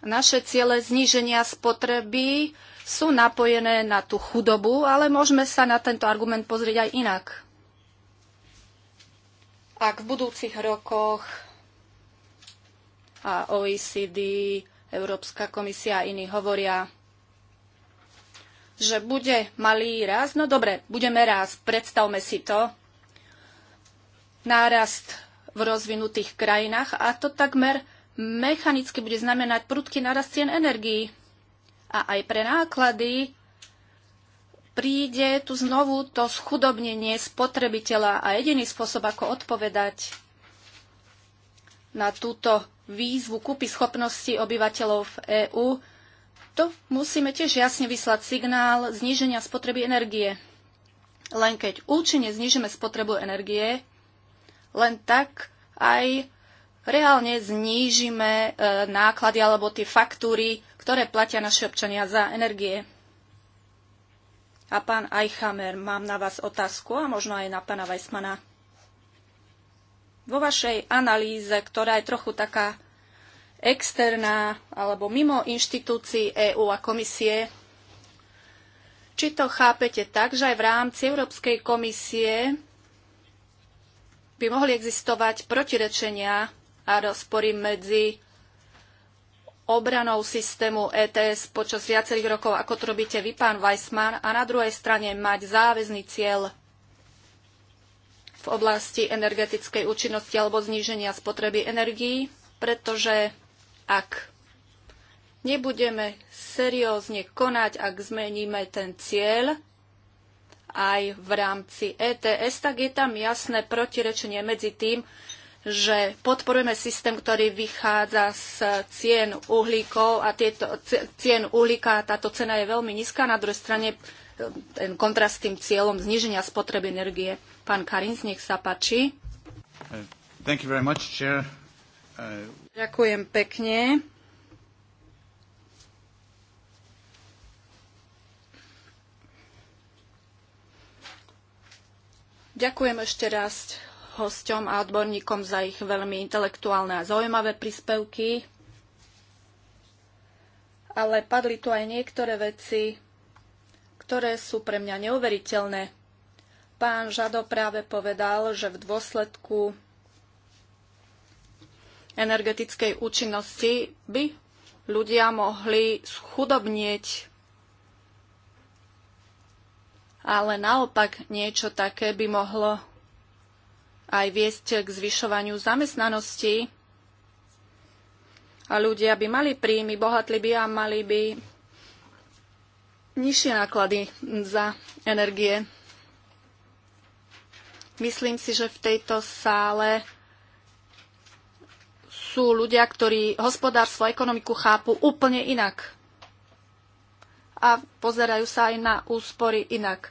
S3: naše ciele zníženia spotreby sú napojené na tú chudobu, ale môžeme sa na tento argument pozrieť aj inak. Ak v budúcich rokoch a OECD, Európska komisia a iní hovoria, že bude malý rast, no dobre, budeme rast, predstavme si to, nárast v rozvinutých krajinách a to takmer mechanicky bude znamenať prudký narast cien energií. A aj pre náklady príde tu znovu to schudobnenie spotrebiteľa a jediný spôsob, ako odpovedať na túto výzvu kúpy schopnosti obyvateľov v EÚ, to musíme tiež jasne vyslať signál zníženia spotreby energie. Len keď účinne znižíme spotrebu energie, len tak aj reálne znížime e, náklady alebo tie faktúry, ktoré platia naši občania za energie. A pán Eichhammer, mám na vás otázku a možno aj na pána Weissmana. Vo vašej analýze, ktorá je trochu taká externá alebo mimo inštitúcií EÚ a komisie, či to chápete tak, že aj v rámci Európskej komisie by mohli existovať protirečenia a rozpory medzi obranou systému ETS počas viacerých rokov, ako to robíte vy, pán Weissmann, a na druhej strane mať záväzný cieľ v oblasti energetickej účinnosti alebo zníženia spotreby energií, pretože ak nebudeme seriózne konať, ak zmeníme ten cieľ aj v rámci ETS, tak je tam jasné protirečenie medzi tým, že podporujeme systém, ktorý vychádza z cien uhlíkov a tieto cien uhlíka, táto cena je veľmi nízka. Na druhej strane e, ten kontrast s tým cieľom zniženia spotreby energie. Pán Karinc, nech sa páči.
S1: Uh, thank you very much, chair. Uh...
S3: Ďakujem pekne. Ďakujem ešte raz hosťom a odborníkom za ich veľmi intelektuálne a zaujímavé príspevky. Ale padli tu aj niektoré veci, ktoré sú pre mňa neuveriteľné. Pán Žado práve povedal, že v dôsledku energetickej účinnosti by ľudia mohli schudobnieť. Ale naopak niečo také by mohlo aj viesť k zvyšovaniu zamestnanosti a ľudia by mali príjmy, bohatli by a mali by nižšie náklady za energie. Myslím si, že v tejto sále sú ľudia, ktorí hospodárstvo a ekonomiku chápu úplne inak a pozerajú sa aj na úspory inak.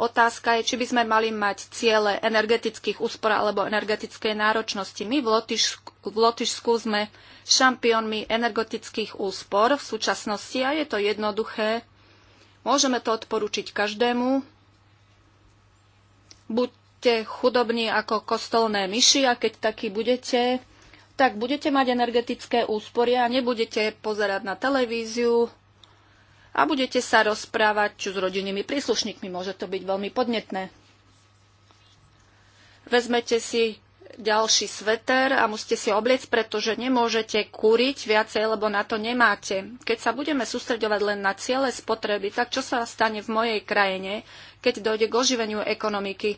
S3: Otázka je, či by sme mali mať ciele energetických úspor alebo energetickej náročnosti. My v Lotyšsku, v Lotyšsku sme šampiónmi energetických úspor v súčasnosti a je to jednoduché. Môžeme to odporučiť každému. Buďte chudobní ako kostolné myši a keď taký budete, tak budete mať energetické úspory a nebudete pozerať na televíziu, a budete sa rozprávať čo s rodinnými príslušníkmi. Môže to byť veľmi podnetné. Vezmete si ďalší sveter a musíte si obliecť, pretože nemôžete kúriť viacej, lebo na to nemáte. Keď sa budeme sústreďovať len na ciele spotreby, tak čo sa stane v mojej krajine, keď dojde k oživeniu ekonomiky?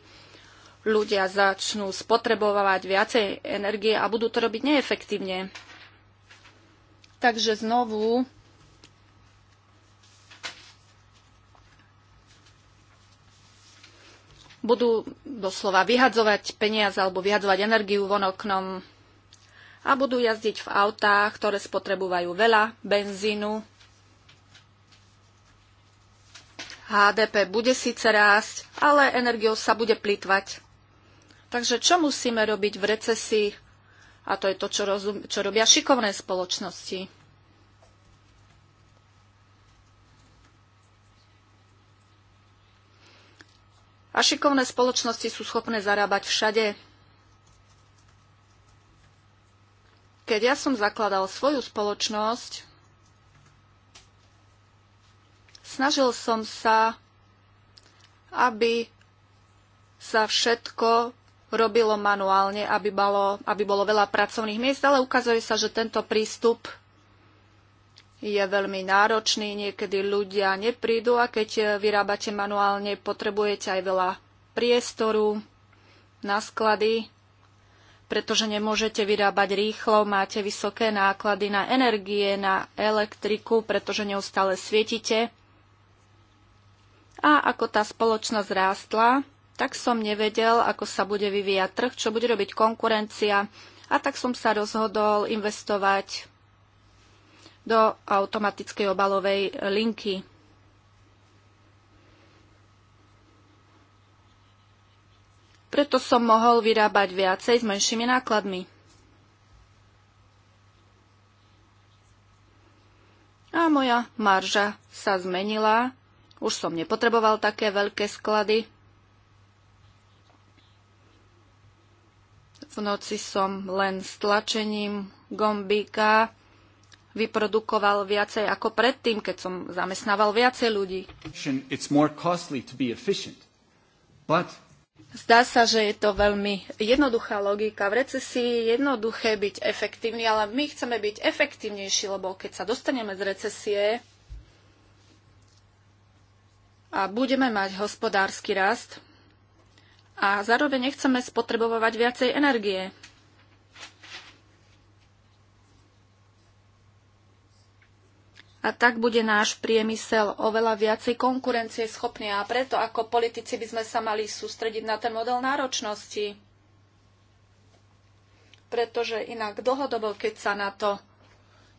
S3: Ľudia začnú spotrebovať viacej energie a budú to robiť neefektívne. Takže znovu budú doslova vyhadzovať peniaze alebo vyhadzovať energiu von oknom a budú jazdiť v autách, ktoré spotrebujú veľa benzínu. HDP bude síce rásť, ale energiou sa bude plýtvať. Takže čo musíme robiť v recesii? A to je to, čo, rozum, čo robia šikovné spoločnosti A šikovné spoločnosti sú schopné zarábať všade. Keď ja som zakladal svoju spoločnosť, snažil som sa, aby sa všetko robilo manuálne, aby bolo, aby bolo veľa pracovných miest, ale ukazuje sa, že tento prístup je veľmi náročný, niekedy ľudia neprídu a keď vyrábate manuálne, potrebujete aj veľa priestoru na sklady, pretože nemôžete vyrábať rýchlo, máte vysoké náklady na energie, na elektriku, pretože neustále svietite. A ako tá spoločnosť rástla, tak som nevedel, ako sa bude vyvíjať trh, čo bude robiť konkurencia a tak som sa rozhodol investovať do automatickej obalovej linky. Preto som mohol vyrábať viacej s menšími nákladmi. A moja marža sa zmenila. Už som nepotreboval také veľké sklady. V noci som len stlačením gombíka vyprodukoval viacej ako predtým, keď som zamestnával viacej ľudí. But... Zdá sa, že je to veľmi jednoduchá logika. V recesii je jednoduché byť efektívny, ale my chceme byť efektívnejší, lebo keď sa dostaneme z recesie a budeme mať hospodársky rast a zároveň nechceme spotrebovať viacej energie. a tak bude náš priemysel oveľa viacej konkurencie schopný a preto ako politici by sme sa mali sústrediť na ten model náročnosti. Pretože inak dlhodobo, keď sa na to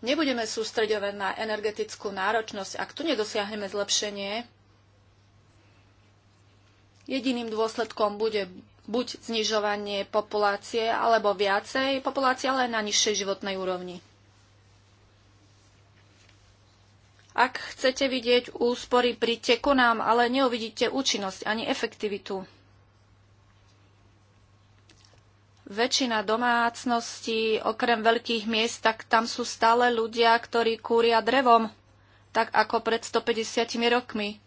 S3: nebudeme sústredovať na energetickú náročnosť, ak tu nedosiahneme zlepšenie, jediným dôsledkom bude buď znižovanie populácie alebo viacej populácie, ale na nižšej životnej úrovni. Ak chcete vidieť úspory, príďte ku nám, ale neuvidíte účinnosť ani efektivitu. Väčšina domácností, okrem veľkých miest, tak tam sú stále ľudia, ktorí kúria drevom, tak ako pred 150 rokmi.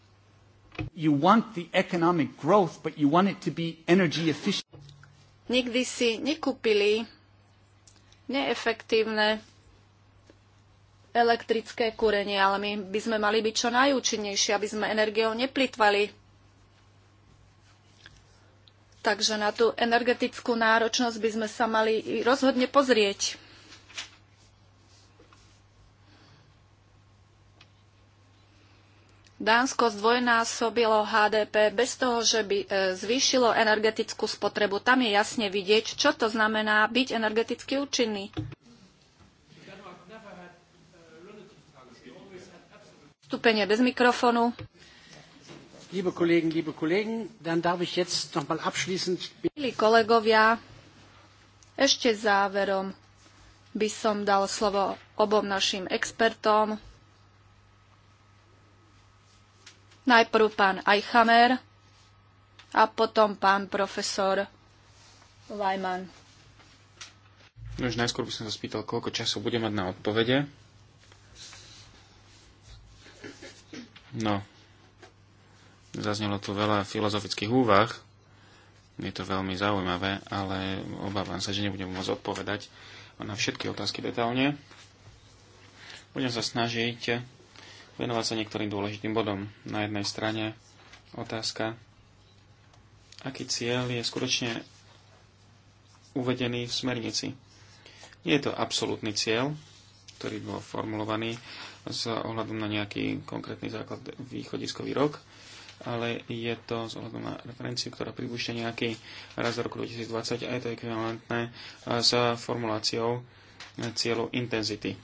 S1: You want the economic growth, but you want it to be energy efficient.
S3: Nikdy si nekúpili neefektívne elektrické kúrenie, ale my by sme mali byť čo najúčinnejší, aby sme energiou neplitvali. Takže na tú energetickú náročnosť by sme sa mali rozhodne pozrieť. Dánsko zdvojnásobilo HDP bez toho, že by e, zvýšilo energetickú spotrebu. Tam je jasne vidieť, čo to znamená byť energeticky účinný. vystúpenie bez mikrofónu.
S1: Liebe Kollegen, liebe Kollegen, dann darf ich jetzt noch mal abschließend...
S3: Milí kolegovia, ešte záverom by som dal slovo obom našim expertom. Najprv pán Eichhammer a potom pán profesor Lajman.
S2: No už najskôr by som sa spýtal, koľko času budem mať na odpovede. No, zaznelo tu veľa filozofických úvah, je to veľmi zaujímavé, ale obávam sa, že nebudem môcť odpovedať na všetky otázky detálne. Budem sa snažiť venovať sa niektorým dôležitým bodom. Na jednej strane otázka, aký cieľ je skutočne uvedený v smernici. Nie je to absolútny cieľ, ktorý bol formulovaný s ohľadom na nejaký konkrétny základ východiskový rok, ale je to s ohľadom na referenciu, ktorá pribúšťa nejaký raz do roku 2020 a je to ekvivalentné e, s formuláciou e, cieľu intenzity.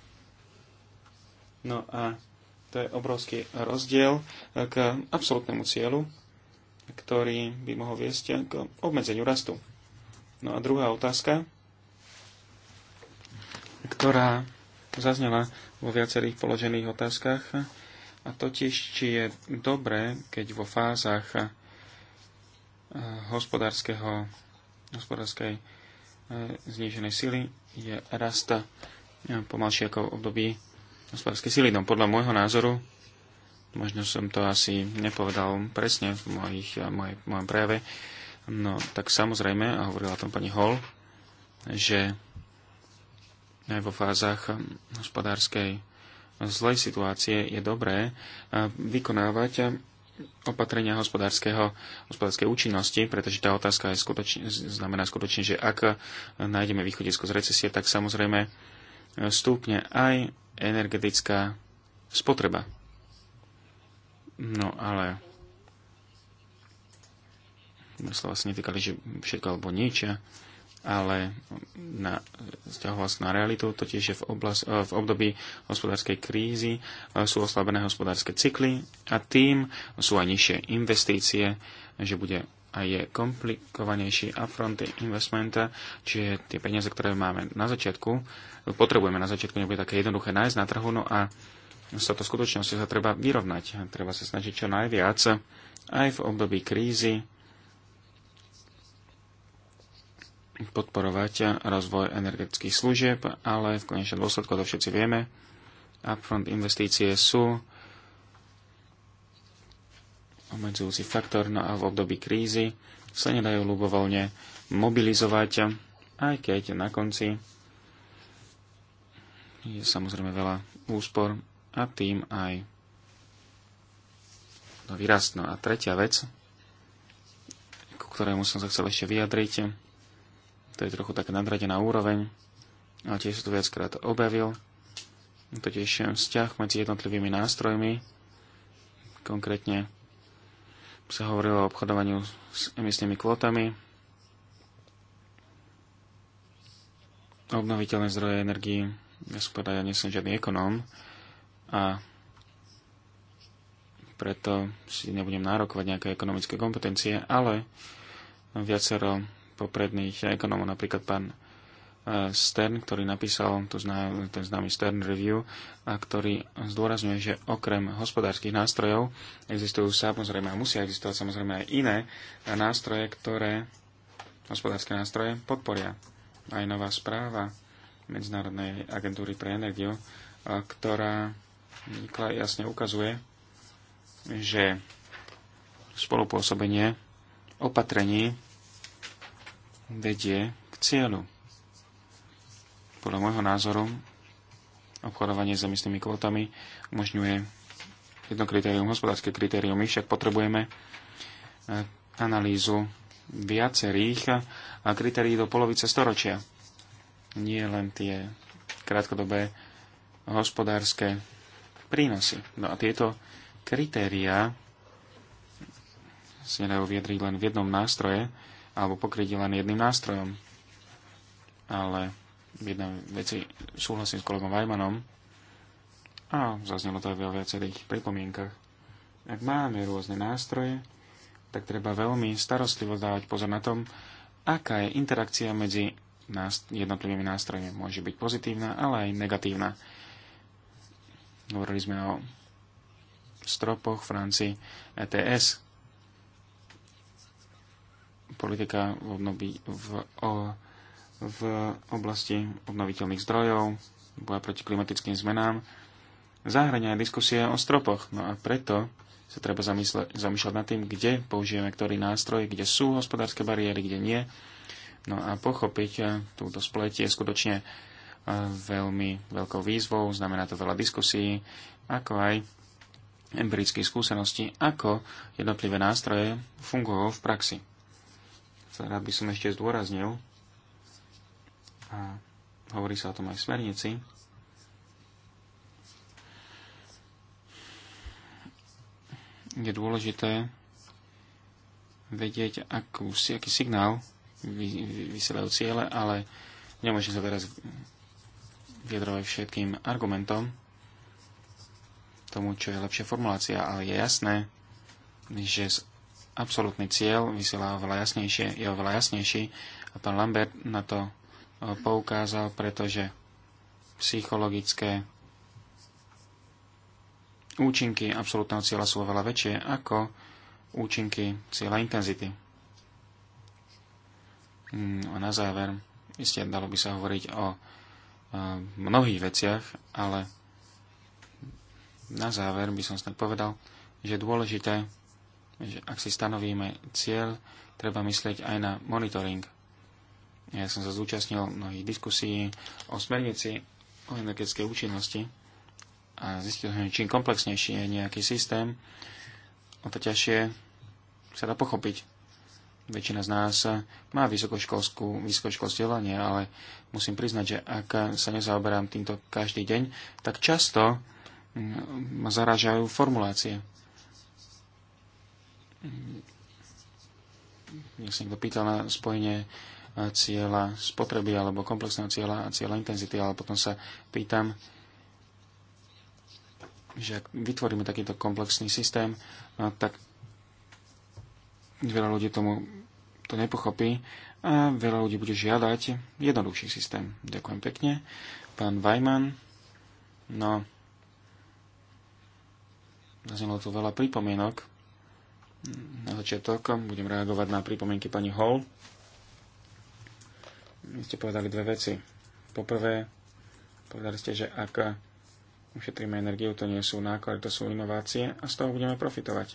S2: No a to je obrovský rozdiel e, k absolútnemu cieľu, ktorý by mohol viesť k obmedzeniu rastu. No a druhá otázka, ktorá zaznela vo viacerých položených otázkach, a totiž, či je dobré, keď vo fázach eh, hospodárskeho, hospodárskej eh, zníženej sily je rast eh, pomalšie ako v období hospodárskej sily. No, podľa môjho názoru, možno som to asi nepovedal presne v mojich, moj, mojom prejave, no tak samozrejme, a hovorila o tom pani Hall, že aj vo fázach um, hospodárskej zlej situácie je dobré uh, vykonávať um, opatrenia hospodárskeho, hospodárskej účinnosti, pretože tá otázka je skutočne, znamená skutočne, že ak nájdeme východisko z recesie, tak samozrejme uh, stúpne aj energetická spotreba. No ale slova sa vlastne netýkali, že všetko alebo nič ale na, vzťahoval sa na realitu, totiž že v, oblast, e, v období hospodárskej krízy e, sú oslabené hospodárske cykly a tým sú aj nižšie investície, že bude a je komplikovanejší upfront investmenta, čiže tie peniaze, ktoré máme na začiatku, potrebujeme na začiatku, nebude také jednoduché nájsť na trhu, no a s touto skutočnosťou sa treba vyrovnať. Treba sa snažiť čo najviac aj v období krízy podporovať rozvoj energetických služieb, ale v konečnom dôsledku to všetci vieme. Upfront investície sú obmedzujúci faktor, no a v období krízy sa nedajú ľubovoľne mobilizovať, aj keď na konci je samozrejme veľa úspor a tým aj no, vyrastnú. A tretia vec, ku ktorému som sa chcel ešte vyjadriť, to je trochu taká nadradená úroveň, ale tiež sa tu viackrát objavil, je vzťah medzi jednotlivými nástrojmi, konkrétne sa hovorilo o obchodovaniu s emisnými kvótami, obnoviteľné zdroje energii, ja som povedal, ja nie som žiadny ekonóm a preto si nebudem nárokovať nejaké ekonomické kompetencie, ale viacero popredných ekonomov, napríklad pán e, Stern, ktorý napísal tú zná, ten známy Stern Review a ktorý zdôrazňuje, že okrem hospodárskych nástrojov existujú samozrejme a musia existovať samozrejme aj iné nástroje, ktoré hospodárske nástroje podporia. Aj nová správa Medzinárodnej agentúry pre energiu, e, ktorá vznikla, jasne ukazuje, že spolupôsobenie opatrení vedie k cieľu. Podľa môjho názoru obchodovanie s emisnými kvótami umožňuje jedno kritérium, hospodárske kritérium. My však potrebujeme e, analýzu viacerých e, kritérií do polovice storočia. Nie len tie krátkodobé hospodárske prínosy. No a tieto kritériá sa nedajú vyjadriť len v jednom nástroje, alebo pokryť len jedným nástrojom. Ale v jednej veci súhlasím s kolegom Weimanom a zaznelo to aj vo viacerých pripomienkach. Ak máme rôzne nástroje, tak treba veľmi starostlivo dávať pozor na tom, aká je interakcia medzi jednotlivými nástrojmi. Môže byť pozitívna, ale aj negatívna. Hovorili sme o stropoch v rámci ETS politika v, obnovi, v, o, v oblasti obnoviteľných zdrojov, boja proti klimatickým zmenám, zahrania aj diskusie o stropoch. No a preto sa treba zamýšľať nad tým, kde použijeme ktorý nástroj, kde sú hospodárske bariéry, kde nie. No a pochopiť eh, túto spletie je skutočne eh, veľmi veľkou výzvou, znamená to veľa diskusí, ako aj empirických skúseností, ako jednotlivé nástroje fungujú v praxi rád by som ešte zdôraznil, a hovorí sa o tom aj v smernici, je dôležité vedieť, akú, aký signál vy, vysielajú ciele, ale nemôžem sa teraz vyjadrovať všetkým argumentom tomu, čo je lepšia formulácia, ale je jasné, že z absolútny cieľ vysiela oveľa jasnejšie, je oveľa jasnejší a pán Lambert na to e, poukázal, pretože psychologické účinky absolútneho cieľa sú oveľa väčšie ako účinky cieľa intenzity. Mm, a na záver, isté dalo by sa hovoriť o e, mnohých veciach, ale na záver by som snad povedal, že je dôležité že ak si stanovíme cieľ, treba myslieť aj na monitoring. Ja som sa zúčastnil mnohých diskusí o smernici o energetickej účinnosti a zistil som, že čím komplexnejší je nejaký systém, o to ťažšie sa dá pochopiť. Väčšina z nás má vysokoškolskú, vysokoškolské vzdelanie, ale musím priznať, že ak sa nezaoberám týmto každý deň, tak často mm, ma zaražajú formulácie. Ja mhm. sa niekto pýtal na spojenie e, cieľa spotreby alebo komplexného cieľa a cieľa intenzity, ale potom sa pýtam, že ak vytvoríme takýto komplexný systém, e, tak veľa ľudí tomu to nepochopí a veľa ľudí bude žiadať jednoduchší systém. Ďakujem pekne. Pán Vajman, no, zaznelo tu veľa pripomienok. Na začiatok budem reagovať na pripomienky pani Hall. Vy ste povedali dve veci. Poprvé, povedali ste, že ak ušetríme energiu, to nie sú náklady, to sú inovácie a z toho budeme profitovať.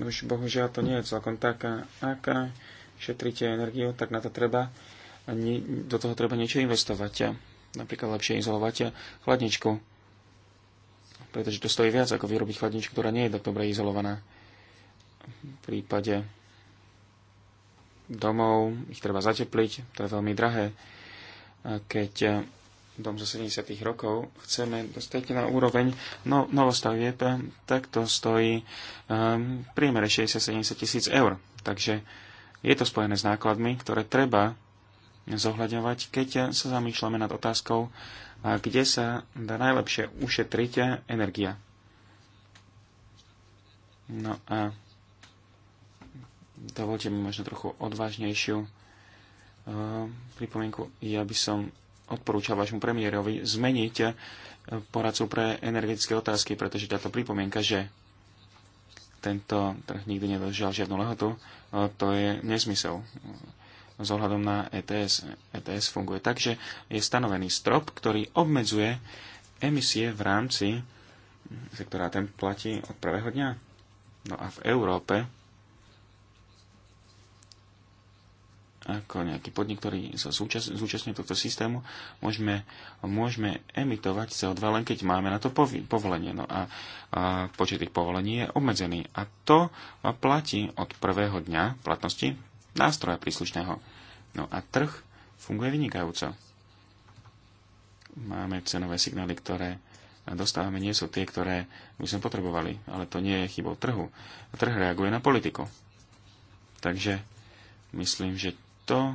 S2: No Už bohužiaľ to nie je celkom tak. Ak šetríte energiu, tak na to treba, do toho treba niečo investovať. Napríklad lepšie izolovať chladničku, pretože to stojí viac, ako vyrobiť chladničku, ktorá nie je tak dobre izolovaná v prípade domov ich treba zatepliť, to je veľmi drahé. A keď dom zo 70. rokov chceme dostať na úroveň no, novostavieb, tak to stojí um, priemere 60-70 tisíc eur. Takže je to spojené s nákladmi, ktoré treba zohľadňovať, keď sa zamýšľame nad otázkou, kde sa dá najlepšie ušetriť energia. No a dovolte mi možno trochu odvážnejšiu eh, pripomienku. Ja by som odporúčal vašmu premiérovi zmeniť eh, poradcu pre energetické otázky, pretože táto pripomienka, že tento trh nikdy nedržal žiadnu lehotu, eh, to je nesmysel s ohľadom na ETS. ETS funguje tak, že je stanovený strop, ktorý obmedzuje emisie v rámci sektora ten platí od prvého dňa. No a v Európe ako nejaký podnik, ktorý sa zúčast, zúčastňuje tohto systému, môžeme, môžeme emitovať CO2 len keď máme na to povolenie. No a, a počet tých povolení je obmedzený. A to platí od prvého dňa platnosti nástroja príslušného. No a trh funguje vynikajúco. Máme cenové signály, ktoré dostávame, nie sú tie, ktoré by sme potrebovali. Ale to nie je chybou trhu. Trh reaguje na politiku. Takže myslím, že to,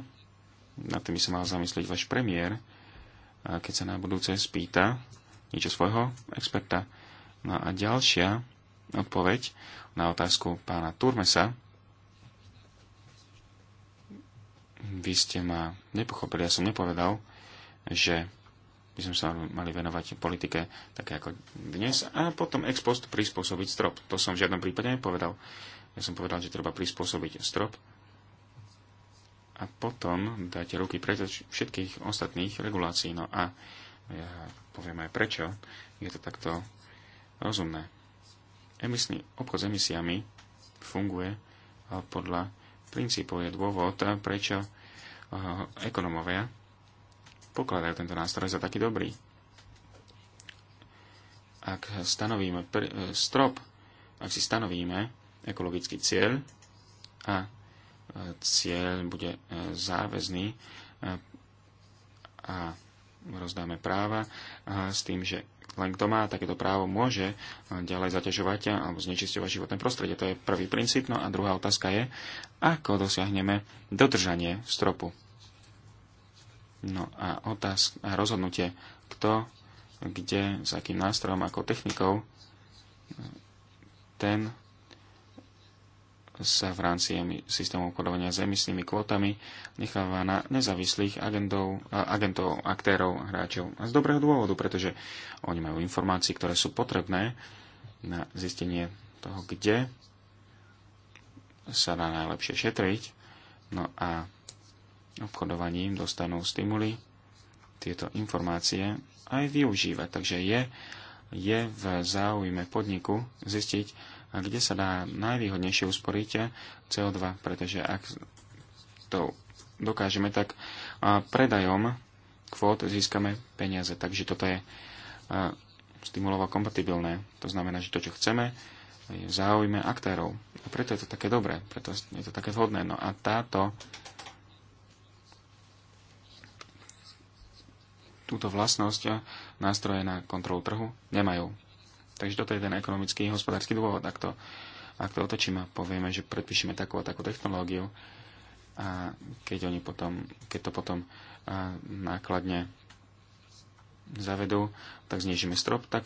S2: na tým by sa mal zamyslieť váš premiér, keď sa na budúce spýta niečo svojho experta. No a ďalšia odpoveď na otázku pána Turmesa. Vy ste ma nepochopili, ja som nepovedal, že by sme sa mali venovať politike také ako dnes a potom ex post prispôsobiť strop. To som v žiadnom prípade nepovedal. Ja som povedal, že treba prispôsobiť strop a potom dať ruky pre všetkých ostatných regulácií. No a ja poviem aj prečo je to takto rozumné. Emisný obchod s emisiami funguje eh, podľa princípov je dôvod, eh, prečo eh, ekonomovia pokladajú tento nástroj za taký dobrý. Ak stanovíme pr- strop, ak si stanovíme ekologický cieľ a cieľ bude e, záväzný e, a rozdáme práva e, s tým, že len kto má takéto právo, môže ďalej zaťažovať alebo znečisťovať životné prostredie. To je prvý princíp. No a druhá otázka je, ako dosiahneme dodržanie stropu. No a, otázka, a rozhodnutie, kto, kde, s akým nástrojom, ako technikou ten sa v rámci systému obchodovania s emisnými kvótami necháva na nezávislých agentov, agentov, aktérov, hráčov. A z dobrého dôvodu, pretože oni majú informácie, ktoré sú potrebné na zistenie toho, kde sa dá najlepšie šetriť. No a obchodovaním dostanú stimuly tieto informácie aj využívať. Takže je, je v záujme podniku zistiť, a kde sa dá najvýhodnejšie usporiť eh, CO2, pretože ak to dokážeme, tak predajom kvót získame peniaze. Takže toto je stimulovo kompatibilné. To znamená, že to, čo chceme, je v záujme aktérov. A preto je to také dobré, preto je to také vhodné. No a táto túto vlastnosť eh, nástroje na kontrolu trhu nemajú. Takže toto je ten ekonomický hospodársky dôvod. Ak to, ak to otočíme povieme, že predpíšeme takú a takú technológiu a keď, oni potom, keď to potom nákladne zavedú, tak znižíme strop, tak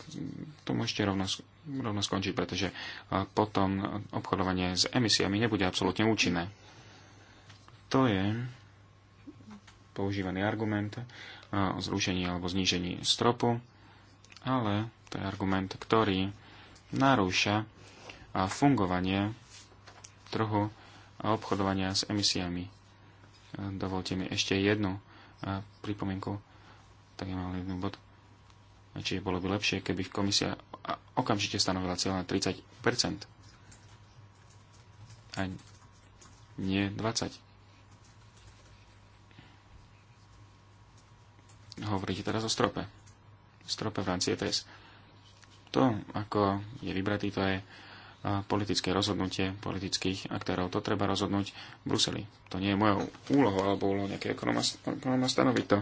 S2: to môžete rovno, rovno skončiť, pretože potom obchodovanie s emisiami nebude absolútne účinné. To je používaný argument o zrušení alebo znížení stropu, ale to je argument, ktorý narúša fungovanie trhu a obchodovania s emisiami. Dovolte mi ešte jednu pripomienku. Tak ja mám jednu bod. Čiže bolo by lepšie, keby komisia okamžite stanovila cieľ na 30 A nie 20 hovoríte teraz o strope. Strope v rámci ETS. To, ako je vybratý, to je politické rozhodnutie politických aktérov. To treba rozhodnúť v Bruseli. To nie je mojou úlohou alebo úlohou nejakého ekonóma stanoviť to.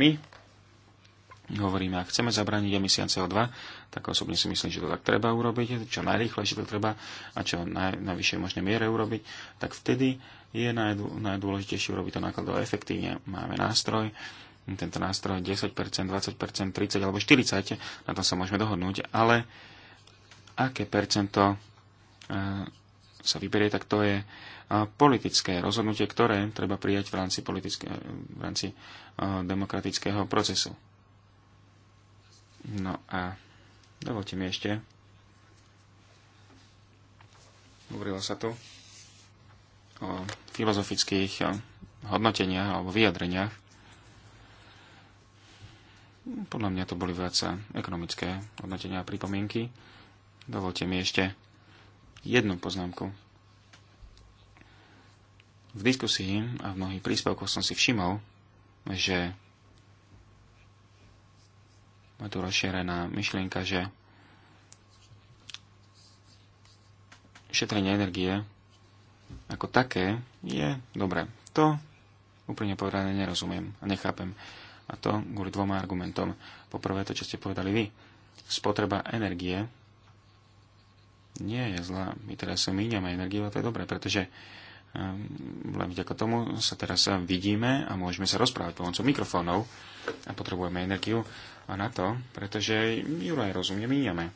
S2: My hovoríme, ak chceme zabrániť emisiám CO2, tak osobne si myslím, že to tak treba urobiť, čo najrýchlejšie to treba a čo naj, najvyššej možnej miere urobiť, tak vtedy je najdôležitejšie urobiť to nákladovo efektívne. Máme nástroj, tento nástroj 10%, 20%, 30% alebo 40%, na tom sa môžeme dohodnúť, ale aké percento e, sa vyberie, tak to je e, politické rozhodnutie, ktoré treba prijať v rámci, v rámci e, demokratického procesu. No a dovolte mi ešte. Hovorilo sa tu o filozofických hodnoteniach alebo vyjadreniach podľa mňa to boli viac ekonomické hodnotenia a pripomienky. Dovolte mi ešte jednu poznámku. V diskusii a v mnohých príspevkoch som si všimol, že je tu rozšírená myšlienka, že šetrenie energie ako také je dobré. To úplne povedané nerozumiem a nechápem. A to kvôli dvoma argumentom. Poprvé to, čo ste povedali vy. Spotreba energie nie je zlá. My teraz míňame energiu a to je dobré, pretože ehm, len vďaka tomu sa teraz vidíme a môžeme sa rozprávať pomocou mikrofónov a potrebujeme energiu a na to, pretože aj rozumne míňame.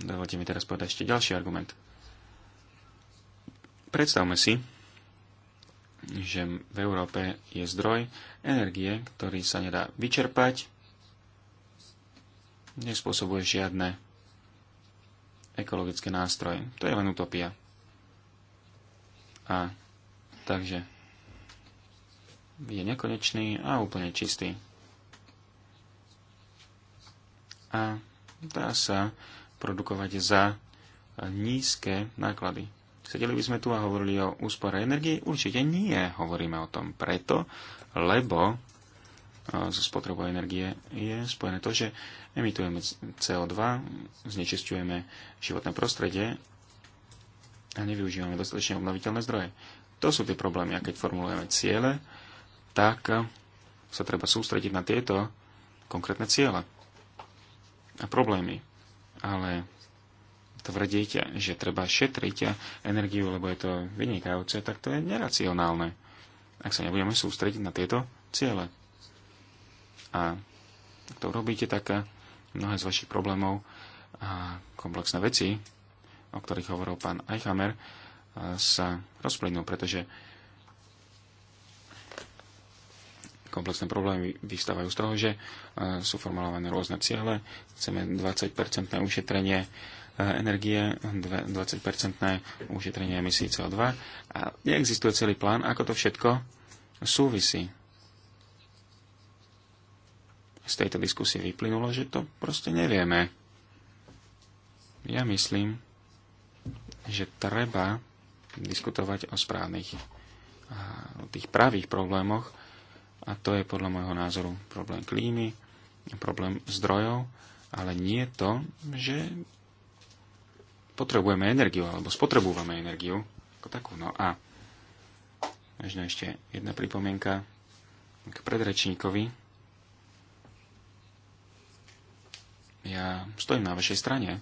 S2: Dovolte mi teraz povedať ešte ďalší argument. Predstavme si, že v Európe je zdroj energie, ktorý sa nedá vyčerpať, nespôsobuje žiadne ekologické nástroje. To je len utopia. A takže je nekonečný a úplne čistý. A dá sa produkovať za nízke náklady. Sedeli by sme tu a hovorili o úspore energie? Určite nie. Hovoríme o tom preto, lebo e, zo spotrebou energie je spojené to, že emitujeme CO2, znečisťujeme životné prostredie a nevyužívame dostatočne obnoviteľné zdroje. To sú tie problémy. A keď formulujeme ciele, tak sa treba sústrediť na tieto konkrétne ciele a problémy. Ale tvrdiť, že treba šetriť energiu, lebo je to vynikajúce, tak to je neracionálne, ak sa nebudeme sústrediť na tieto ciele. A ak to robíte, tak mnohé z vašich problémov a komplexné veci, o ktorých hovoril pán Eichhammer, sa rozplynú, pretože komplexné problémy vystávajú z toho, že sú formulované rôzne ciele. Chceme 20-percentné ušetrenie Eh, energie, 20-percentné ušetrenie emisí CO2 a neexistuje celý plán, ako to všetko súvisí. Z tejto diskusie vyplynulo, že to proste nevieme. Ja myslím, že treba diskutovať o správnych, o tých pravých problémoch a to je podľa môjho názoru problém klímy, problém zdrojov, ale nie to, že potrebujeme energiu, alebo spotrebujeme energiu ako takú. No a možno ešte jedna pripomienka k predrečníkovi. Ja stojím na vašej strane,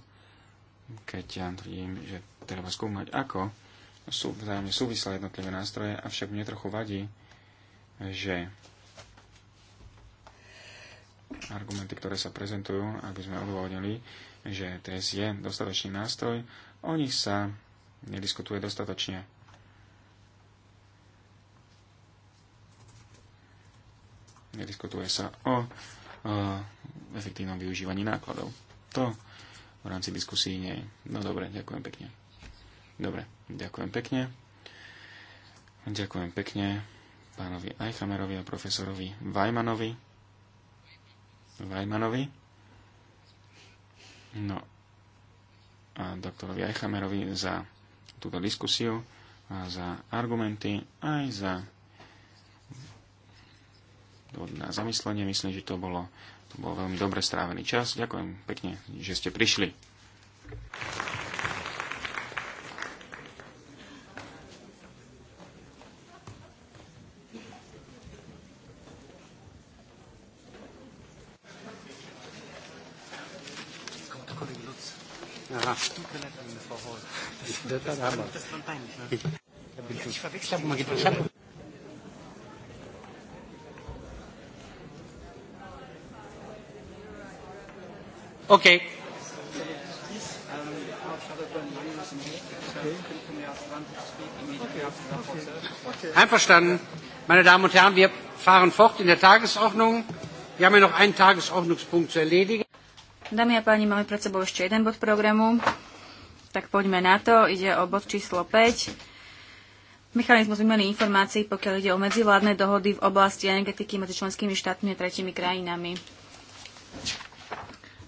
S2: keď ja tvrdím, že treba skúmať, ako sú vzájomne súvislé jednotlivé nástroje, avšak mne trochu vadí, že argumenty, ktoré sa prezentujú, aby sme odôvodnili že ETS je dostatočný nástroj, o nich sa nediskutuje dostatočne. Nediskutuje sa o, o efektívnom využívaní nákladov. To v rámci diskusí nie je. No dobre, ďakujem pekne. Dobre, ďakujem pekne. Ďakujem pekne pánovi Eichamerovi a profesorovi Weimanovi. Weimanovi. No a doktorovi Eichamerovi za túto diskusiu, a za argumenty, aj za na zamyslenie. Myslím, že to bolo, to bolo veľmi dobre strávený čas. Ďakujem pekne, že ste prišli.
S1: Stuttgart haben Einverstanden. Meine Damen und Herren, wir fahren fort in der Tagesordnung. Wir haben ja noch einen Tagesordnungspunkt zu erledigen.
S4: Dámy a páni, máme pred sebou ešte jeden bod programu. Tak poďme na to. Ide o bod číslo 5. Mechanizmus výmeny informácií, pokiaľ ide o medzivládne dohody v oblasti energetiky medzi členskými štátmi a tretimi krajinami.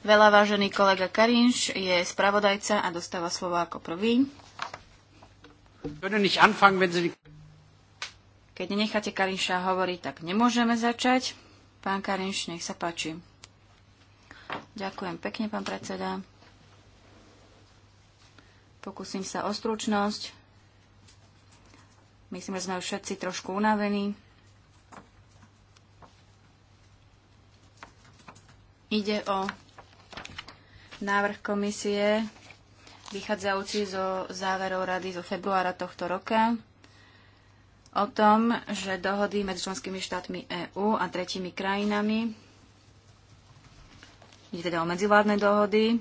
S4: Veľa vážený kolega Karinš je spravodajca a dostáva slovo ako prvý. Keď nenecháte Karinša hovoriť, tak nemôžeme začať. Pán Karinš, nech sa páči. Ďakujem pekne, pán predseda. Pokúsim sa o stručnosť. Myslím, že sme už všetci trošku unavení. Ide o návrh komisie vychádzajúci zo záverov rady zo februára tohto roka o tom, že dohody medzi členskými štátmi EÚ a tretími krajinami, ide teda o medzivládne dohody,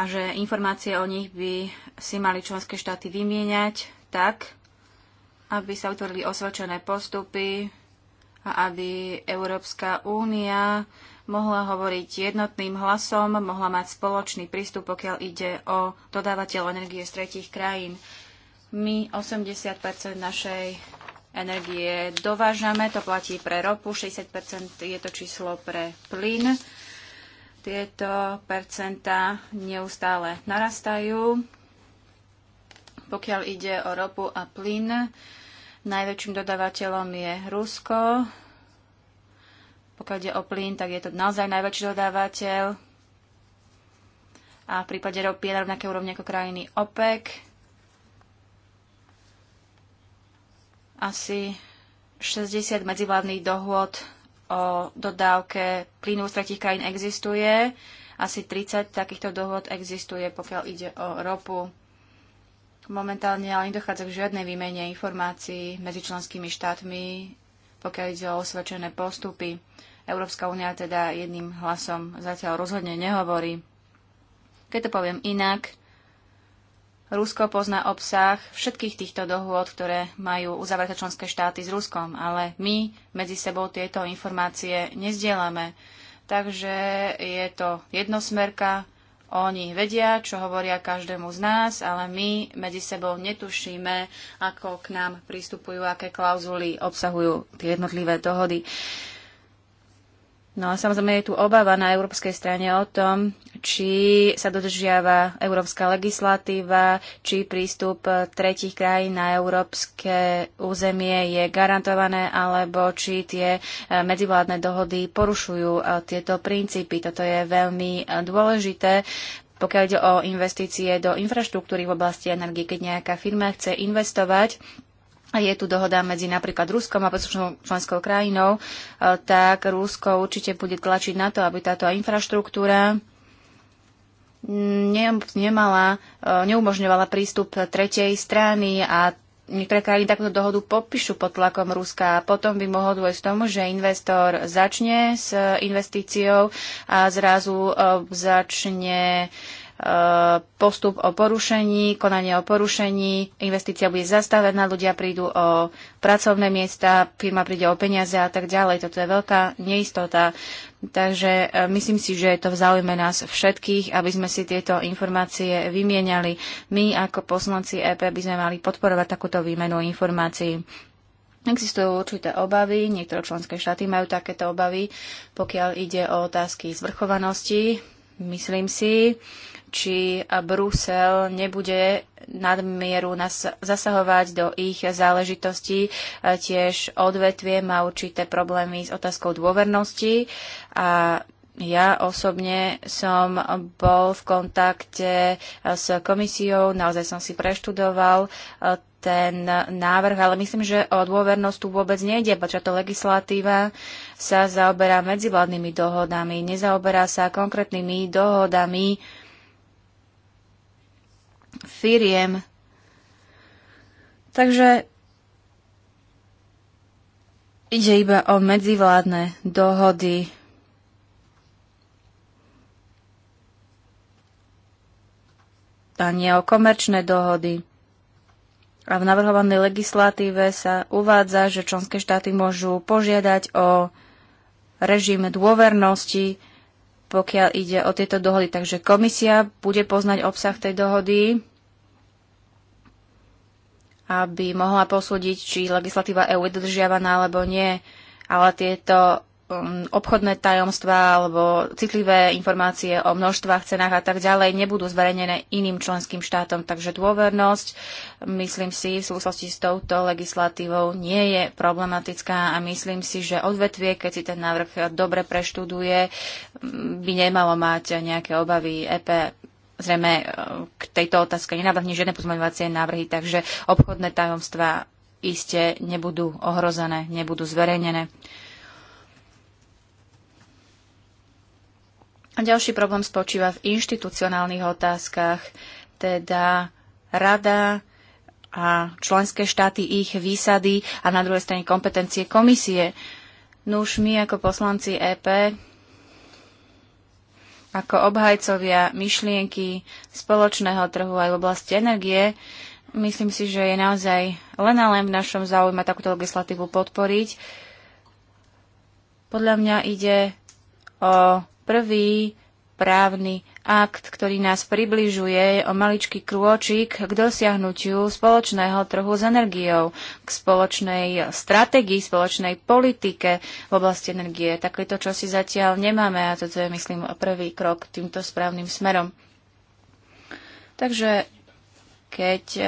S4: a že informácie o nich by si mali členské štáty vymieňať tak, aby sa utvorili osvedčené postupy a aby Európska únia mohla hovoriť jednotným hlasom, mohla mať spoločný prístup, pokiaľ ide o dodávateľ energie z tretich krajín. My 80 našej energie dovážame, to platí pre ropu, 60 je to číslo pre plyn. Tieto percentá neustále narastajú. Pokiaľ ide o ropu a plyn, najväčším dodávateľom je Rusko. Pokiaľ ide o plyn, tak je to naozaj najväčší dodávateľ. A v prípade ropy je na rovnaké úrovni ako krajiny OPEC. Asi 60 medzivládnych dohôd o dodávke plynu z tretich krajín existuje. Asi 30 takýchto dohod existuje, pokiaľ ide o ropu. Momentálne ale nedochádza k žiadnej výmene informácií medzi členskými štátmi, pokiaľ ide o osvedčené postupy. Európska únia teda jedným hlasom zatiaľ rozhodne nehovorí. Keď to poviem inak, Rusko pozná obsah všetkých týchto dohôd, ktoré majú uzavreté členské štáty s Ruskom, ale my medzi sebou tieto informácie nezdielame. Takže je to jednosmerka, oni vedia, čo hovoria každému z nás, ale my medzi sebou netušíme, ako k nám pristupujú, aké klauzuly obsahujú tie jednotlivé dohody. Uh, No a samozrejme je tu obava na európskej strane o tom, či sa dodržiava európska legislatíva, či prístup eh, tretich krajín na európske územie je garantované, alebo či tie eh, medzivládne dohody porušujú eh, tieto princípy. Toto je veľmi dôležité, pokiaľ ide o investície do infraštruktúry v oblasti energie, keď nejaká firma chce investovať je tu dohoda medzi napríklad Ruskom a poslušnou členskou krajinou, e, tak Rusko určite bude tlačiť na to, aby táto infraštruktúra nemala, e, neumožňovala prístup tretej strany a niektoré krajiny takúto dohodu popíšu pod tlakom Ruska a potom by mohol dôjsť tomu, že investor začne s e, investíciou a zrazu začne postup o porušení, konanie o porušení, investícia bude zastavená, ľudia prídu o pracovné miesta, firma príde o peniaze a tak ďalej. Toto je veľká neistota. Takže e, myslím si, že je to v záujme nás všetkých, aby sme si tieto informácie vymieniali. My ako poslanci EP by sme mali podporovať takúto výmenu informácií. Existujú určité obavy, niektoré členské štáty majú takéto obavy, pokiaľ ide o otázky zvrchovanosti. Myslím si, či Brusel nebude nadmieru zasahovať do ich záležitostí. E, tiež odvetvie má určité problémy s otázkou dôvernosti a ja osobne som bol v kontakte e, s komisiou, naozaj som si preštudoval e, ten návrh, ale myslím, že o dôvernosť tu vôbec nejde, pretože to legislatíva sa zaoberá medzivládnymi dohodami, nezaoberá sa konkrétnymi dohodami firiem. Takže ide iba o medzivládne dohody. a nie o komerčné dohody. A v navrhovanej legislatíve sa uvádza, že členské štáty môžu požiadať o režim dôvernosti, pokiaľ ide o tieto dohody. Takže komisia bude poznať obsah tej dohody aby mohla posúdiť, či legislatíva EÚ je dodržiavaná alebo nie. Ale tieto um, obchodné tajomstvá alebo citlivé informácie o množstvách, cenách a tak ďalej nebudú zverejnené iným členským štátom. Takže dôvernosť, myslím si, v súvislosti s touto legislatívou nie je problematická a myslím si, že odvetvie, keď si ten návrh dobre preštuduje, by nemalo mať nejaké obavy. EP zrejme e, k tejto otázke nenavrhne žiadne pozmeňovacie návrhy, takže obchodné tajomstvá iste nebudú ohrozené, nebudú zverejnené. A ďalší problém spočíva v inštitucionálnych otázkach, teda rada a členské štáty ich výsady a na druhej strane kompetencie komisie. No už my ako poslanci EP ako obhajcovia myšlienky spoločného trhu aj v oblasti energie, myslím si, že je naozaj len a len v našom záujme takúto legislatívu podporiť. Podľa mňa ide o prvý právny akt, ktorý nás približuje o maličký krôčik k dosiahnutiu spoločného trhu s energiou, k spoločnej stratégii, spoločnej politike v oblasti energie. Takéto čo si zatiaľ nemáme a toto je, myslím, prvý krok týmto správnym smerom. Takže keď e,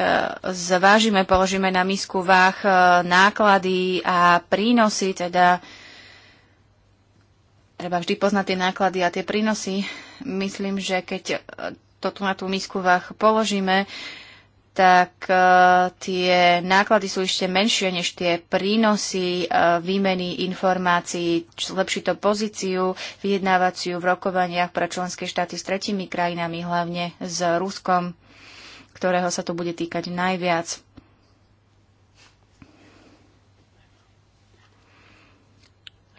S4: zvážime, položíme na misku váh e, náklady a prínosy, teda treba vždy poznať tie náklady a tie prínosy. Myslím, že keď e, to tu na tú misku vách položíme, tak e, tie náklady sú ešte menšie než tie prínosy e, výmeny informácií, zlepší to pozíciu vyjednávaciu v rokovaniach pre členské štáty s tretimi krajinami, hlavne s Ruskom, ktorého sa to bude týkať najviac.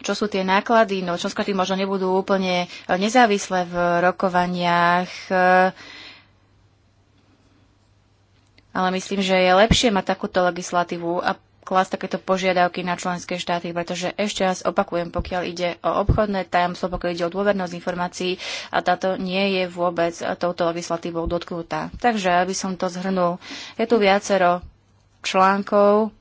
S4: čo sú tie náklady. No, členské štáty možno nebudú úplne eh, nezávislé v rokovaniach, eh. ale myslím, že je lepšie mať takúto legislatívu a klas takéto požiadavky na členské štáty, pretože ešte raz opakujem, pokiaľ ide o obchodné tajomstvo, pokiaľ ide o dôvernosť informácií a táto nie je vôbec eh, touto legislatívou dotknutá. Takže, aby som to zhrnul, je tu viacero článkov,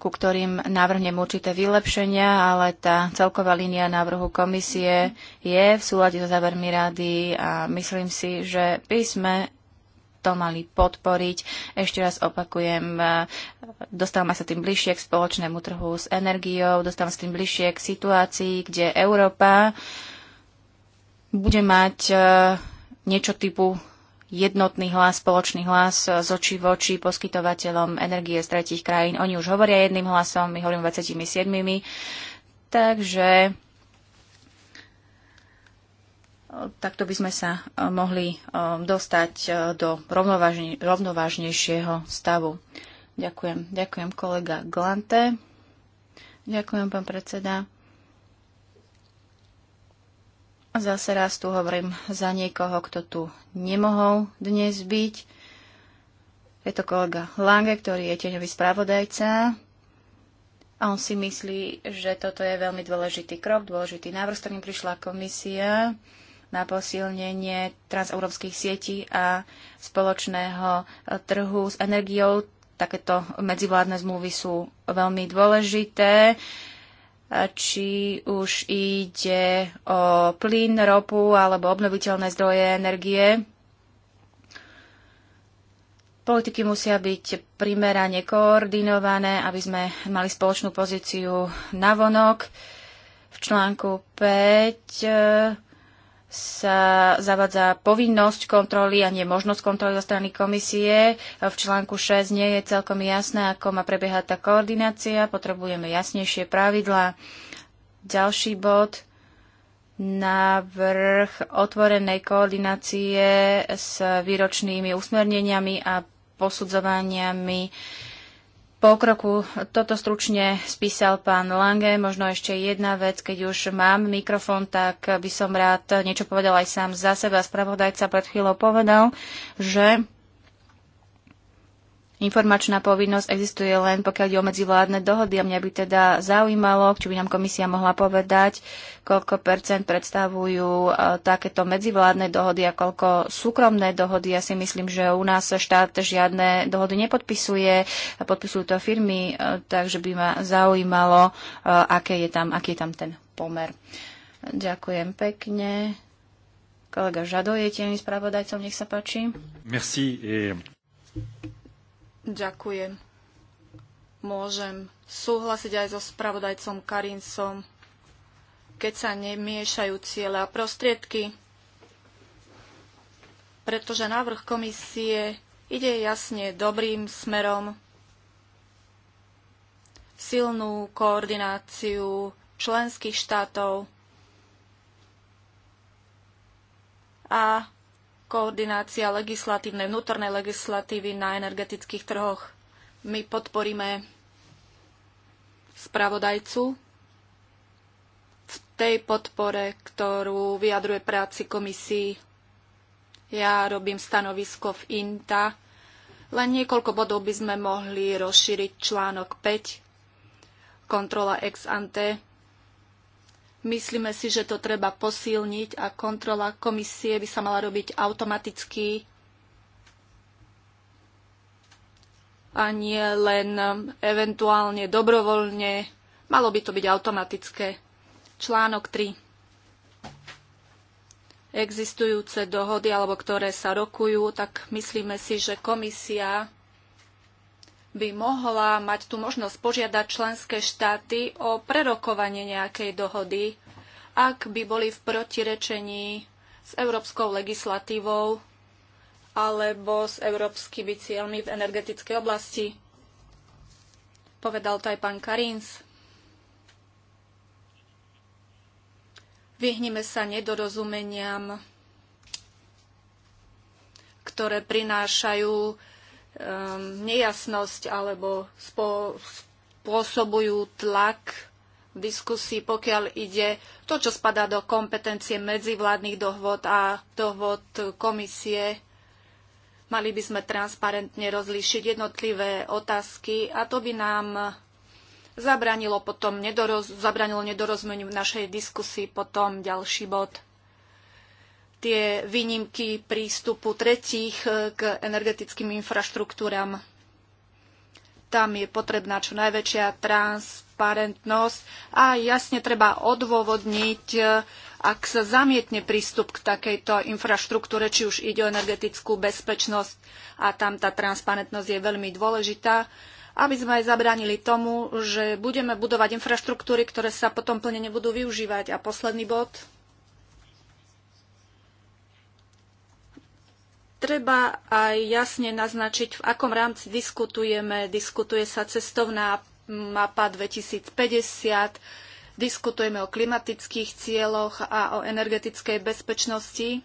S4: ku ktorým navrhnem určité vylepšenia, ale tá celková línia návrhu komisie je v súlade so závermi rady a myslím si, že by sme to mali podporiť. Ešte raz opakujem, e, dostávame sa tým bližšie k spoločnému trhu s energiou, dostávame sa tým bližšie k situácii, kde Európa bude mať e, niečo typu jednotný hlas, spoločný hlas e, z očí v oči poskytovateľom energie z tretich krajín. Oni už hovoria jedným hlasom, my hovoríme 27. Takže e, takto by sme sa e, mohli dostať do rovnovážne, rovnovážnejšieho stavu. Ďakujem. Ďakujem kolega Glante. Ďakujem, pán predseda. Zase raz tu hovorím za niekoho, kto tu nemohol dnes byť. Je to kolega Lange, ktorý je tieňový spravodajca. A on si myslí, že toto je veľmi dôležitý krok, dôležitý návrh, s ktorým prišla komisia na posilnenie transeurópskych sietí a spoločného trhu s energiou. Takéto medzivládne zmluvy sú veľmi dôležité či už ide o plyn, ropu alebo obnoviteľné zdroje energie. Politiky musia byť primerane koordinované, aby sme mali spoločnú pozíciu navonok. V článku 5 sa zavadza povinnosť kontroly a nie možnosť kontroly zo strany komisie. V článku 6 nie je celkom jasné, ako má prebiehať tá koordinácia. Potrebujeme jasnejšie pravidlá. Ďalší bod návrh otvorenej koordinácie s výročnými usmerneniami a posudzovaniami pokroku. Toto stručne spísal pán Lange. Možno ešte jedna vec, keď už mám mikrofón, tak by som rád niečo povedal aj sám za seba. Spravodajca pred chvíľou povedal, že informačná povinnosť existuje len pokiaľ ide o medzivládne dohody a mňa by teda zaujímalo, či by nám komisia mohla povedať, koľko percent predstavujú e, takéto medzivládne dohody a koľko súkromné dohody. Ja si myslím, že u nás štát žiadne dohody nepodpisuje, podpisujú to firmy, e, takže by ma zaujímalo, e, aké je tam, aký je tam ten pomer. Ďakujem pekne. Kolega Žado je tiež spravodajcom,
S3: nech sa páči. Merci. Ďakujem. Môžem súhlasiť aj so spravodajcom Karinsom, keď sa nemiešajú ciele a prostriedky, pretože návrh komisie ide jasne dobrým smerom silnú koordináciu členských štátov a koordinácia legislatívnej, vnútornej legislatívy na energetických trhoch. My podporíme spravodajcu v tej podpore, ktorú vyjadruje práci komisii. Ja robím stanovisko v INTA. Len niekoľko bodov by sme mohli rozšíriť článok 5, kontrola ex ante Myslíme si, že to treba posilniť a kontrola komisie by sa mala robiť automaticky a nie len um, eventuálne dobrovoľne. Malo by to byť automatické. Článok 3. Existujúce dohody, alebo ktoré sa rokujú, tak myslíme si, že komisia by mohla mať tú možnosť požiadať členské štáty o prerokovanie nejakej dohody, ak by boli v protirečení s európskou legislatívou alebo s európskymi cieľmi v energetickej oblasti. Povedal to aj pán Karins. Vyhnime sa nedorozumeniam, ktoré prinášajú um, nejasnosť alebo spo, spôsobujú tlak v diskusii, pokiaľ ide to, čo spadá do kompetencie medzivládnych dohôd a dohôd komisie. Mali by sme transparentne rozlíšiť jednotlivé otázky a to by nám zabranilo potom nedoroz- zabranilo nedorozumeniu v našej diskusii potom ďalší bod tie výnimky prístupu tretích eh, k energetickým infraštruktúram. Tam je potrebná čo najväčšia transparentnosť a jasne treba odôvodniť, eh, ak sa zamietne prístup k takejto infraštruktúre, či už ide o energetickú bezpečnosť a tam tá transparentnosť je veľmi dôležitá aby sme aj zabránili tomu, že budeme budovať infraštruktúry, ktoré sa potom plne nebudú využívať. A posledný bod. treba aj jasne naznačiť, v akom rámci diskutujeme. Diskutuje sa cestovná mapa 2050, diskutujeme o klimatických cieľoch a o energetickej bezpečnosti.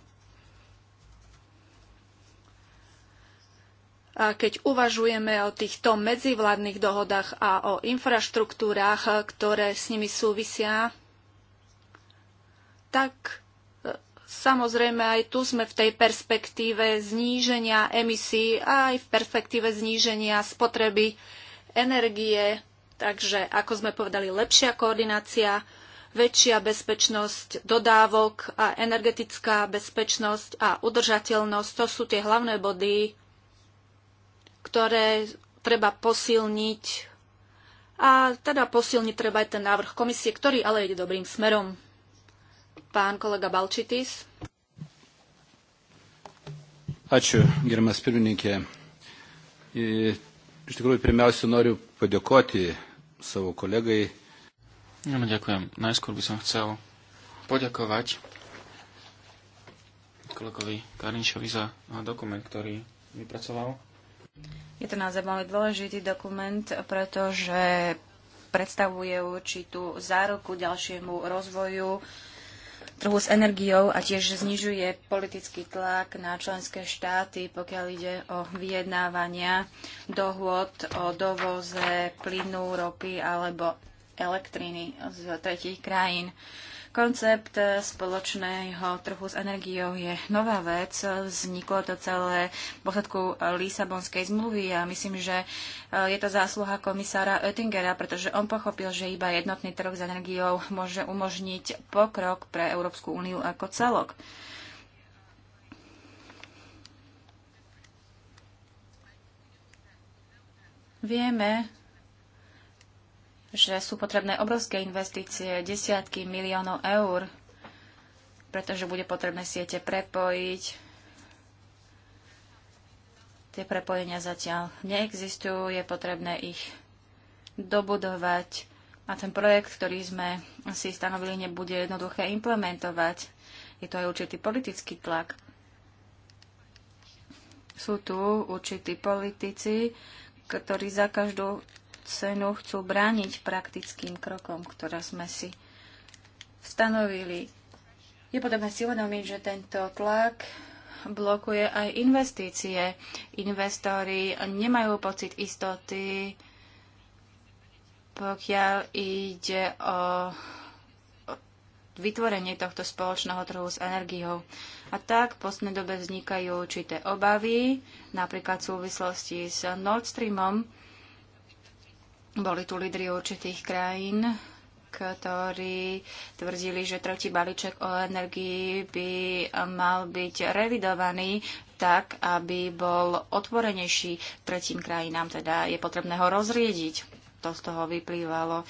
S3: A keď uvažujeme o týchto medzivládnych dohodách a o infraštruktúrách, ktoré s nimi súvisia, tak Samozrejme, aj tu sme v tej perspektíve zníženia emisí, aj v perspektíve zníženia spotreby energie. Takže, ako sme povedali, lepšia koordinácia, väčšia bezpečnosť dodávok a energetická bezpečnosť a udržateľnosť. To sú tie hlavné body, ktoré treba posilniť. A teda posilniť treba aj ten návrh komisie, ktorý ale ide dobrým smerom. Pán kolega Balčitis.
S1: Ačiū, gerbiamas pirmininkė. E, iš tikrųjų, pirmiausia, noriu padėkoti savo kolegai.
S2: Ja, no, ďakujem. Najskôr by som chcel poďakovať kolegovi Karinčovi za no, dokument, ktorý vypracoval.
S4: Je to naozaj veľmi dôležitý dokument, pretože predstavuje určitú záruku ďalšiemu rozvoju trhu s energiou a tiež znižuje politický tlak na členské štáty, pokiaľ ide o vyjednávania dohôd o dovoze plynu, ropy alebo elektriny z tretich krajín. Koncept eh, spoločného trhu s energiou je nová vec. Vzniklo to celé v posledku eh, Lisabonskej zmluvy a myslím, že eh, je to zásluha komisára Oettingera, pretože on pochopil, že iba jednotný trh s energiou môže umožniť pokrok pre Európsku úniu ako celok. Vieme, že sú potrebné obrovské investície, desiatky miliónov eur, pretože bude potrebné siete prepojiť. Tie prepojenia zatiaľ neexistujú, je potrebné ich dobudovať a ten projekt, ktorý sme si stanovili, nebude jednoduché implementovať. Je to aj určitý politický tlak. Sú tu určití politici, ktorí za každú cenu chcú brániť praktickým krokom, ktoré sme si stanovili. Je potrebné si uvedomiť, že tento tlak blokuje aj investície. Investori nemajú pocit istoty, pokiaľ ide o vytvorenie tohto spoločného trhu s energiou. A tak v poslednej dobe vznikajú určité obavy, napríklad v súvislosti s Nord Streamom, boli tu lídry určitých krajín, ktorí tvrdili, že tretí balíček o energii by mal byť revidovaný tak, aby bol otvorenejší tretím krajinám. Teda je potrebné ho rozriediť. To z toho vyplývalo.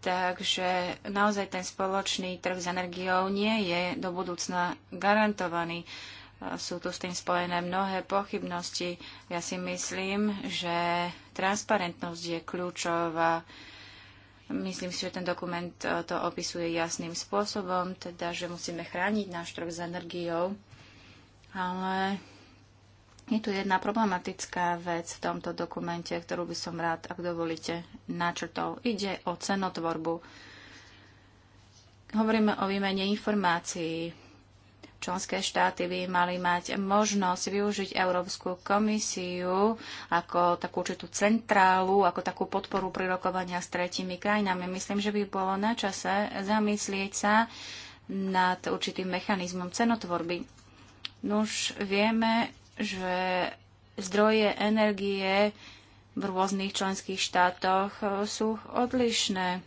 S4: Takže naozaj ten spoločný trh s energiou nie je do budúcna garantovaný. Sú tu s tým spojené mnohé pochybnosti. Ja si myslím, že Transparentnosť je kľúčová. Myslím si, že ten dokument e, to opisuje jasným spôsobom, teda, že musíme chrániť náš trh s energiou, ale je tu jedna problematická vec v tomto dokumente, ktorú by som rád, ak dovolíte, načrtol. Ide o cenotvorbu. Hovoríme o výmene informácií členské štáty by mali mať možnosť využiť Európsku komisiu ako takú určitú centrálu, ako takú podporu pri rokovania s tretimi krajinami. Myslím, že by bolo na čase zamyslieť sa nad určitým mechanizmom cenotvorby. Nuž vieme, že zdroje energie v rôznych členských štátoch sú odlišné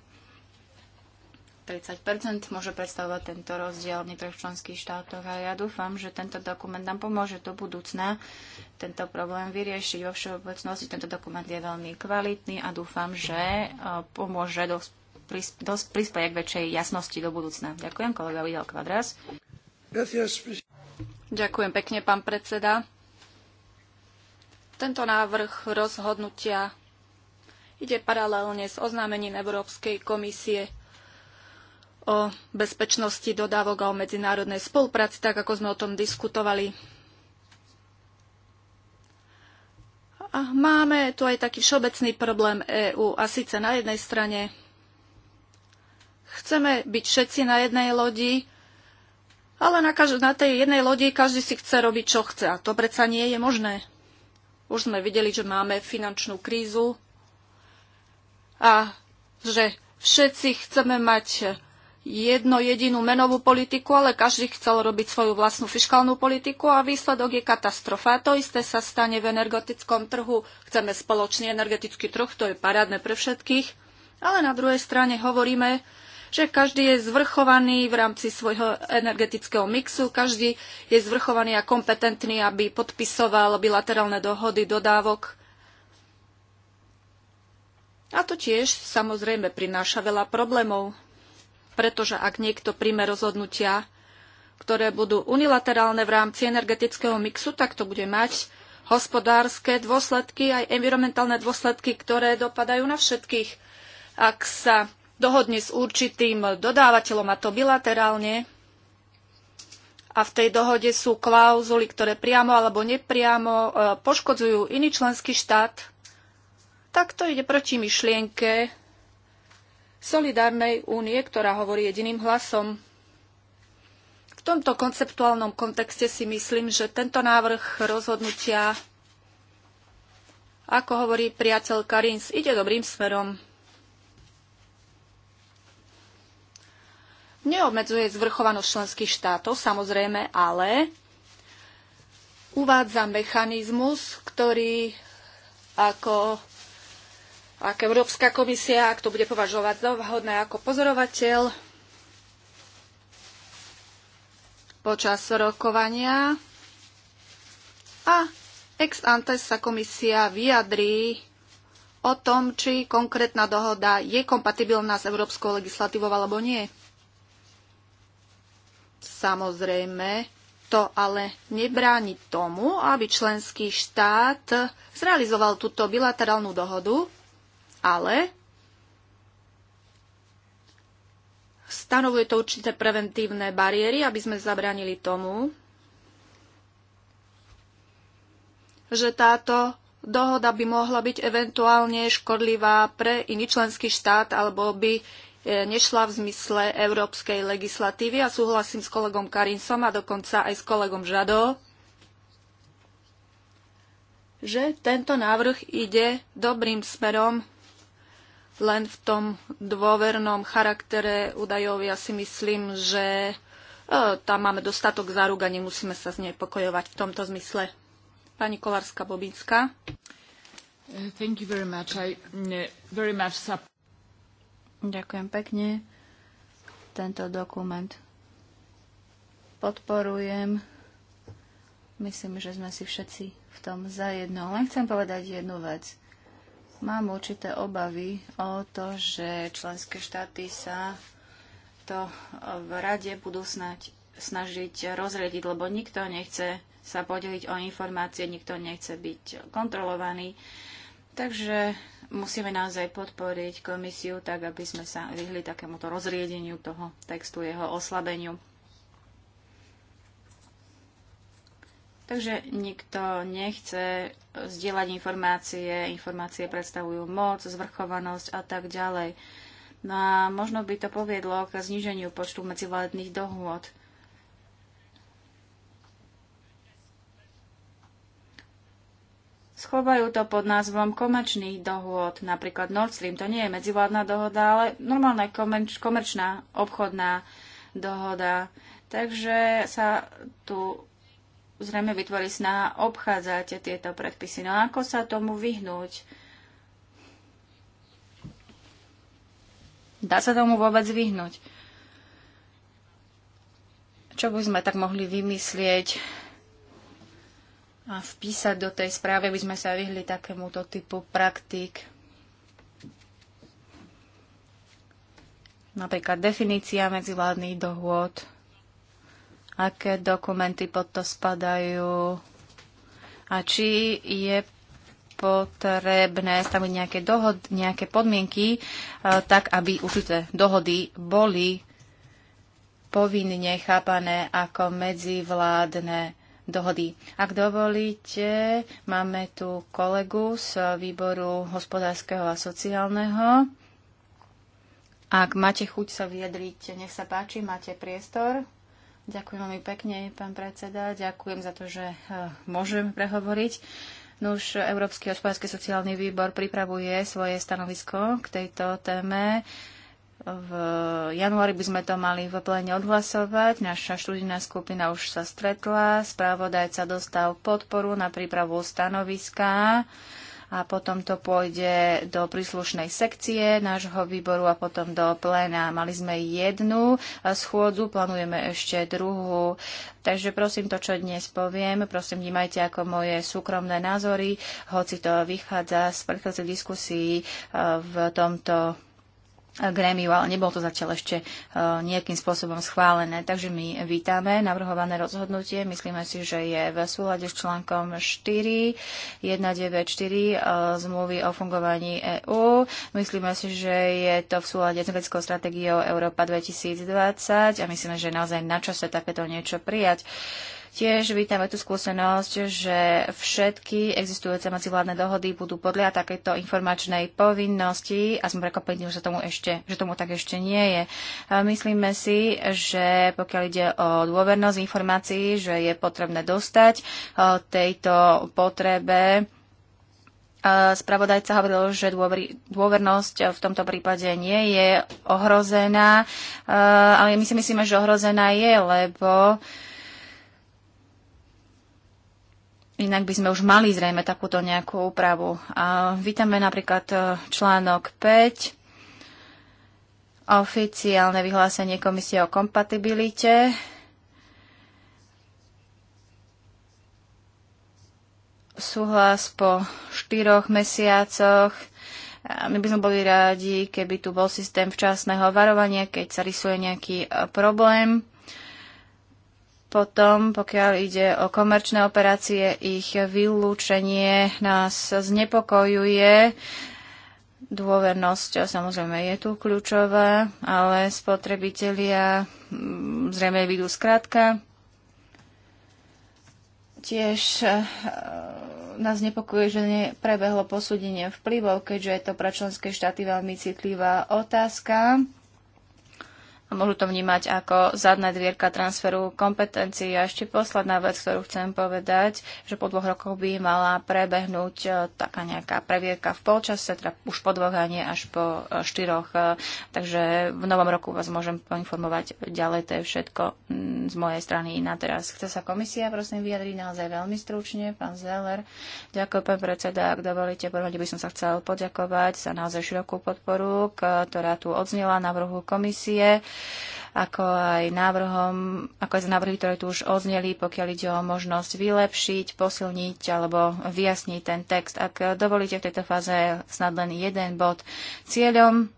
S4: 30 môže predstavovať tento rozdiel v niektorých členských štátoch a ja dúfam, že tento dokument nám pomôže do budúcna tento problém vyriešiť vo všeobecnosti. Tento dokument je veľmi kvalitný a dúfam, že eh, pomôže dosť, prispieť k väčšej jasnosti do
S3: budúcna. Ďakujem, kolega Vidal Kvadras. Ďakujem pekne, pán predseda. Tento návrh rozhodnutia ide paralelne s oznámením Európskej komisie o bezpečnosti dodávok a o medzinárodnej spolupráci, tak ako sme o tom diskutovali. A máme tu aj taký všeobecný problém EÚ a síce na jednej strane chceme byť všetci na jednej lodi, ale na, kaž- na tej jednej lodi každý si chce robiť, čo chce. A to predsa nie je možné. Už sme videli, že máme finančnú krízu a že všetci chceme mať jedno jedinú menovú politiku, ale každý chcel robiť svoju vlastnú fiskálnu politiku a výsledok je katastrofa. A to isté sa stane v energetickom trhu. Chceme spoločný energetický trh, to je parádne pre všetkých, ale na druhej strane hovoríme, že každý je zvrchovaný v rámci svojho energetického mixu, každý je zvrchovaný a kompetentný, aby podpisoval bilaterálne dohody dodávok. A to tiež samozrejme prináša veľa problémov pretože ak niekto príjme rozhodnutia, ktoré budú unilaterálne v rámci energetického mixu, tak to bude mať hospodárske dôsledky, aj environmentálne dôsledky, ktoré dopadajú na všetkých. Ak sa dohodne s určitým dodávateľom, a to bilaterálne, a v tej dohode sú klauzuly, ktoré priamo alebo nepriamo eh, poškodzujú iný členský štát, tak to ide proti myšlienke solidárnej únie, ktorá hovorí jediným hlasom. V tomto konceptuálnom kontexte si myslím, že tento návrh rozhodnutia, ako hovorí priateľ Karins, ide dobrým smerom. neobmedzuje zvrchovanosť členských štátov, samozrejme, ale uvádza mechanizmus, ktorý, ako ak Európska komisia, ak to bude považovať za vhodné ako pozorovateľ počas rokovania a ex ante sa komisia vyjadrí o tom, či konkrétna dohoda je kompatibilná s európskou legislatívou alebo nie. Samozrejme, to ale nebráni tomu, aby členský štát zrealizoval túto bilaterálnu dohodu ale stanovuje to určité preventívne bariéry, aby sme zabránili tomu, že táto dohoda by mohla byť eventuálne škodlivá pre iný členský štát alebo by e, nešla v zmysle európskej legislatívy. A súhlasím s kolegom Karinsom a dokonca aj s kolegom Žado, že tento návrh ide dobrým smerom len v tom dôvernom charaktere údajov ja si myslím, že e, tam máme dostatok záruk a nemusíme sa znepokojovať v tomto zmysle. Pani Kolárska-Bobinská. Thank you very much. I
S2: mm, very much sub-
S4: Ďakujem pekne. Tento dokument podporujem. Myslím, že sme si všetci v tom zajedno. Len chcem povedať jednu vec. Mám určité obavy o to, že členské štáty sa to v rade budú snať, snažiť rozrediť, lebo nikto nechce sa podeliť o informácie, nikto nechce byť kontrolovaný. Takže musíme naozaj podporiť komisiu tak, aby sme sa vyhli takémuto rozriedeniu toho textu, jeho oslabeniu. Takže nikto nechce zdieľať informácie, informácie predstavujú moc, zvrchovanosť a tak ďalej. No a možno by to poviedlo k zníženiu počtu medzivládnych dohôd. Schovajú to pod názvom komerčných dohôd, napríklad Nord Stream. To nie je medzivládna dohoda, ale normálna komerč, komerčná obchodná dohoda. Takže sa tu zrejme vytvorí snaha obchádzať tieto predpisy. No ako sa tomu vyhnúť? Dá sa tomu vôbec vyhnúť? Čo by sme tak mohli vymyslieť a vpísať do tej správy, by sme sa vyhli takémuto typu praktík? Napríklad definícia medzivládnych dohôd, aké dokumenty pod to spadajú a či je potrebné staviť nejaké, dohod, nejaké podmienky, e, tak aby určité dohody boli povinne chápané ako medzivládne dohody. Ak dovolíte, máme tu kolegu z výboru hospodárskeho a sociálneho. Ak máte chuť sa vyjadriť, nech sa páči, máte priestor. Ďakujem veľmi pekne, pán predseda. Ďakujem za to, že eh, môžem prehovoriť. No už Európsky hospodársky sociálny výbor pripravuje svoje stanovisko k tejto téme. V januári by sme to mali v plene odhlasovať. Naša študijná skupina už sa stretla. Správodajca dostal podporu na prípravu stanoviska a potom to pôjde do príslušnej sekcie nášho výboru a potom do pléna. Mali sme jednu eh, schôdzu, plánujeme ešte druhú. Takže prosím to, čo dnes poviem, prosím vnímajte ako moje súkromné názory, hoci to vychádza z predchádzajúcich diskusí eh, v tomto grémiu, ale nebolo to zatiaľ ešte e, nejakým spôsobom schválené. Takže my vítame navrhované rozhodnutie. Myslíme si, že je v súlade s článkom 4, 194 e, zmluvy o fungovaní EÚ. Myslíme si, že je to v súlade s vedeckou stratégiou Európa 2020 a myslíme, že je naozaj na čase takéto niečo prijať. Uh, Tiež vítame tú skúsenosť, že všetky existujúce medzivládne dohody budú podľa takejto informačnej povinnosti a sme prekvapení, že, tomu ešte, že tomu tak ešte nie je. Myslíme si, že pokiaľ ide o dôvernosť informácií, že je potrebné dostať e, tejto potrebe e, Spravodajca hovoril, že dôver, dôvernosť v tomto prípade nie je ohrozená, e, ale my si myslíme, že ohrozená je, lebo Inak by sme už mali zrejme takúto nejakú úpravu. A vítame napríklad e, článok 5, oficiálne vyhlásenie komisie o kompatibilite. Súhlas po štyroch mesiacoch. My by sme boli rádi, keby tu bol systém včasného varovania, keď sa rysuje nejaký e, problém potom, pokiaľ ide o komerčné operácie, ich vylúčenie nás znepokojuje. Dôvernosť samozrejme je tu kľúčová, ale spotrebitelia mm, zrejme vidú skrátka. Tiež eh, nás nepokojuje, že neprebehlo posúdenie vplyvov, keďže je to pre členské štáty veľmi citlivá otázka a môžu to vnímať ako zadná dvierka transferu kompetencií. A ešte posledná vec, ktorú chcem povedať, že po dvoch rokoch by mala prebehnúť e, taká nejaká previerka v polčase, teda už po dvoch a nie až po e, štyroch. E, takže v novom roku vás môžem poinformovať ďalej. To je všetko mm, z mojej strany na teraz. Chce sa komisia, prosím, vyjadriť naozaj veľmi stručne. Pán Zeller, ďakujem, pán predseda. Ak dovolíte, prvom by som sa chcel poďakovať za naozaj širokú podporu, ktorá tu odznela na vrhu komisie ako aj návrhom, ako aj z návrhy, ktoré tu už ozneli, pokiaľ ide o možnosť vylepšiť, posilniť alebo vyjasniť ten text. Ak dovolíte v tejto fáze snad len jeden bod. Cieľom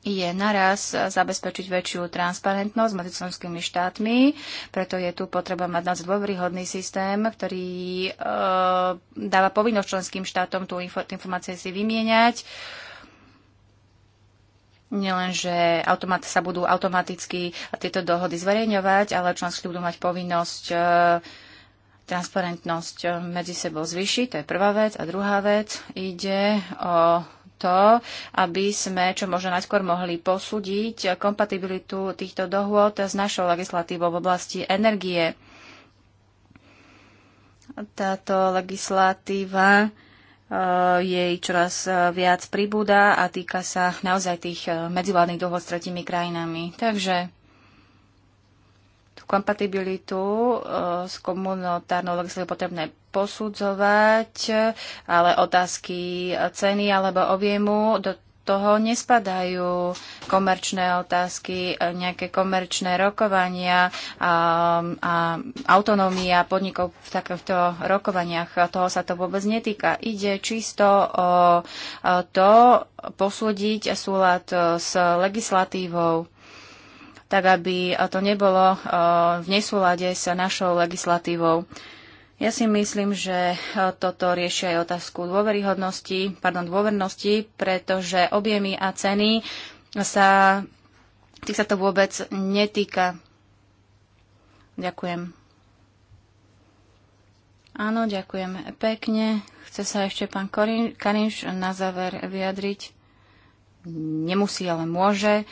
S4: je naraz zabezpečiť väčšiu transparentnosť medzi členskými štátmi, preto je tu potreba mať nás dôveryhodný systém, ktorý e, dáva povinnosť členským štátom tú informácie si vymieňať. E, nielenže automat sa budú automaticky tieto dohody zverejňovať, ale členské budú mať povinnosť e, transparentnosť e, medzi sebou zvýšiť. To je prvá vec. A druhá vec ide o to, aby sme čo možno najskôr mohli posúdiť kompatibilitu týchto dohôd s našou legislatívou v oblasti energie. Táto legislatíva Eh, jej čoraz eh, viac pribúda a týka sa naozaj tých eh, medzivládnych dohod s tretimi krajinami. Takže tú kompatibilitu s komunitárnou legislatívou potrebné posudzovať, ale otázky ceny alebo objemu do toho nespadajú komerčné otázky, nejaké komerčné rokovania a, a autonómia podnikov v takýchto rokovaniach. Toho sa to vôbec netýka. Ide čisto o to posúdiť súlad s legislatívou tak aby to nebolo v nesúlade s našou legislatívou. Ja si myslím, že e, toto rieši aj otázku dôveryhodnosti, pardon, dôvernosti, pretože objemy a ceny sa, tých sa to vôbec netýka. Ďakujem. Áno, ďakujem pekne. Chce sa ešte pán Karinš na záver vyjadriť? Nemusí, ale môže.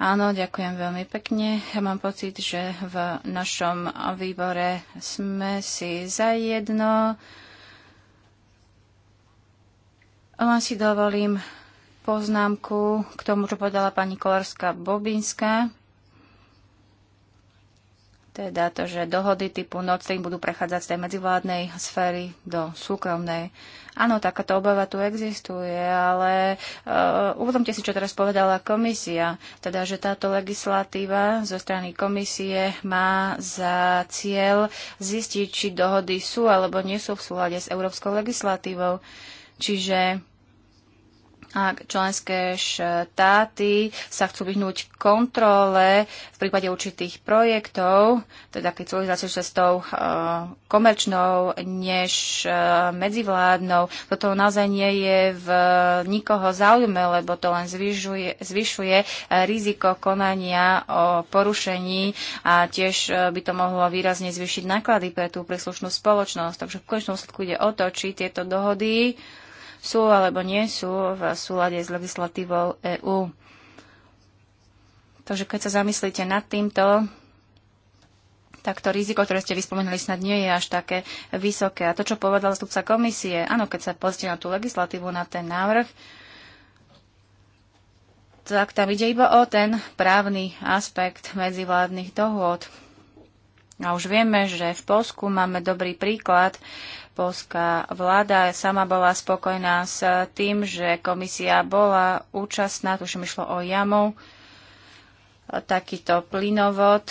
S4: Áno, ďakujem veľmi pekne. Ja mám pocit, že v našom výbore sme si zajedno. Len si dovolím poznámku k tomu, čo povedala pani Kolárska Bobinská. Teda to, že dohody typu Nord Stream budú prechádzať z tej medzivládnej sféry do súkromnej. Áno, takáto obava tu existuje, ale uh, uvedomte si, čo teraz povedala komisia. Teda, že táto legislatíva zo strany komisie má za cieľ zistiť, či dohody sú alebo nie sú v súlade s európskou legislatívou. Čiže ak členské štáty sa chcú vyhnúť kontrole v prípade určitých projektov, teda keď sú organizácie cestou e, komerčnou než e, medzivládnou, toto naozaj nie je v nikoho záujme, lebo to len zvyšuje, zvyšuje e, riziko konania o porušení a tiež by to mohlo výrazne zvýšiť náklady pre tú príslušnú spoločnosť. Takže v konečnom sledku ide o to, či tieto dohody sú alebo nie sú v súlade s legislatívou EÚ. Takže keď sa zamyslíte nad týmto, tak to riziko, ktoré ste vyspomenuli, snad nie je až také vysoké. A to, čo povedal stupca komisie, áno, keď sa pozrite na tú legislatívu, na ten návrh, tak tam ide iba o ten právny aspekt medzivládnych dohôd. A už vieme, že v Polsku máme dobrý príklad Polská vláda sama bola spokojná s tým, že komisia bola účastná, tu tuším išlo o jamu, takýto plynovod.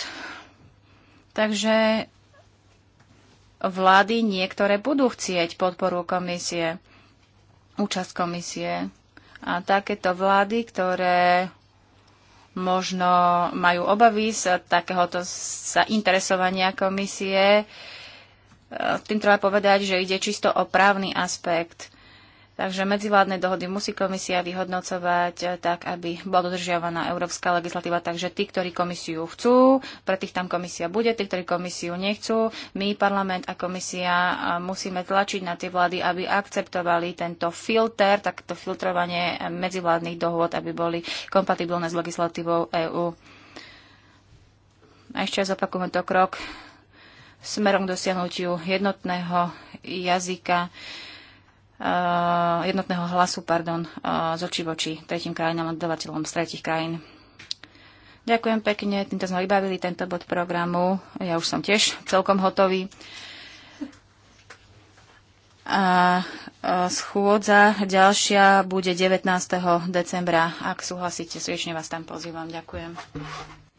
S4: Takže vlády niektoré budú chcieť podporu komisie, účasť komisie. A takéto vlády, ktoré možno majú obavy z takéhoto zainteresovania interesovania komisie, Eh, tým treba povedať, že ide čisto o právny aspekt. Takže medzivládne dohody musí komisia vyhodnocovať eh, tak, aby bola dodržiavaná európska legislatíva. Takže tí, ktorí komisiu chcú, pre tých tam komisia bude, tí, ktorí komisiu nechcú, my, parlament a komisia eh, musíme tlačiť na tie vlády, aby akceptovali tento filter, takto filtrovanie medzivládnych dohôd, aby boli kompatibilné s legislatívou EÚ. A ešte raz opakujem to krok smerom k dosiahnutiu jednotného jazyka, eh, jednotného hlasu, pardon, eh, z oči voči tretím krajinám a dodavateľom z tretich krajín. Ďakujem pekne, týmto sme vybavili tento bod programu. Ja už som tiež celkom hotový. A eh, schôdza ďalšia bude 19. decembra. Ak súhlasíte, srdečne vás tam pozývam. Ďakujem.